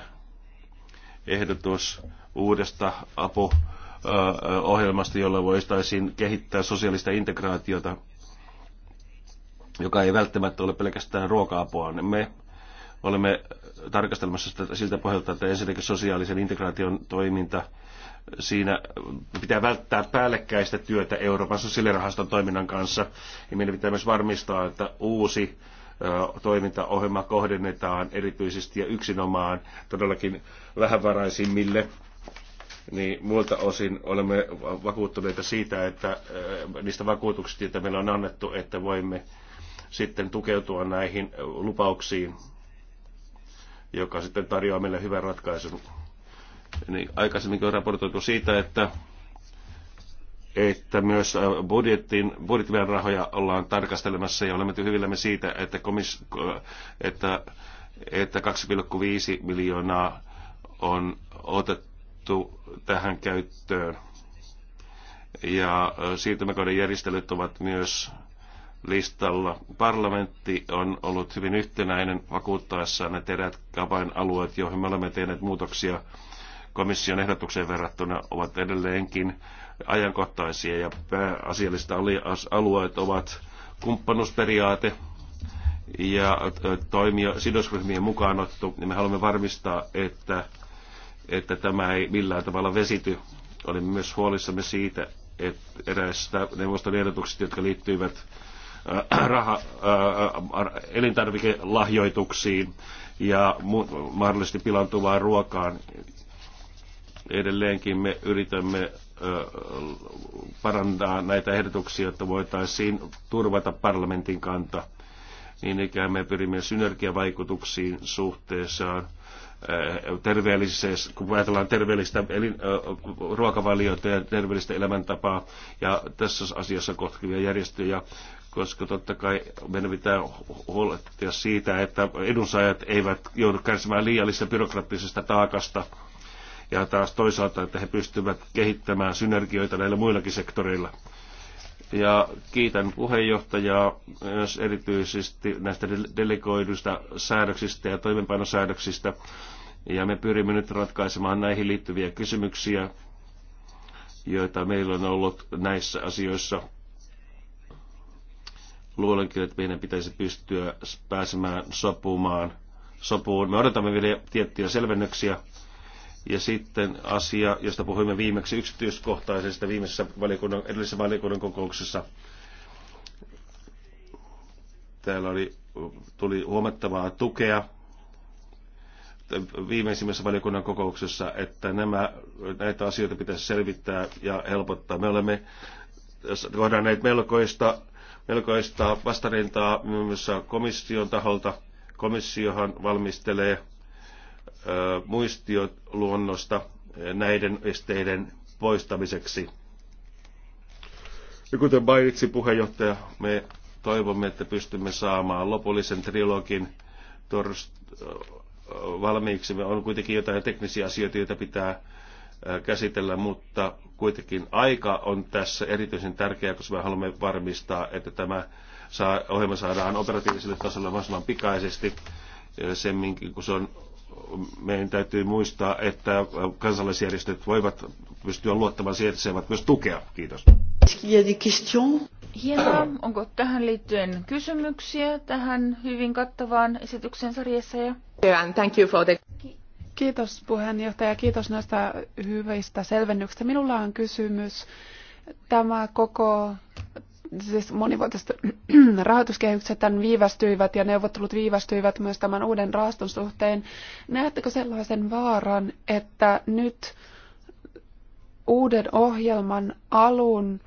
ehdotus uudesta apuohjelmasta, jolla voitaisiin kehittää sosiaalista integraatiota, joka ei välttämättä ole pelkästään ruoka-apua. Me olemme tarkastelmassa sitä siltä pohjalta, että ensinnäkin sosiaalisen integraation toiminta siinä pitää välttää päällekkäistä työtä Euroopan sosiaalirahaston toiminnan kanssa. Ja meidän pitää myös varmistaa, että uusi toimintaohjelma kohdennetaan erityisesti ja yksinomaan todellakin vähävaraisimmille. Niin muilta osin olemme vakuuttuneita siitä, että niistä vakuutuksista, joita meillä on annettu, että voimme sitten tukeutua näihin lupauksiin, joka sitten tarjoaa meille hyvän ratkaisun niin aikaisemminkin on raportoitu siitä, että, että myös äh, budjettiin, rahoja ollaan tarkastelemassa ja olemme hyvillämme siitä, että, komis, että, että 2,5 miljoonaa on otettu tähän käyttöön. Ja äh, siirtymäkauden järjestelyt ovat myös listalla. Parlamentti on ollut hyvin yhtenäinen vakuuttaessaan ne kapain alueet, joihin me olemme tehneet muutoksia komission ehdotukseen verrattuna ovat edelleenkin ajankohtaisia ja pääasialliset alueet ovat kumppanuusperiaate ja toimia sidosryhmien mukaanotto, niin me haluamme varmistaa, että, että tämä ei millään tavalla vesity. Olemme myös huolissamme siitä, että eräistä neuvoston ehdotuksista, jotka liittyivät raha, elintarvikelahjoituksiin ja mahdollisesti pilantuvaan ruokaan, Edelleenkin me yritämme parantaa näitä ehdotuksia, että voitaisiin turvata parlamentin kanta. Niin ikään me pyrimme synergiavaikutuksiin suhteessaan terveellisessä, kun ajatellaan terveellistä elin, ruokavaliota ja terveellistä elämäntapaa ja tässä asiassa koskevia järjestöjä, koska totta kai meidän pitää huolehtia siitä, että edunsaajat eivät joudu kärsimään liiallisesta byrokraattisesta taakasta – ja taas toisaalta, että he pystyvät kehittämään synergioita näillä muillakin sektoreilla. Ja kiitän puheenjohtajaa myös erityisesti näistä delegoiduista säädöksistä ja toimenpanosäädöksistä. Ja me pyrimme nyt ratkaisemaan näihin liittyviä kysymyksiä, joita meillä on ollut näissä asioissa. Luulenkin, että meidän pitäisi pystyä pääsemään sopumaan sopuun. Me odotamme vielä tiettyjä selvennyksiä ja sitten asia, josta puhuimme viimeksi yksityiskohtaisesta viimeisessä valiokunnan, edellisessä valiokunnan kokouksessa. Täällä oli, tuli huomattavaa tukea viimeisimmässä valiokunnan kokouksessa, että nämä, näitä asioita pitäisi selvittää ja helpottaa. Me olemme kohdanneet melkoista, melkoista vastarintaa myös komission taholta. Komissiohan valmistelee muistioluonnosta näiden esteiden poistamiseksi. Ja kuten mainitsi puheenjohtaja, me toivomme, että pystymme saamaan lopullisen trilogin torst- valmiiksi. Me on kuitenkin jotain teknisiä asioita, joita pitää käsitellä, mutta kuitenkin aika on tässä erityisen tärkeää, koska me haluamme varmistaa, että tämä ohjelma saadaan operatiiviselle tasolle mahdollisimman pikaisesti semminkin, kun se on meidän täytyy muistaa, että kansalaisjärjestöt voivat pystyä luottamaan siihen, että saavat myös tukea. Kiitos. Hienoa. Onko tähän liittyen kysymyksiä tähän hyvin kattavaan esityksen sarjassa? Ja... Thank you for the... Kiitos puheenjohtaja. Kiitos näistä hyvistä selvennyksistä. Minulla on kysymys. Tämä koko siis monivuotiset rahoituskehykset viivästyivät ja neuvottelut viivästyivät myös tämän uuden rahaston suhteen. Näettekö sellaisen vaaran, että nyt uuden ohjelman alun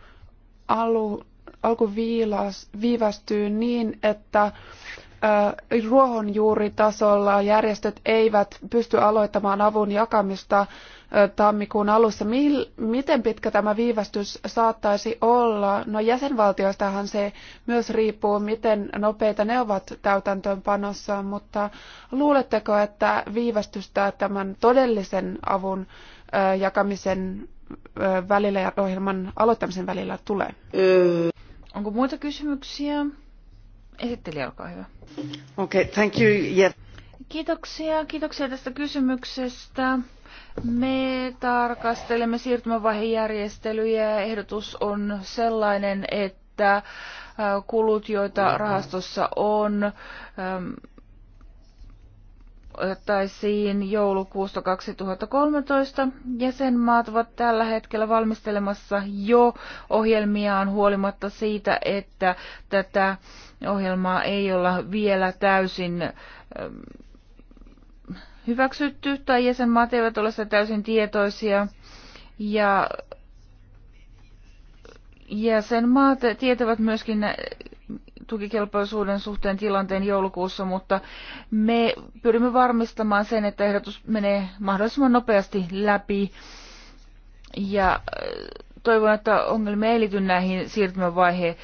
alu, alku viilas, viivästyy niin, että ruohonjuuritasolla järjestöt eivät pysty aloittamaan avun jakamista tammikuun alussa. miten pitkä tämä viivästys saattaisi olla? No jäsenvaltioistahan se myös riippuu, miten nopeita ne ovat täytäntöönpanossa, mutta luuletteko, että viivästystä tämän todellisen avun jakamisen välillä ja ohjelman aloittamisen välillä tulee? Onko muita kysymyksiä? Esittelijä, olkaa hyvä. Okay, thank you. Yeah. Kiitoksia, kiitoksia tästä kysymyksestä. Me tarkastelemme järjestelyjä. Ehdotus on sellainen, että äh, kulut, joita rahastossa on, ähm, otettaisiin joulukuusta 2013. Jäsenmaat ovat tällä hetkellä valmistelemassa jo ohjelmiaan huolimatta siitä, että tätä ohjelmaa ei olla vielä täysin ähm, hyväksytty tai jäsenmaat eivät ole sitä täysin tietoisia. Ja jäsenmaat tietävät myöskin tukikelpoisuuden suhteen tilanteen joulukuussa, mutta me pyrimme varmistamaan sen, että ehdotus menee mahdollisimman nopeasti läpi. Ja toivon, että ongelmia ei liity näihin siirtymävaihe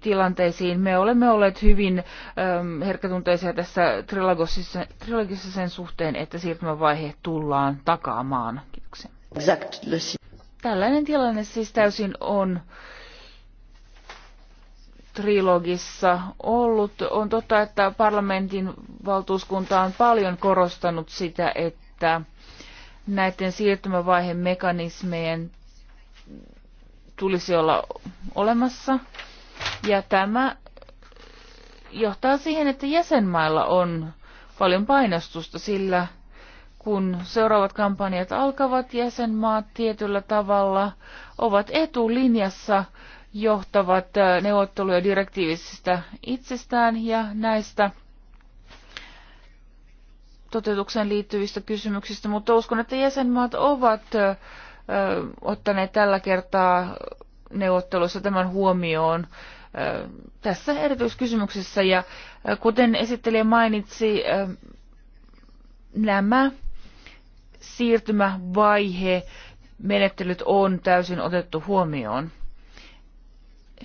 tilanteisiin. Me olemme olleet hyvin ähm, herkkätunteisia tässä trilogissa, trilogissa sen suhteen, että siirtymävaihe tullaan takaamaan. Kiitoksia. Exactly. Tällainen tilanne siis täysin on trilogissa ollut. On totta, että parlamentin valtuuskunta on paljon korostanut sitä, että näiden siirtymävaiheen mekanismejen tulisi olla olemassa. Ja tämä johtaa siihen, että jäsenmailla on paljon painostusta, sillä kun seuraavat kampanjat alkavat, jäsenmaat tietyllä tavalla ovat etulinjassa johtavat äh, neuvotteluja direktiivisistä itsestään ja näistä toteutukseen liittyvistä kysymyksistä, mutta uskon, että jäsenmaat ovat äh, ottaneet tällä kertaa neuvotteluissa tämän huomioon tässä erityiskysymyksessä. Ja kuten esittelijä mainitsi, nämä siirtymävaihe menettelyt on täysin otettu huomioon.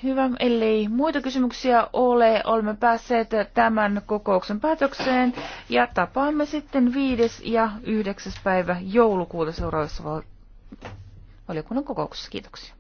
Hyvä, ellei muita kysymyksiä ole, olemme päässeet tämän kokouksen päätökseen ja tapaamme sitten 5. ja 9. päivä joulukuuta seuraavassa valiokunnan kokouksessa. Kiitoksia.